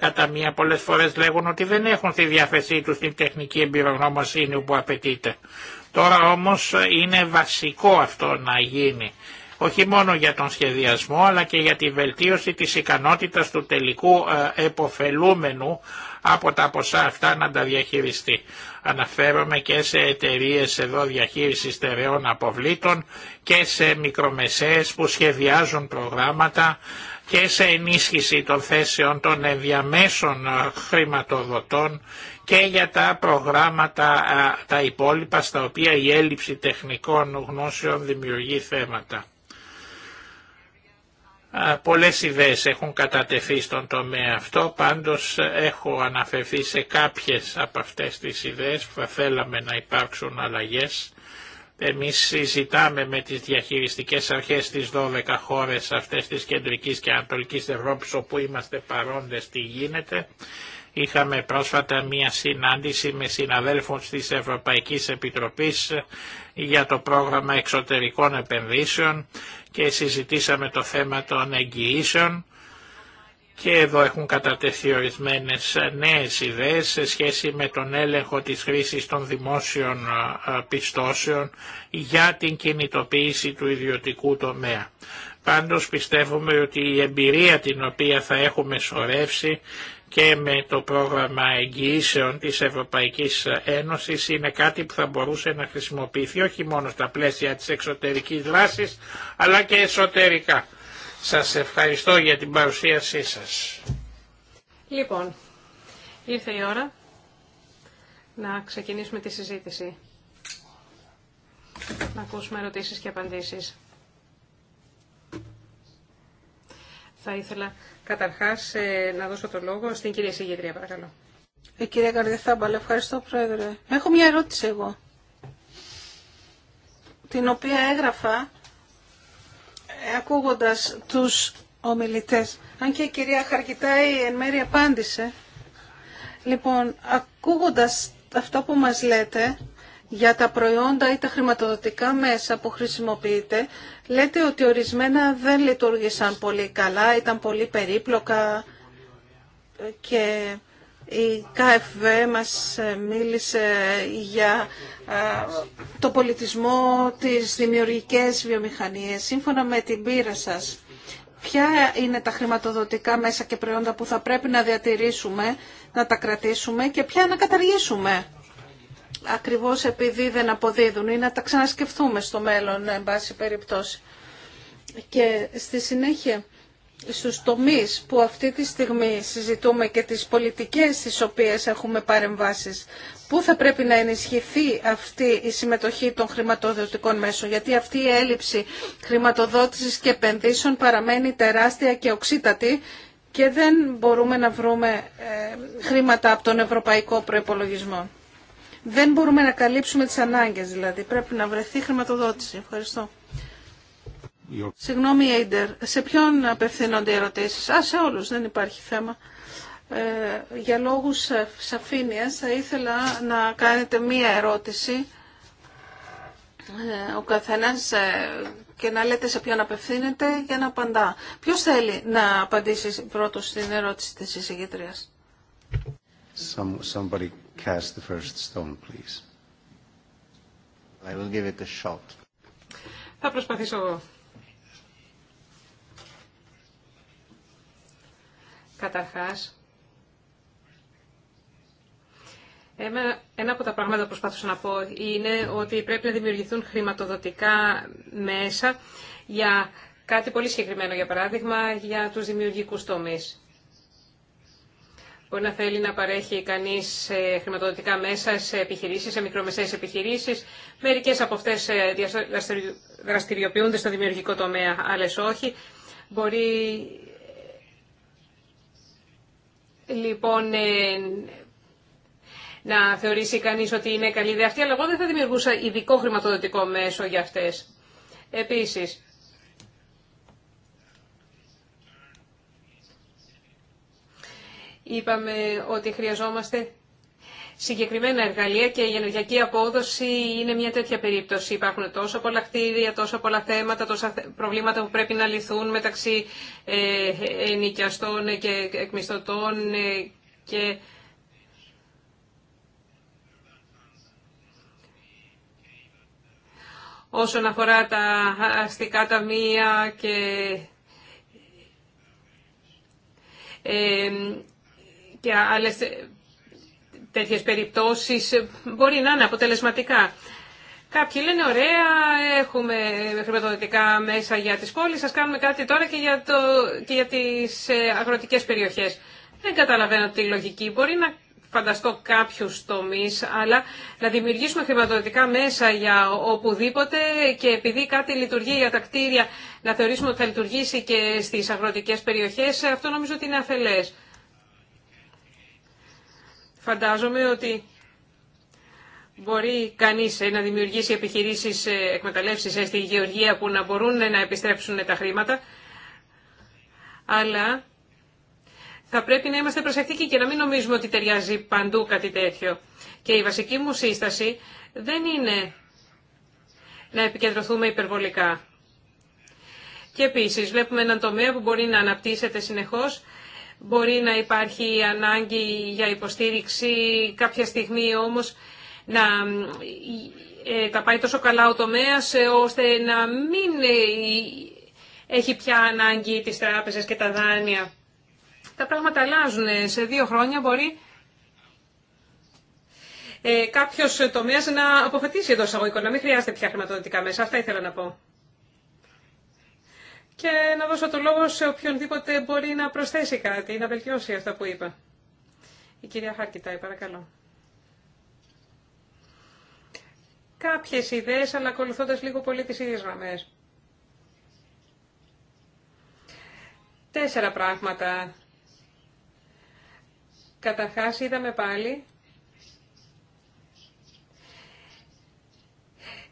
κατά μία, πολλές φορές λέγουν ότι δεν έχουν τη διάθεσή τους την τεχνική εμπειρογνωμοσύνη που απαιτείται. Τώρα όμως είναι βασικό αυτό να γίνει όχι μόνο για τον σχεδιασμό αλλά και για τη βελτίωση της ικανότητας του τελικού ε, εποφελούμενου από τα ποσά αυτά να τα διαχειριστεί. Αναφέρομαι και σε εταιρείε εδώ διαχείρισης στερεών αποβλήτων και σε μικρομεσαίες που σχεδιάζουν προγράμματα και σε ενίσχυση των θέσεων των ενδιαμέσων ε, χρηματοδοτών και για τα προγράμματα ε, τα υπόλοιπα στα οποία η έλλειψη τεχνικών γνώσεων δημιουργεί θέματα. Πολλές ιδέες έχουν κατατεθεί στον τομέα αυτό, πάντως ε, έχω αναφερθεί σε κάποιες από αυτές τις ιδέες που θα θέλαμε να υπάρξουν αλλαγές. Εμείς συζητάμε με τις διαχειριστικές αρχές στις 12 χώρες αυτές της κεντρικής και ανατολικής Ευρώπης όπου είμαστε παρόντες τι γίνεται Είχαμε πρόσφατα μία συνάντηση με συναδέλφους της Ευρωπαϊκής Επιτροπής για το πρόγραμμα εξωτερικών επενδύσεων και συζητήσαμε το θέμα των εγγυήσεων και εδώ έχουν κατατεθεί ορισμένε νέες ιδέες σε σχέση με τον έλεγχο της χρήσης των δημόσιων πιστώσεων για την κινητοποίηση του ιδιωτικού τομέα. Πάντως πιστεύουμε ότι η εμπειρία την οποία θα έχουμε σωρεύσει και με το πρόγραμμα εγγυήσεων της Ευρωπαϊκής Ένωσης είναι κάτι που θα μπορούσε να χρησιμοποιηθεί όχι μόνο στα πλαίσια της εξωτερικής δράσης αλλά και εσωτερικά. Σας ευχαριστώ για την παρουσίασή σας. Λοιπόν, ήρθε η ώρα να ξεκινήσουμε τη συζήτηση. Να ακούσουμε ερωτήσεις και απαντήσεις. Θα ήθελα Καταρχάς, ε, να δώσω το λόγο στην κυρία Συγγετρία, παρακαλώ. Ε, κυρία Καρδιεθάμπαλ, ευχαριστώ, Πρόεδρε. Έχω μια ερώτηση εγώ, την οποία έγραφα ε, ακούγοντας τους ομιλητές. Αν και η κυρία Χαρκιτάη εν μέρει απάντησε. Λοιπόν, ακούγοντας αυτό που μας λέτε για τα προϊόντα ή τα χρηματοδοτικά μέσα που χρησιμοποιείτε, Λέτε ότι ορισμένα δεν λειτουργήσαν πολύ καλά, ήταν πολύ περίπλοκα και η ΚΑΕΦΒ μας μίλησε για το πολιτισμό, τις δημιουργικές βιομηχανίες. Σύμφωνα με την πείρα σας, ποια είναι τα χρηματοδοτικά μέσα και προϊόντα που θα πρέπει να διατηρήσουμε, να τα κρατήσουμε και ποια να καταργήσουμε ακριβώς επειδή δεν αποδίδουν ή να τα ξανασκεφτούμε στο μέλλον, εν πάση περιπτώσει. Και στη συνέχεια στους τομείς που αυτή τη στιγμή συζητούμε και τις πολιτικές στις οποίες έχουμε παρεμβάσεις, πού θα πρέπει να ενισχυθεί αυτή η συμμετοχή των χρηματοδοτικών μέσων, γιατί αυτή η έλλειψη χρηματοδότησης και επενδύσεων παραμένει τεράστια και οξύτατη και δεν μπορούμε να βρούμε ε, χρήματα από τον ευρωπαϊκό προϋπολογισμό. Δεν μπορούμε να καλύψουμε τις ανάγκες δηλαδή. Πρέπει να βρεθεί χρηματοδότηση. Ευχαριστώ. Συγγνώμη, Έιντερ. Σε ποιον απευθύνονται οι ερωτήσεις. Α, σε όλους. Δεν υπάρχει θέμα. Ε, για λόγους σαφήνειας θα ήθελα να κάνετε μία ερώτηση ε, ο καθένας ε, και να λέτε σε ποιον απευθύνεται για να απαντά. Ποιος θέλει να απαντήσει πρώτος στην ερώτηση της εισηγητρίας. Some, somebody cast the first stone, please. I will give it a shot. Θα προσπαθήσω εγώ. Καταρχάς, ένα από τα πράγματα που προσπάθησα να πω είναι ότι πρέπει να δημιουργηθούν χρηματοδοτικά μέσα για κάτι πολύ συγκεκριμένο, για παράδειγμα, για τους δημιουργικούς τομείς. Μπορεί να θέλει να παρέχει κανεί ε, χρηματοδοτικά μέσα σε επιχειρήσεις, σε μικρομεσαίες επιχειρήσεις. Μερικές από αυτέ ε, δραστηριοποιούνται στο δημιουργικό τομέα, άλλες όχι. Μπορεί λοιπόν ε, να θεωρήσει κανείς ότι είναι καλή ιδέα αυτή, αλλά εγώ δεν θα δημιουργούσα ειδικό χρηματοδοτικό μέσο για αυτές. Επίσης, Είπαμε ότι χρειαζόμαστε συγκεκριμένα εργαλεία και η ενεργειακή απόδοση είναι μια τέτοια περίπτωση. Υπάρχουν τόσο πολλά κτίρια, τόσο πολλά θέματα, τόσα προβλήματα που πρέπει να λυθούν μεταξύ ε, ενοικιαστών και εκμισθωτών ε, και όσον αφορά τα αστικά ταμεία και ε, και άλλες τέτοιες περιπτώσεις μπορεί να είναι αποτελεσματικά. Κάποιοι λένε ωραία, έχουμε χρηματοδοτικά μέσα για τις πόλεις, σας κάνουμε κάτι τώρα και για, το, και για τις ε, αγροτικές περιοχές. Δεν καταλαβαίνω τη λογική. Μπορεί να φανταστώ κάποιου τομεί, αλλά να δημιουργήσουμε χρηματοδοτικά μέσα για οπουδήποτε και επειδή κάτι λειτουργεί για τα κτίρια, να θεωρήσουμε ότι θα λειτουργήσει και στι αγροτικέ περιοχέ, αυτό νομίζω ότι είναι αφελέ. Φαντάζομαι ότι μπορεί κανείς ε, να δημιουργήσει επιχειρήσεις ε, εκμεταλλεύσεις ε, στη γεωργία που να μπορούν να επιστρέψουν τα χρήματα, αλλά θα πρέπει να είμαστε προσεκτικοί και να μην νομίζουμε ότι ταιριάζει παντού κάτι τέτοιο. Και η βασική μου σύσταση δεν είναι να επικεντρωθούμε υπερβολικά. Και επίσης βλέπουμε έναν τομέα που μπορεί να αναπτύσσεται συνεχώς Μπορεί να υπάρχει ανάγκη για υποστήριξη κάποια στιγμή όμως να ε, τα πάει τόσο καλά ο τομέας ε, ώστε να μην ε, έχει πια ανάγκη τις τράπεζες και τα δάνεια. Τα πράγματα αλλάζουν. Σε δύο χρόνια μπορεί κάποιος τομέας να αποφετήσει εδώ σαν να μην χρειάζεται πια χρηματοδοτικά μέσα. Αυτά ήθελα να πω και να δώσω το λόγο σε οποιονδήποτε μπορεί να προσθέσει κάτι ή να βελτιώσει αυτά που είπα. Η κυρία Χάρκιτάη, παρακαλώ. Κάποιες ιδέες, αλλά ακολουθώντας λίγο πολύ τις ίδιες γραμμές. Τέσσερα πράγματα. Καταρχάς είδαμε πάλι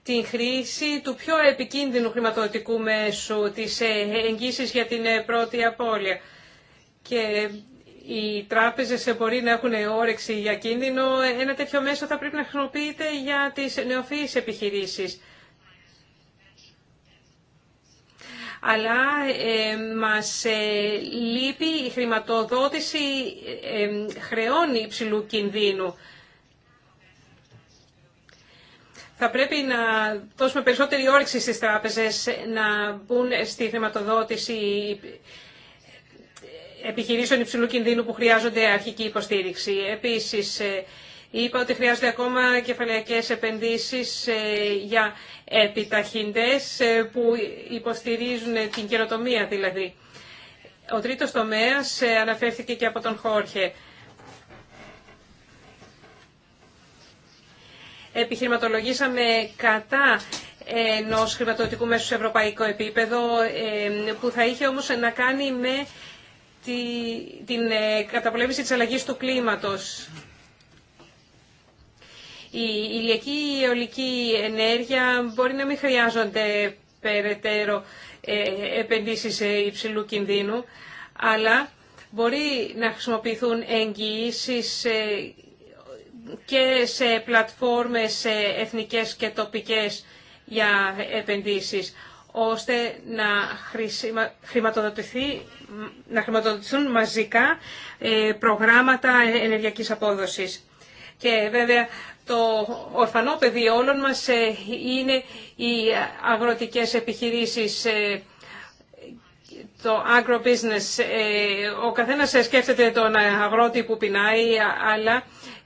την χρήση του πιο επικίνδυνου χρηματοδοτικού μέσου, της ε, εγγύησης για την ε, πρώτη απώλεια. Και οι τράπεζες ε, μπορεί να έχουν όρεξη για κίνδυνο. Ένα τέτοιο μέσο θα πρέπει να χρησιμοποιείται για τις νεοφυείς επιχειρήσεις. αλλά ε, μας λείπει η χρηματοδότηση ε, χρεών υψηλού κινδύνου. Θα πρέπει να δώσουμε περισσότερη όρεξη στις τράπεζες να μπουν στη χρηματοδότηση επιχειρήσεων υψηλού κινδύνου που χρειάζονται αρχική υποστήριξη. Επίσης, ε, είπα ότι χρειάζονται ακόμα κεφαλαϊκές επενδύσεις ε, για επιταχυντές ε, που υποστηρίζουν την καινοτομία δηλαδή. Ο τρίτος τομέας αναφέρθηκε και από τον Χόρχε. επιχειρηματολογήσαμε κατά ενό χρηματοδοτικού μέσου σε ευρωπαϊκό επίπεδο, ε, που θα είχε όμως να κάνει με την ε, καταπολέμηση της αλλαγής του κλίματος. Η ηλιακή η αιωλική ενέργεια μπορεί να μην χρειάζονται περαιτέρω ε, επενδύσεις υψηλού κινδύνου, αλλά μπορεί να χρησιμοποιηθούν εγγυήσεις και σε πλατφόρμες εθνικές και τοπικές για επενδύσεις, ώστε να χρηματοδοτηθεί να χρηματοδοτηθούν μαζικά ε, προγράμματα ενεργειακής απόδοσης. Και βέβαια το ορφανό παιδί όλων μας ε, είναι οι αγροτικές επιχειρήσεις, ε, το agrobusiness. Ο καθένας σκέφτεται τον αγρότη που πεινάει, αλλά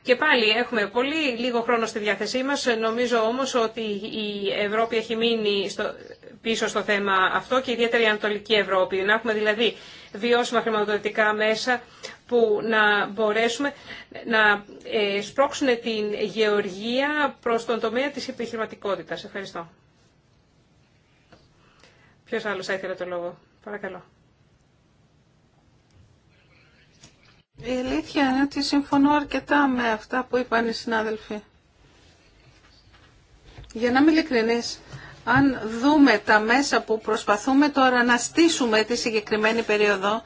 και πάλι έχουμε πολύ λίγο χρόνο στη διάθεσή μας. Νομίζω όμως ότι η Ευρώπη έχει μείνει στο, πίσω στο θέμα αυτό και ιδιαίτερα η Ανατολική Ευρώπη. Να έχουμε δηλαδή βιώσιμα χρηματοδοτικά μέσα που να μπορέσουμε να ε, σπρώξουν την γεωργία προς τον τομέα της επιχειρηματικότητας. Ευχαριστώ. Ποιος άλλος θα ήθελε το λόγο. Παρακαλώ. Η αλήθεια είναι ότι συμφωνώ αρκετά με αυτά που είπαν οι συνάδελφοι. Για να είμαι ειλικρινής, αν δούμε τα μέσα που προσπαθούμε τώρα να στήσουμε τη συγκεκριμένη περίοδο,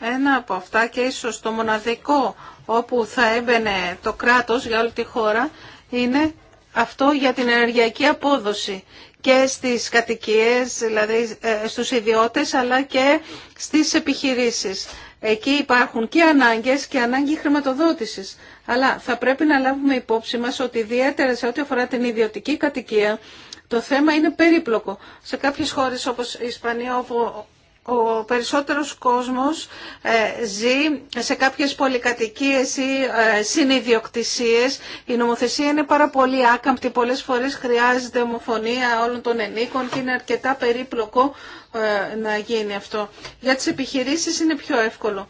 ένα από αυτά και ίσως το μοναδικό όπου θα έμπαινε το κράτος για όλη τη χώρα είναι αυτό για την ενεργειακή απόδοση και στις κατοικίες, δηλαδή ε, στους ιδιώτες, αλλά και στις επιχειρήσεις. Εκεί υπάρχουν και ανάγκες και ανάγκη χρηματοδότησης. Αλλά θα πρέπει να λάβουμε υπόψη μας ότι ιδιαίτερα σε ό,τι αφορά την ιδιωτική κατοικία το θέμα είναι περίπλοκο. Σε κάποιες χώρες όπως η Ισπανία όπου ο περισσότερος κόσμος ε, ζει σε κάποιες πολυκατοικίες ή ε, συνειδιοκτησίες. Η νομοθεσία είναι πάρα πολύ άκαμπτη. Πολλές φορές χρειάζεται ομοφωνία όλων των ενίκων και είναι αρκετά περίπλοκο ε, να γίνει αυτό. Για τις επιχειρήσεις είναι πιο εύκολο.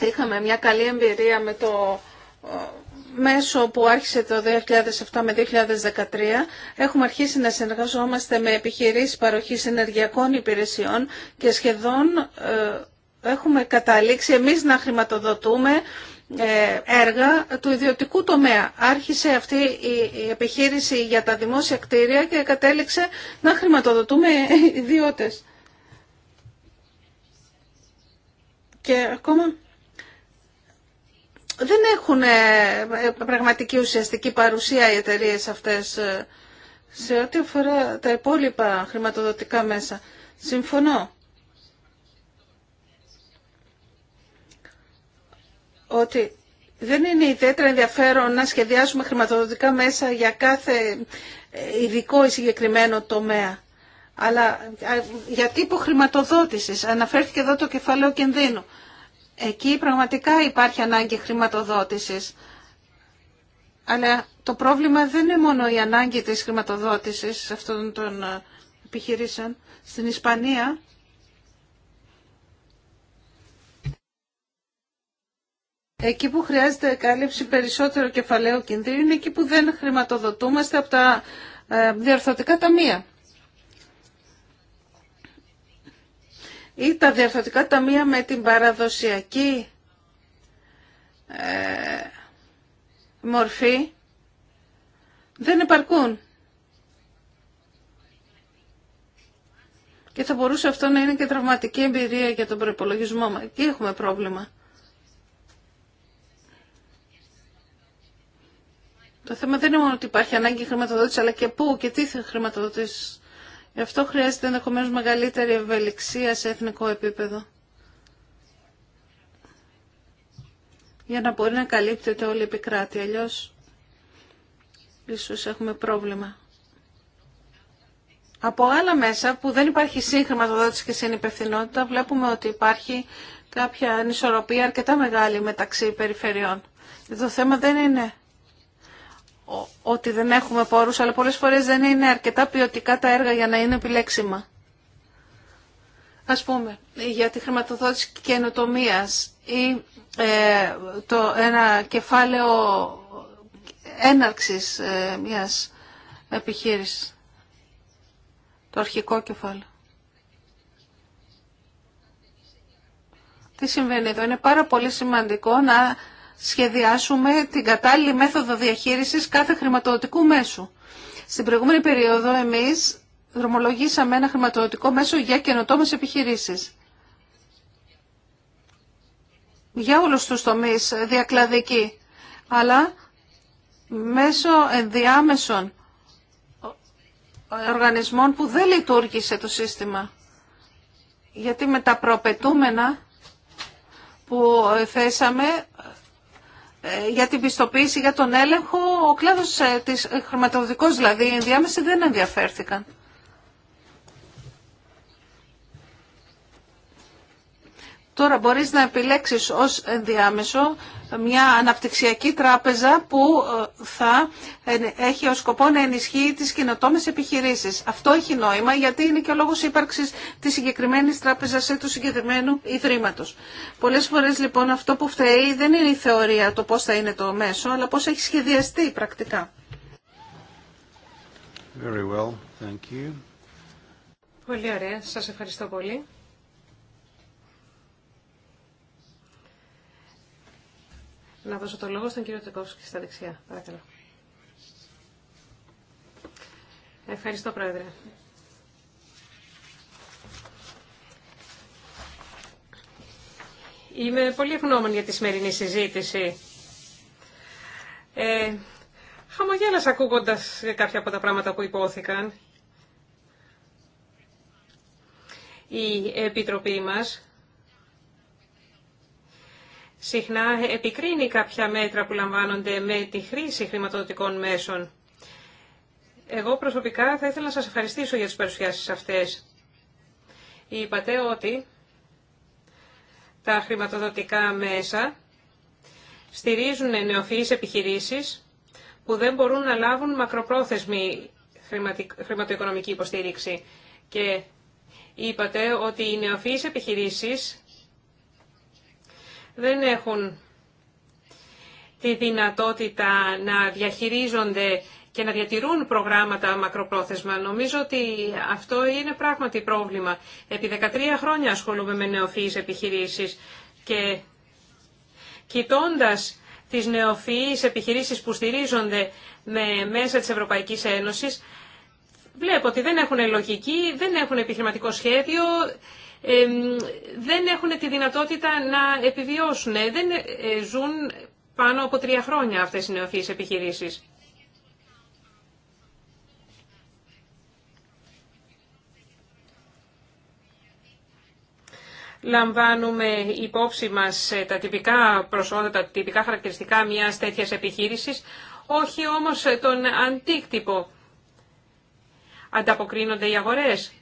Είχαμε μια καλή εμπειρία με το Μέσω που άρχισε το 2007 με 2013 έχουμε αρχίσει να συνεργαζόμαστε με επιχειρήσεις παροχής ενεργειακών υπηρεσιών και σχεδόν ε, έχουμε καταλήξει εμείς να χρηματοδοτούμε ε, έργα του ιδιωτικού τομέα. Άρχισε αυτή η επιχείρηση για τα δημόσια κτίρια και κατέληξε να χρηματοδοτούμε ιδιώτες. Και ακόμα δεν έχουν ε, ε, πραγματική ουσιαστική παρουσία οι εταιρείε αυτές ε, σε ό,τι αφορά τα υπόλοιπα χρηματοδοτικά μέσα. Συμφωνώ ότι δεν είναι ιδιαίτερα ενδιαφέρον να σχεδιάσουμε χρηματοδοτικά μέσα για κάθε ειδικό ή συγκεκριμένο τομέα. Αλλά για τύπο χρηματοδότησης, αναφέρθηκε εδώ το κεφάλαιο κινδύνου. Εκεί πραγματικά υπάρχει ανάγκη χρηματοδότησης. Αλλά το πρόβλημα δεν είναι μόνο η ανάγκη της χρηματοδότησης αυτών των ε, επιχειρήσεων. Στην Ισπανία Εκεί που χρειάζεται κάλυψη περισσότερο κεφαλαίου κινδύνου είναι εκεί που δεν χρηματοδοτούμαστε από τα ε, διορθωτικά ταμεία. ή τα διαρθρωτικά ταμεία με την παραδοσιακή ε, μορφή δεν υπαρκούν. Και θα μπορούσε αυτό να είναι και τραυματική εμπειρία για τον προπολογισμό μας. Εκεί έχουμε πρόβλημα. Το θέμα δεν είναι μόνο ότι υπάρχει ανάγκη χρηματοδότηση, αλλά και πού και τι χρηματοδότηση Γι' αυτό χρειάζεται ενδεχομένω μεγαλύτερη ευελιξία σε εθνικό επίπεδο. Για να μπορεί να καλύπτεται όλη η επικράτη. Αλλιώ ίσως έχουμε πρόβλημα. Από άλλα μέσα που δεν υπάρχει συγχρηματοδότηση και συνυπευθυνότητα βλέπουμε ότι υπάρχει κάποια ανισορροπία αρκετά μεγάλη μεταξύ περιφερειών. Το θέμα δεν είναι ότι δεν έχουμε πόρους, αλλά πολλές φορές δεν είναι αρκετά ποιοτικά τα έργα για να είναι επιλέξιμα. Ας πούμε, για τη χρηματοδότηση καινοτομία ή ε, το, ένα κεφάλαιο έναρξης ε, μιας επιχείρησης. Το αρχικό κεφάλαιο. Τι συμβαίνει εδώ. Είναι πάρα πολύ σημαντικό να σχεδιάσουμε την κατάλληλη μέθοδο διαχείρισης κάθε χρηματοδοτικού μέσου. Στην προηγούμενη περίοδο εμείς δρομολογήσαμε ένα χρηματοδοτικό μέσο για καινοτόμες επιχειρήσεις. Για όλους τους τομείς διακλαδική, αλλά μέσω ενδιάμεσων οργανισμών που δεν λειτουργήσε το σύστημα. Γιατί με τα προπετούμενα που θέσαμε ε, για την πιστοποίηση, για τον έλεγχο, ο κλάδος ε, της ε, χρηματοδοτικός δηλαδή, οι ενδιάμεση δεν ενδιαφέρθηκαν. Τώρα μπορείς να επιλέξεις ως ενδιάμεσο μια αναπτυξιακή τράπεζα που ε, θα έχει ως σκοπό να ενισχύει τις κοινοτόμες επιχειρήσεις. Αυτό έχει νόημα γιατί είναι και ο λόγος ύπαρξης της συγκεκριμένης τράπεζας ή του συγκεκριμένου ιδρύματος. Πολλές φορές λοιπόν αυτό που φταίει δεν είναι η θεωρία το πώς θα είναι το μέσο αλλά πώς έχει σχεδιαστεί πρακτικά. Πολύ ωραία. Σας ευχαριστώ πολύ. να δώσω το λόγο στον κύριο Τεκόφσκι στα δεξιά. Παρακαλώ. Ευχαριστώ, Πρόεδρε. Είμαι πολύ ευγνώμων για τη σημερινή συζήτηση. Ε, χαμογέλασα ακούγοντας κάποια από τα πράγματα που υπόθηκαν. Η Επιτροπή μας συχνά επικρίνει κάποια μέτρα που λαμβάνονται με τη χρήση χρηματοδοτικών μέσων. Εγώ προσωπικά θα ήθελα να σας ευχαριστήσω για τις παρουσιάσεις αυτές. Είπατε ότι τα χρηματοδοτικά μέσα στηρίζουν νεοφυείς επιχειρήσεις που δεν μπορούν να λάβουν μακροπρόθεσμη χρηματοοικονομική υποστήριξη. Και είπατε ότι οι νεοφυείς επιχειρήσεις δεν έχουν τη δυνατότητα να διαχειρίζονται και να διατηρούν προγράμματα μακροπρόθεσμα. Νομίζω ότι αυτό είναι πράγματι πρόβλημα. Επί 13 χρόνια ασχολούμαι με νεοφυείς επιχειρήσεις και κοιτώντας τις νεοφυείς επιχειρήσεις που στηρίζονται με μέσα της Ευρωπαϊκής Ένωσης, βλέπω ότι δεν έχουν λογική, δεν έχουν επιχειρηματικό σχέδιο, δεν έχουν τη δυνατότητα να επιβιώσουν. Ε, δεν ε, ζουν πάνω από τρία χρόνια αυτές οι επιχειρήσεις. λαμβάνουμε υπόψη μας ε, τα τυπικά προσόντα, τα τυπικά χαρακτηριστικά μιας τέτοιας επιχείρησης, όχι όμως τον αντίκτυπο. Ανταποκρίνονται οι αγορές.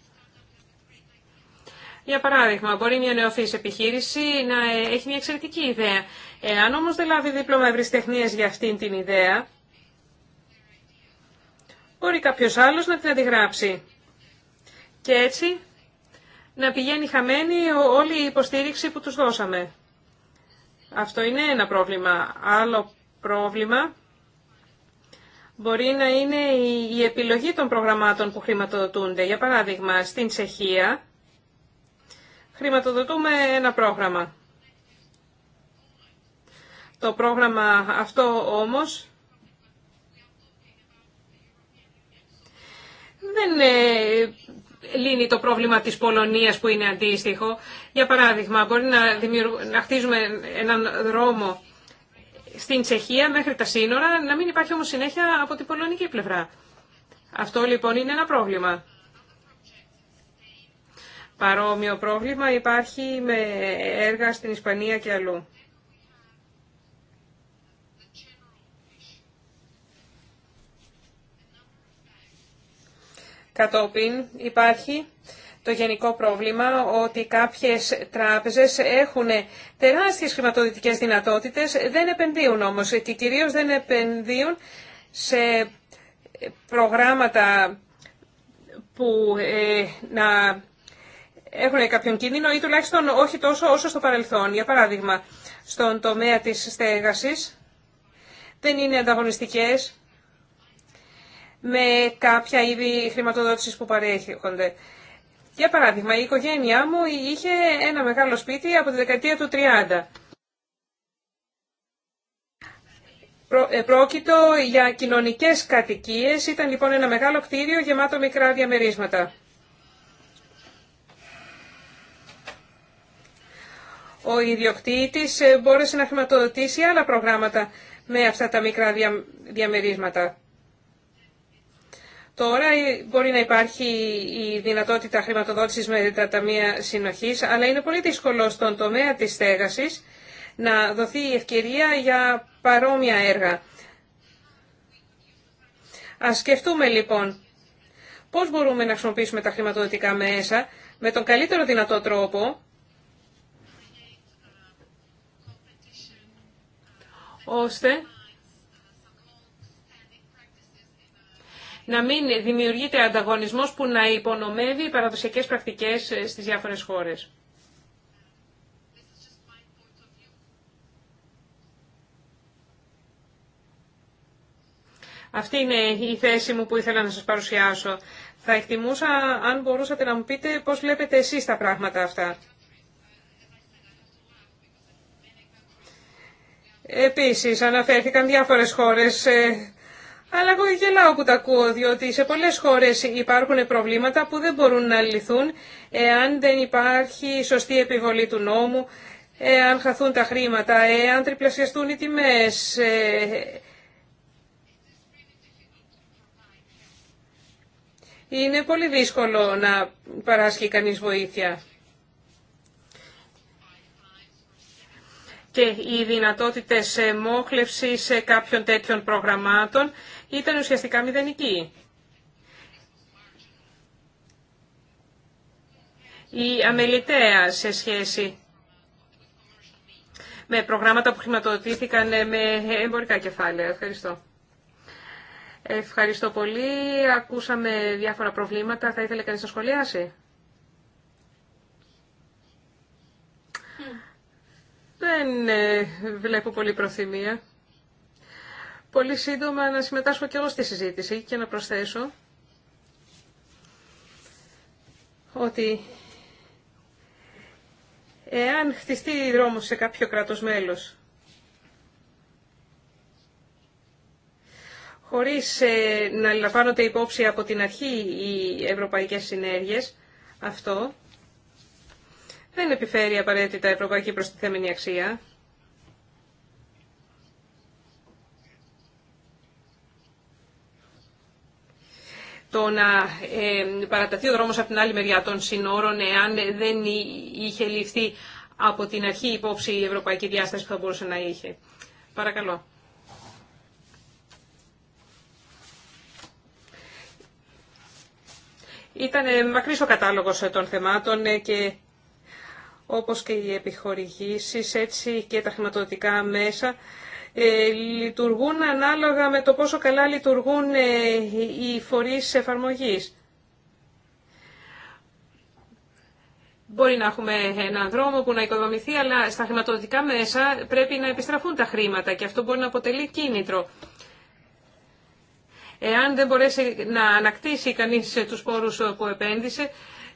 Για παράδειγμα, μπορεί μια νεοφύση επιχείρηση να ε, έχει μια εξαιρετική ιδέα. Εάν όμως δεν λάβει δίπλωμα ευρυστεχνίας για αυτήν την ιδέα, μπορεί κάποιος άλλος να την αντιγράψει. Και έτσι να πηγαίνει χαμένη όλη η υποστήριξη που τους δώσαμε. Αυτό είναι ένα πρόβλημα. Άλλο πρόβλημα μπορεί να είναι η επιλογή των προγραμμάτων που χρηματοδοτούνται. Για παράδειγμα, στην Τσεχία χρηματοδοτούμε ένα πρόγραμμα. Το πρόγραμμα αυτό όμως δεν ε, λύνει το πρόβλημα της Πολωνίας που είναι αντίστοιχο. Για παράδειγμα, μπορεί να, να χτίζουμε έναν δρόμο στην Τσεχία μέχρι τα σύνορα, να μην υπάρχει όμως συνέχεια από την πολωνική πλευρά. Αυτό λοιπόν είναι ένα πρόβλημα. Παρόμοιο πρόβλημα υπάρχει με έργα στην Ισπανία και αλλού. Κατόπιν υπάρχει το γενικό πρόβλημα ότι κάποιες τράπεζες έχουν τεράστιες χρηματοδοτικές δυνατότητες, δεν επενδύουν όμως και κυρίως δεν επενδύουν σε προγράμματα που ε, να έχουν κάποιον κίνδυνο ή τουλάχιστον όχι τόσο όσο στο παρελθόν. Για παράδειγμα, στον τομέα της στέγασης δεν είναι ανταγωνιστικές με κάποια είδη χρηματοδότησης που παρέχονται. Για παράδειγμα, η οικογένειά μου είχε ένα μεγάλο σπίτι από τη δεκαετία του 30. Ε, πρόκειτο για κοινωνικές κατοικίες, ήταν λοιπόν ένα μεγάλο κτίριο γεμάτο μικρά διαμερίσματα. ο ιδιοκτήτης ε, μπόρεσε να χρηματοδοτήσει άλλα προγράμματα με αυτά τα μικρά διαμερίσματα. Τώρα ε, μπορεί να υπάρχει η δυνατότητα χρηματοδότησης με τα ταμεία συνοχής, αλλά είναι πολύ δύσκολο στον τομέα της στέγασης να δοθεί η ευκαιρία για παρόμοια έργα. Ας σκεφτούμε λοιπόν πώς μπορούμε να χρησιμοποιήσουμε τα χρηματοδοτικά μέσα με τον καλύτερο δυνατό τρόπο, ώστε να μην δημιουργείται ανταγωνισμός που να υπονομεύει οι παραδοσιακές πρακτικές ε, στις διάφορες χώρες. Αυτή είναι η θέση μου που ήθελα να σας παρουσιάσω. Θα εκτιμούσα αν μπορούσατε να μου πείτε πώς βλέπετε εσείς τα πράγματα αυτά. Επίσης αναφέρθηκαν διάφορες χώρες, ε, αλλά εγώ γελάω που τα ακούω, διότι σε πολλές χώρες υπάρχουν προβλήματα που δεν μπορούν να λυθούν εάν δεν υπάρχει σωστή επιβολή του νόμου, εάν χαθούν τα χρήματα, εάν τριπλασιαστούν οι τιμές. Ε, είναι πολύ δύσκολο να παράσχει κανείς βοήθεια. και οι δυνατότητες μόχλευσης κάποιων τέτοιων προγραμμάτων ήταν ουσιαστικά μηδενική. Η αμεληταία σε σχέση με προγράμματα που χρηματοδοτήθηκαν με εμπορικά κεφάλαια. Ευχαριστώ. Ευχαριστώ πολύ. Ακούσαμε διάφορα προβλήματα. Θα ήθελε κανείς να σχολιάσει. δεν ε, βλέπω πολύ προθυμία. Πολύ σύντομα να συμμετάσχω και εγώ στη συζήτηση και να προσθέσω ότι εάν χτιστεί δρόμος σε κάποιο κράτος μέλος χωρίς ε, να λαμβάνονται υπόψη από την αρχή οι ευρωπαϊκές συνέργειες, αυτό δεν επιφέρει απαραίτητα ευρωπαϊκή προστιθέμενη αξία. το να ε, παραταθεί ο δρόμος από την άλλη μεριά των συνόρων εάν δεν είχε ληφθεί από την αρχή υπόψη η ευρωπαϊκή διάσταση που θα μπορούσε να είχε. Παρακαλώ. Ήταν ε, μακρύς ο κατάλογος ε, των θεμάτων ε, και όπως και οι επιχορηγήσεις, έτσι και τα χρηματοδοτικά μέσα, ε, λειτουργούν ανάλογα με το πόσο καλά λειτουργούν ε, οι φορείς εφαρμογής. Μπορεί να έχουμε έναν δρόμο που να οικοδομηθεί, αλλά στα χρηματοδοτικά μέσα πρέπει να επιστραφούν τα χρήματα και αυτό μπορεί να αποτελεί κίνητρο. Εάν δεν μπορέσει να ανακτήσει κανείς τους πόρους που επένδυσε,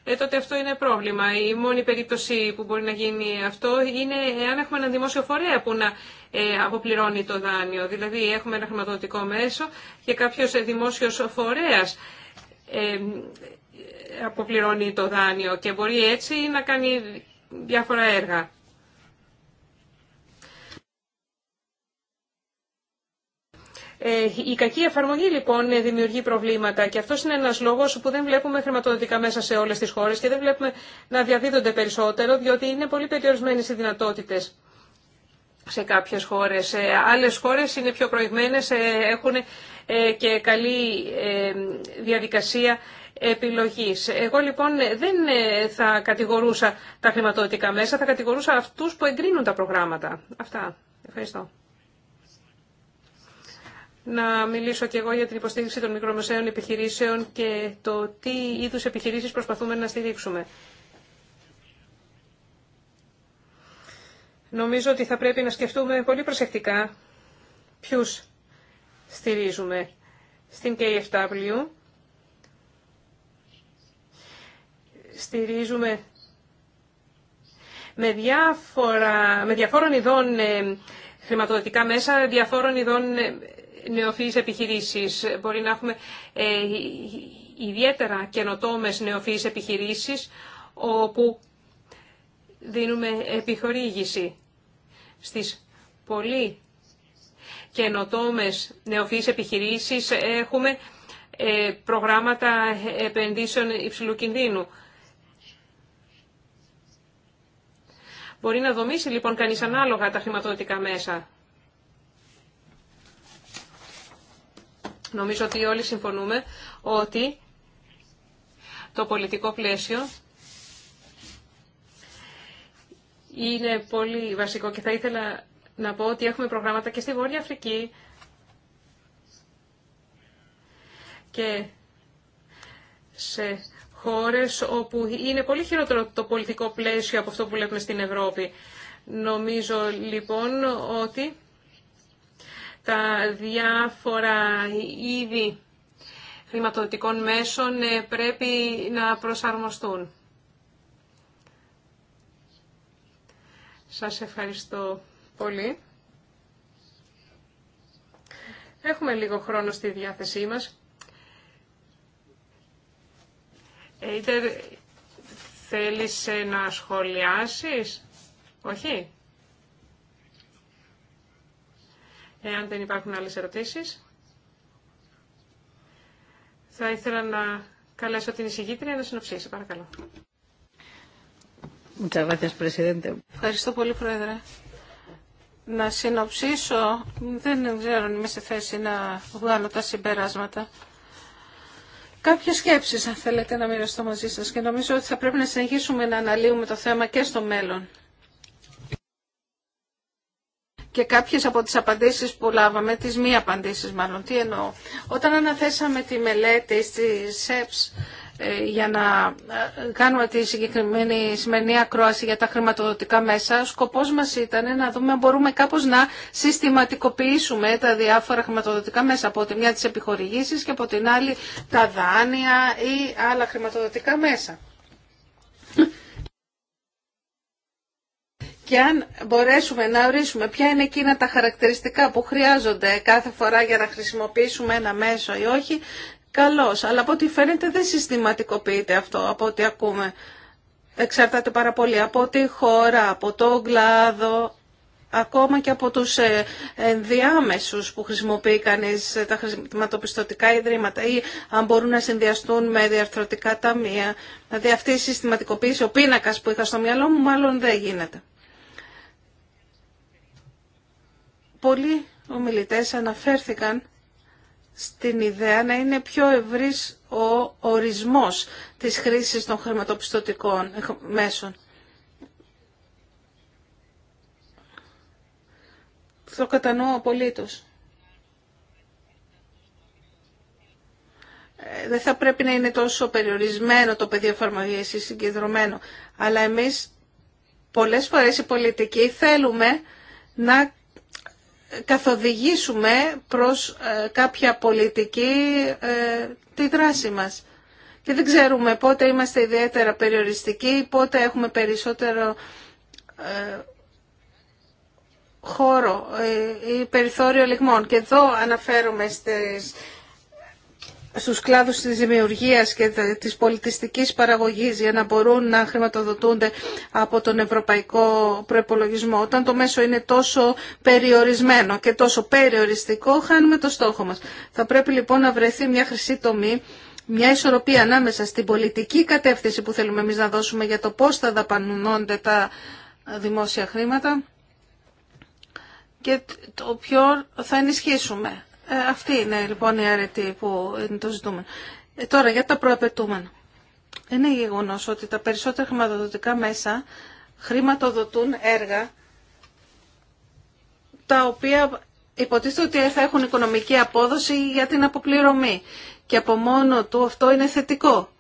ε, τότε αυτό είναι πρόβλημα. Η μόνη περίπτωση που μπορεί να γίνει αυτό είναι αν έχουμε έναν δημόσιο φορέα που να ε, αποπληρώνει το δάνειο. Δηλαδή έχουμε ένα χρηματοδοτικό μέσο και κάποιος δημόσιος φορέας ε, αποπληρώνει το δάνειο και μπορεί έτσι να κάνει διάφορα έργα. Ε, η κακή εφαρμογή λοιπόν δημιουργεί προβλήματα και αυτό είναι ένας λόγος που δεν βλέπουμε χρηματοδοτικά μέσα σε όλες τις χώρες και δεν βλέπουμε να διαδίδονται περισσότερο διότι είναι πολύ περιορισμένες οι δυνατότητες σε κάποιες χώρες. Ε, άλλες χώρες είναι πιο προηγμένες, ε, έχουν και καλή διαδικασία επιλογής. Εγώ λοιπόν δεν θα κατηγορούσα τα χρηματοδοτικά μέσα, θα κατηγορούσα αυτούς που εγκρίνουν τα προγράμματα. Αυτά. Ευχαριστώ να μιλήσω και εγώ για την υποστήριξη των μικρομεσαίων επιχειρήσεων και το τι είδους επιχειρήσεις προσπαθούμε να στηρίξουμε. Νομίζω ότι θα πρέπει να σκεφτούμε πολύ προσεκτικά ποιους στηρίζουμε στην KFW. Στηρίζουμε με, διάφορα, με διαφόρων ειδών ε, χρηματοδοτικά μέσα, διαφόρων ειδών ε, νεοφυείς επιχειρήσεις. Μπορεί να έχουμε ε, ιδιαίτερα καινοτόμες νεοφυείς επιχειρήσεις όπου δίνουμε επιχορήγηση στις πολύ καινοτόμες νεοφυείς επιχειρήσεις. Έχουμε ε, προγράμματα επενδύσεων υψηλού κινδύνου. Μπορεί να δομήσει λοιπόν κανείς ανάλογα τα χρηματοδοτικά μέσα. Νομίζω ότι όλοι συμφωνούμε ότι το πολιτικό πλαίσιο είναι πολύ βασικό και θα ήθελα να πω ότι έχουμε προγράμματα και στη Βόρεια Αφρική και σε χώρες όπου είναι πολύ χειρότερο το πολιτικό πλαίσιο από αυτό που βλέπουμε στην Ευρώπη. Νομίζω λοιπόν ότι τα διάφορα είδη χρηματοδοτικών μέσων ε, πρέπει να προσαρμοστούν. Σας ευχαριστώ πολύ. Έχουμε λίγο χρόνο στη διάθεσή μας. Είτε θέλεις να σχολιάσεις? Όχι. Εάν δεν υπάρχουν άλλες ερωτήσεις, θα ήθελα να καλέσω την εισηγήτρια να συνοψίσει. Παρακαλώ. Ευχαριστώ πολύ, Πρόεδρε. Να συνοψίσω, δεν ξέρω αν είμαι σε θέση να βγάλω τα συμπεράσματα. Κάποιες σκέψεις, αν θέλετε, να μοιραστώ μαζί σας και νομίζω ότι θα πρέπει να συνεχίσουμε να αναλύουμε το θέμα και στο μέλλον και κάποιες από τις απαντήσεις που λάβαμε, τις μη απαντήσεις μάλλον, τι εννοώ. Όταν αναθέσαμε τη μελέτη στη ΣΕΠΣ ε, για να ε, κάνουμε τη συγκεκριμένη σημερινή ακρόαση για τα χρηματοδοτικά μέσα, ο σκοπός μας ήταν να δούμε αν μπορούμε κάπως να συστηματικοποιήσουμε τα διάφορα χρηματοδοτικά μέσα, από τη μια τις επιχορηγήσεις και από την άλλη τα δάνεια ή άλλα χρηματοδοτικά μέσα. Και αν μπορέσουμε να ορίσουμε ποια είναι εκείνα τα χαρακτηριστικά που χρειάζονται κάθε φορά για να χρησιμοποιήσουμε ένα μέσο ή όχι, καλώς. Αλλά από ό,τι φαίνεται δεν συστηματικοποιείται αυτό, από ό,τι ακούμε. Εξαρτάται πάρα πολύ από τη χώρα, από τον κλάδο, ακόμα και από τους ε, ενδιάμεσους που χρησιμοποιεί κανείς τα χρηματοπιστωτικά ιδρύματα ή αν μπορούν να συνδυαστούν με διαρθρωτικά ταμεία. Δηλαδή αυτή η συστηματικοποίηση, ο πίνακας που είχα στο μυαλό μου μάλλον δεν γίνεται. πολλοί ομιλητές αναφέρθηκαν στην ιδέα να είναι πιο ευρύς ο ορισμός της χρήσης των χρηματοπιστωτικών μέσων. Το κατανοώ απολύτως. Ε, δεν θα πρέπει να είναι τόσο περιορισμένο το πεδίο εφαρμογή ή συγκεντρωμένο. Αλλά εμείς πολλές φορές οι πολιτικοί θέλουμε να καθοδηγήσουμε προς ε, κάποια πολιτική ε, τη δράση μας. Και δεν ξέρουμε πότε είμαστε ιδιαίτερα περιοριστικοί, πότε έχουμε περισσότερο ε, χώρο ή περιθώριο λιγμών. Και εδώ αναφέρομαι στις στους κλάδους της δημιουργίας και της πολιτιστικής παραγωγής για να μπορούν να χρηματοδοτούνται από τον ευρωπαϊκό προπολογισμό. Όταν το μέσο είναι τόσο περιορισμένο και τόσο περιοριστικό, χάνουμε το στόχο μας. Θα πρέπει λοιπόν να βρεθεί μια χρυσή τομή μια ισορροπία ανάμεσα στην πολιτική κατεύθυνση που θέλουμε εμείς να δώσουμε για το πώς θα τα δημόσια χρήματα και το ποιο θα ενισχύσουμε ε, αυτή είναι λοιπόν η αρετή που είναι το ζητούμενο. Ε, τώρα για τα προαπαιτούμενα. Είναι γεγονό ότι τα περισσότερα χρηματοδοτικά μέσα χρηματοδοτούν έργα τα οποία υποτίθεται ότι θα έχουν οικονομική απόδοση για την αποπληρωμή. Και από μόνο του αυτό είναι θετικό.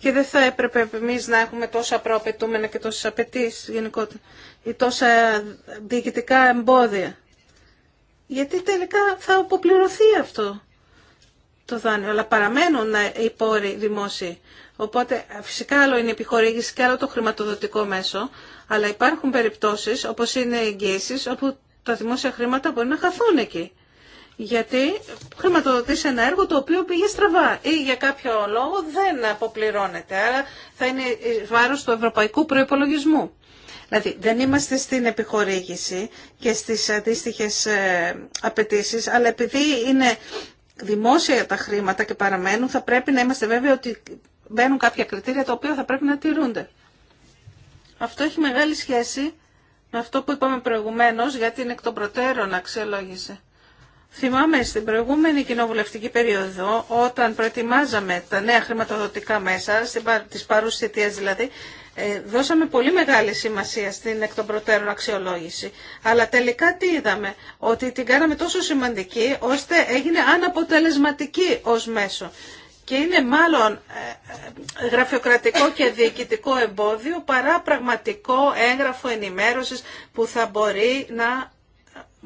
Και δεν θα έπρεπε εμεί να έχουμε τόσα προαπαιτούμενα και τόσε απαιτήσει γενικότερα ή τόσα διοικητικά εμπόδια γιατί τελικά θα αποπληρωθεί αυτό το δάνειο, αλλά παραμένουν οι πόροι δημόσιοι. Οπότε φυσικά άλλο είναι η επιχορήγηση και άλλο το χρηματοδοτικό μέσο, αλλά υπάρχουν περιπτώσεις όπως είναι οι εγγύησεις όπου τα δημόσια χρήματα μπορεί να χαθούν εκεί. Γιατί χρηματοδοτείς ένα έργο το οποίο πήγε στραβά ή για κάποιο λόγο δεν αποπληρώνεται. Άρα θα είναι βάρος του ευρωπαϊκού προϋπολογισμού. Δηλαδή δεν είμαστε στην επιχορήγηση και στις αντίστοιχε απαιτήσει, αλλά επειδή είναι δημόσια τα χρήματα και παραμένουν, θα πρέπει να είμαστε βέβαιοι ότι μπαίνουν κάποια κριτήρια τα οποία θα πρέπει να τηρούνται. Αυτό έχει μεγάλη σχέση με αυτό που είπαμε προηγουμένως γιατί είναι εκ των προτέρων αξιολόγηση. Θυμάμαι στην προηγούμενη κοινοβουλευτική περίοδο, όταν προετοιμάζαμε τα νέα χρηματοδοτικά μέσα, τις παρούς δηλαδή, ε, δώσαμε πολύ μεγάλη σημασία στην εκ των προτέρων αξιολόγηση. Αλλά τελικά τι είδαμε, ότι την κάναμε τόσο σημαντική ώστε έγινε αναποτελεσματική ως μέσο. Και είναι μάλλον ε, ε, γραφειοκρατικό και διοικητικό εμπόδιο παρά πραγματικό έγγραφο ενημέρωσης που θα μπορεί να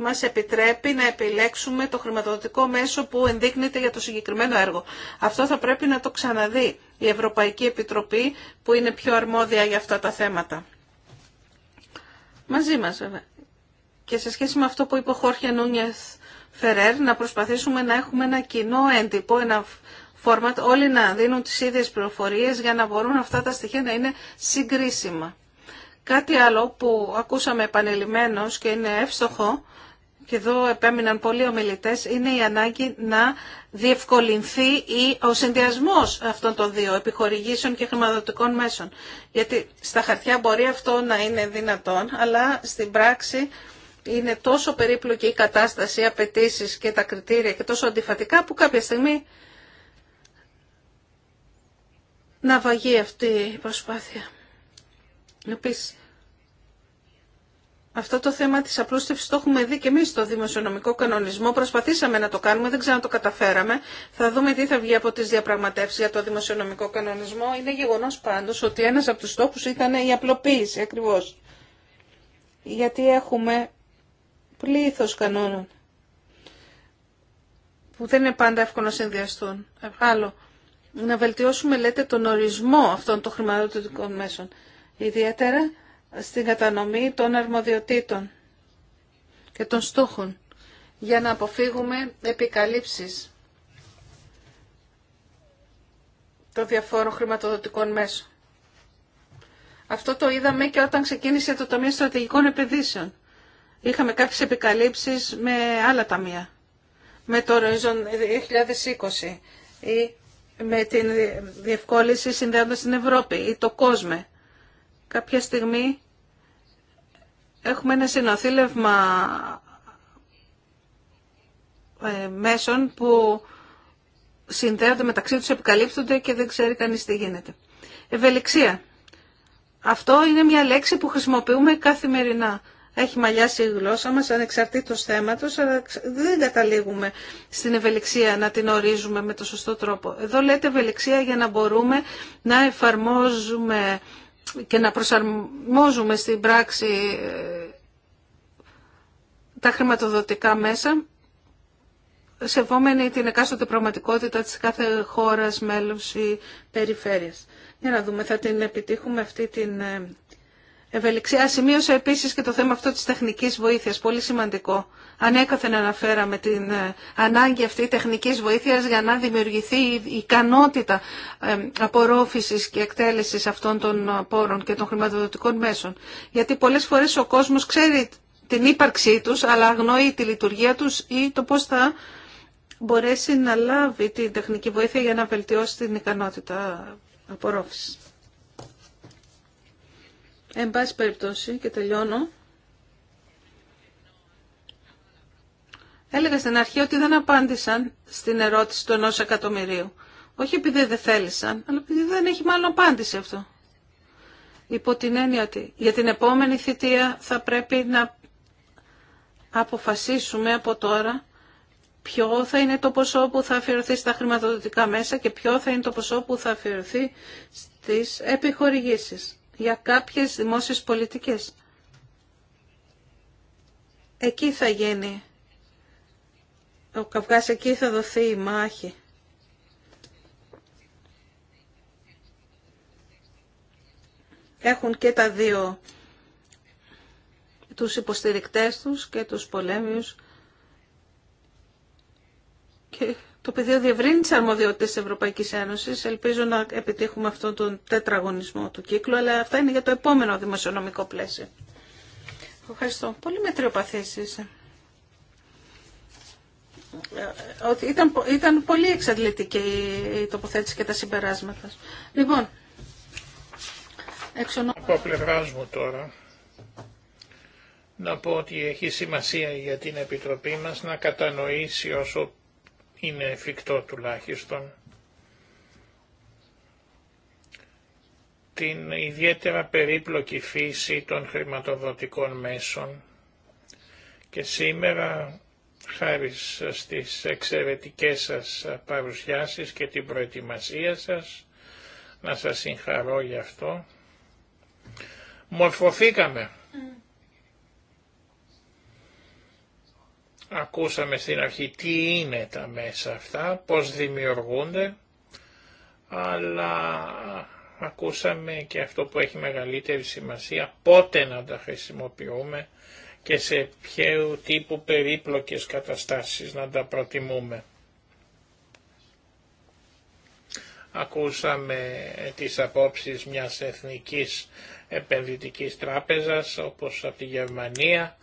μας επιτρέπει να επιλέξουμε το χρηματοδοτικό μέσο που ενδείκνεται για το συγκεκριμένο έργο. Αυτό θα πρέπει να το ξαναδεί η Ευρωπαϊκή Επιτροπή που είναι πιο αρμόδια για αυτά τα θέματα. Μαζί μας βέβαια. Και σε σχέση με αυτό που είπε ο Χόρχε Νούνιεθ Φερέρ, να προσπαθήσουμε να έχουμε ένα κοινό έντυπο, ένα format, όλοι να δίνουν τις ίδιες πληροφορίες για να μπορούν αυτά τα στοιχεία να είναι συγκρίσιμα. Κάτι άλλο που ακούσαμε επανειλημμένος και είναι εύστοχο και εδώ επέμειναν πολλοί ομιλητέ, είναι η ανάγκη να διευκολυνθεί ή ο συνδυασμός αυτών των δύο επιχορηγήσεων και χρηματοδοτικών μέσων. Γιατί στα χαρτιά μπορεί αυτό να είναι δυνατόν, αλλά στην πράξη είναι τόσο περίπλοκη ο συνδυασμό αυτων των δυο επιχορηγησεων και χρηματοδοτικων μεσων γιατι στα χαρτια μπορει αυτο να ειναι δυνατον αλλα στην πραξη ειναι τοσο περιπλοκη η κατασταση οι απαιτήσει και τα κριτήρια και τόσο αντιφατικά που κάποια στιγμή να βαγεί αυτή η προσπάθεια. Αυτό το θέμα της απλούστευσης το έχουμε δει και εμείς στο δημοσιονομικό κανονισμό. Προσπαθήσαμε να το κάνουμε, δεν ξέρω αν το καταφέραμε. Θα δούμε τι θα βγει από τις διαπραγματεύσεις για το δημοσιονομικό κανονισμό. Είναι γεγονός πάντως ότι ένας από τους στόχους ήταν η απλοποίηση ακριβώς. Γιατί έχουμε πλήθος κανόνων που δεν είναι πάντα εύκολο να συνδυαστούν. Άλλο, να βελτιώσουμε λέτε τον ορισμό αυτών των χρηματοδοτικών μέσων. Ιδιαίτερα στην κατανομή των αρμοδιοτήτων και των στόχων για να αποφύγουμε επικαλύψεις των διαφόρων χρηματοδοτικών μέσων. Αυτό το είδαμε και όταν ξεκίνησε το Ταμείο Στρατηγικών Επενδύσεων. Είχαμε κάποιες επικαλύψεις με άλλα ταμεία. Με το Horizon 2020 ή με την διευκόλυνση συνδέοντας την Ευρώπη ή το COSME. Κάποια στιγμή έχουμε ένα συνοθήλευμα ε, μέσων που συνδέονται μεταξύ τους, επικαλύπτονται και δεν ξέρει κανείς τι γίνεται. Ευελιξία. Αυτό είναι μια λέξη που χρησιμοποιούμε καθημερινά. Έχει μαλλιάσει η γλώσσα μας ανεξαρτήτως θέματος, αλλά δεν καταλήγουμε στην ευελιξία να την ορίζουμε με το σωστό τρόπο. Εδώ λέτε ευελιξία για να μπορούμε να εφαρμόζουμε και να προσαρμόζουμε στην πράξη ε, τα χρηματοδοτικά μέσα, σεβόμενοι την εκάστοτε πραγματικότητα της κάθε χώρας, μέλους ή περιφέρειας. Για να δούμε, θα την επιτύχουμε αυτή την ε, ευελιξία. Σημείωσα επίση και το θέμα αυτό της τεχνικής βοήθειας, πολύ σημαντικό. Ανέκαθεν αναφέραμε την ε, ανάγκη αυτή τεχνικής βοήθειας για να δημιουργηθεί η ικανότητα ε, απορρόφησης και εκτέλεση αυτών των πόρων και των χρηματοδοτικών μέσων. Γιατί πολλές φορές ο κόσμος ξέρει την ύπαρξή τους, αλλά αγνοεί τη λειτουργία του ή το πώ θα μπορέσει να λάβει την τεχνική βοήθεια για να βελτιώσει την ικανότητα απορρόφησης. Εν πάση περιπτώσει και τελειώνω. Έλεγα στην αρχή ότι δεν απάντησαν στην ερώτηση του ενός εκατομμυρίου. Όχι επειδή δεν θέλησαν, αλλά επειδή δεν έχει μάλλον απάντηση αυτό. Υπό την έννοια ότι για την επόμενη θητεία θα πρέπει να αποφασίσουμε από τώρα ποιο θα είναι το ποσό που θα αφιερωθεί στα χρηματοδοτικά μέσα και ποιο θα είναι το ποσό που θα αφιερωθεί στις επιχορηγήσεις για κάποιες δημόσιες πολιτικές. Εκεί θα γίνει. Ο Καυγάς εκεί θα δοθεί η μάχη. Έχουν και τα δύο τους υποστηρικτές τους και τους πολέμιους το πεδίο διευρύνει τι αρμοδιότητε τη Ευρωπαϊκή Ένωση. Ελπίζω να επιτύχουμε αυτόν τον τετραγωνισμό του κύκλου, αλλά αυτά είναι για το επόμενο δημοσιονομικό πλαίσιο. Ευχαριστώ. Πολύ μετριοπαθή είσαι. Ε, ότι ήταν, ήταν πολύ εξαντλητική η τοποθέτηση και τα συμπεράσματα. Λοιπόν, εξονο... Από πλευρά μου τώρα, να πω ότι έχει σημασία για την Επιτροπή μας να κατανοήσει όσο είναι εφικτό τουλάχιστον. Την ιδιαίτερα περίπλοκη φύση των χρηματοδοτικών μέσων και σήμερα χάρη στις εξαιρετικές σας παρουσιάσεις και την προετοιμασία σας, να σας συγχαρώ γι' αυτό. Μορφωθήκαμε Ακούσαμε στην αρχή τι είναι τα μέσα αυτά, πώς δημιουργούνται, αλλά ακούσαμε και αυτό που έχει μεγαλύτερη σημασία, πότε να τα χρησιμοποιούμε και σε ποιο τύπου περίπλοκες καταστάσεις να τα προτιμούμε. Ακούσαμε τις απόψεις μιας εθνικής επενδυτικής τράπεζας όπως από τη Γερμανία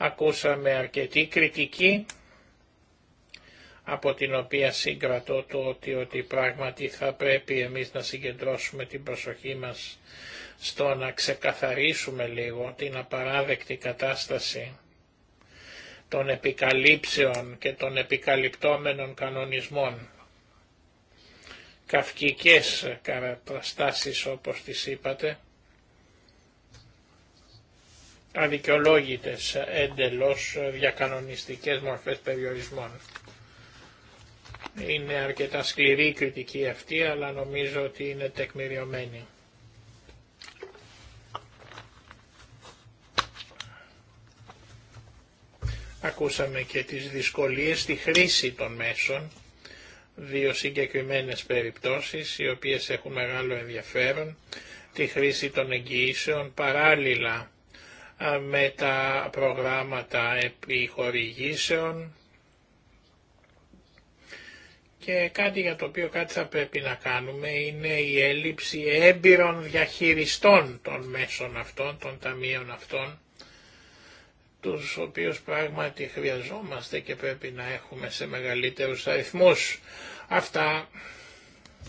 Ακούσαμε αρκετή κριτική από την οποία συγκρατώ το ότι, ότι πράγματι θα πρέπει εμείς να συγκεντρώσουμε την προσοχή μας στο να ξεκαθαρίσουμε λίγο την απαράδεκτη κατάσταση των επικαλύψεων και των επικαλυπτόμενων κανονισμών. Καυκικές καταστάσεις όπως τις είπατε, αδικαιολόγητες εντελώς διακανονιστικές μορφές περιορισμών. Είναι αρκετά σκληρή η κριτική αυτή, αλλά νομίζω ότι είναι τεκμηριωμένη. Ακούσαμε και τις δυσκολίες στη χρήση των μέσων, δύο συγκεκριμένες περιπτώσεις οι οποίες έχουν μεγάλο ενδιαφέρον, τη χρήση των εγγυήσεων παράλληλα με τα προγράμματα επιχορηγήσεων και κάτι για το οποίο κάτι θα πρέπει να κάνουμε είναι η έλλειψη έμπειρων διαχειριστών των μέσων αυτών, των ταμείων αυτών, τους οποίους πράγματι χρειαζόμαστε και πρέπει να έχουμε σε μεγαλύτερους αριθμούς. Αυτά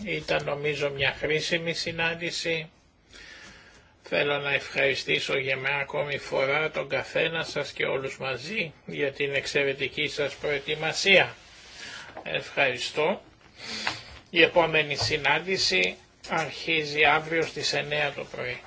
ήταν νομίζω μια χρήσιμη συνάντηση. Θέλω να ευχαριστήσω για μια ακόμη φορά τον καθένα σας και όλους μαζί για την εξαιρετική σας προετοιμασία. Ευχαριστώ. Η επόμενη συνάντηση αρχίζει αύριο στις 9 το πρωί.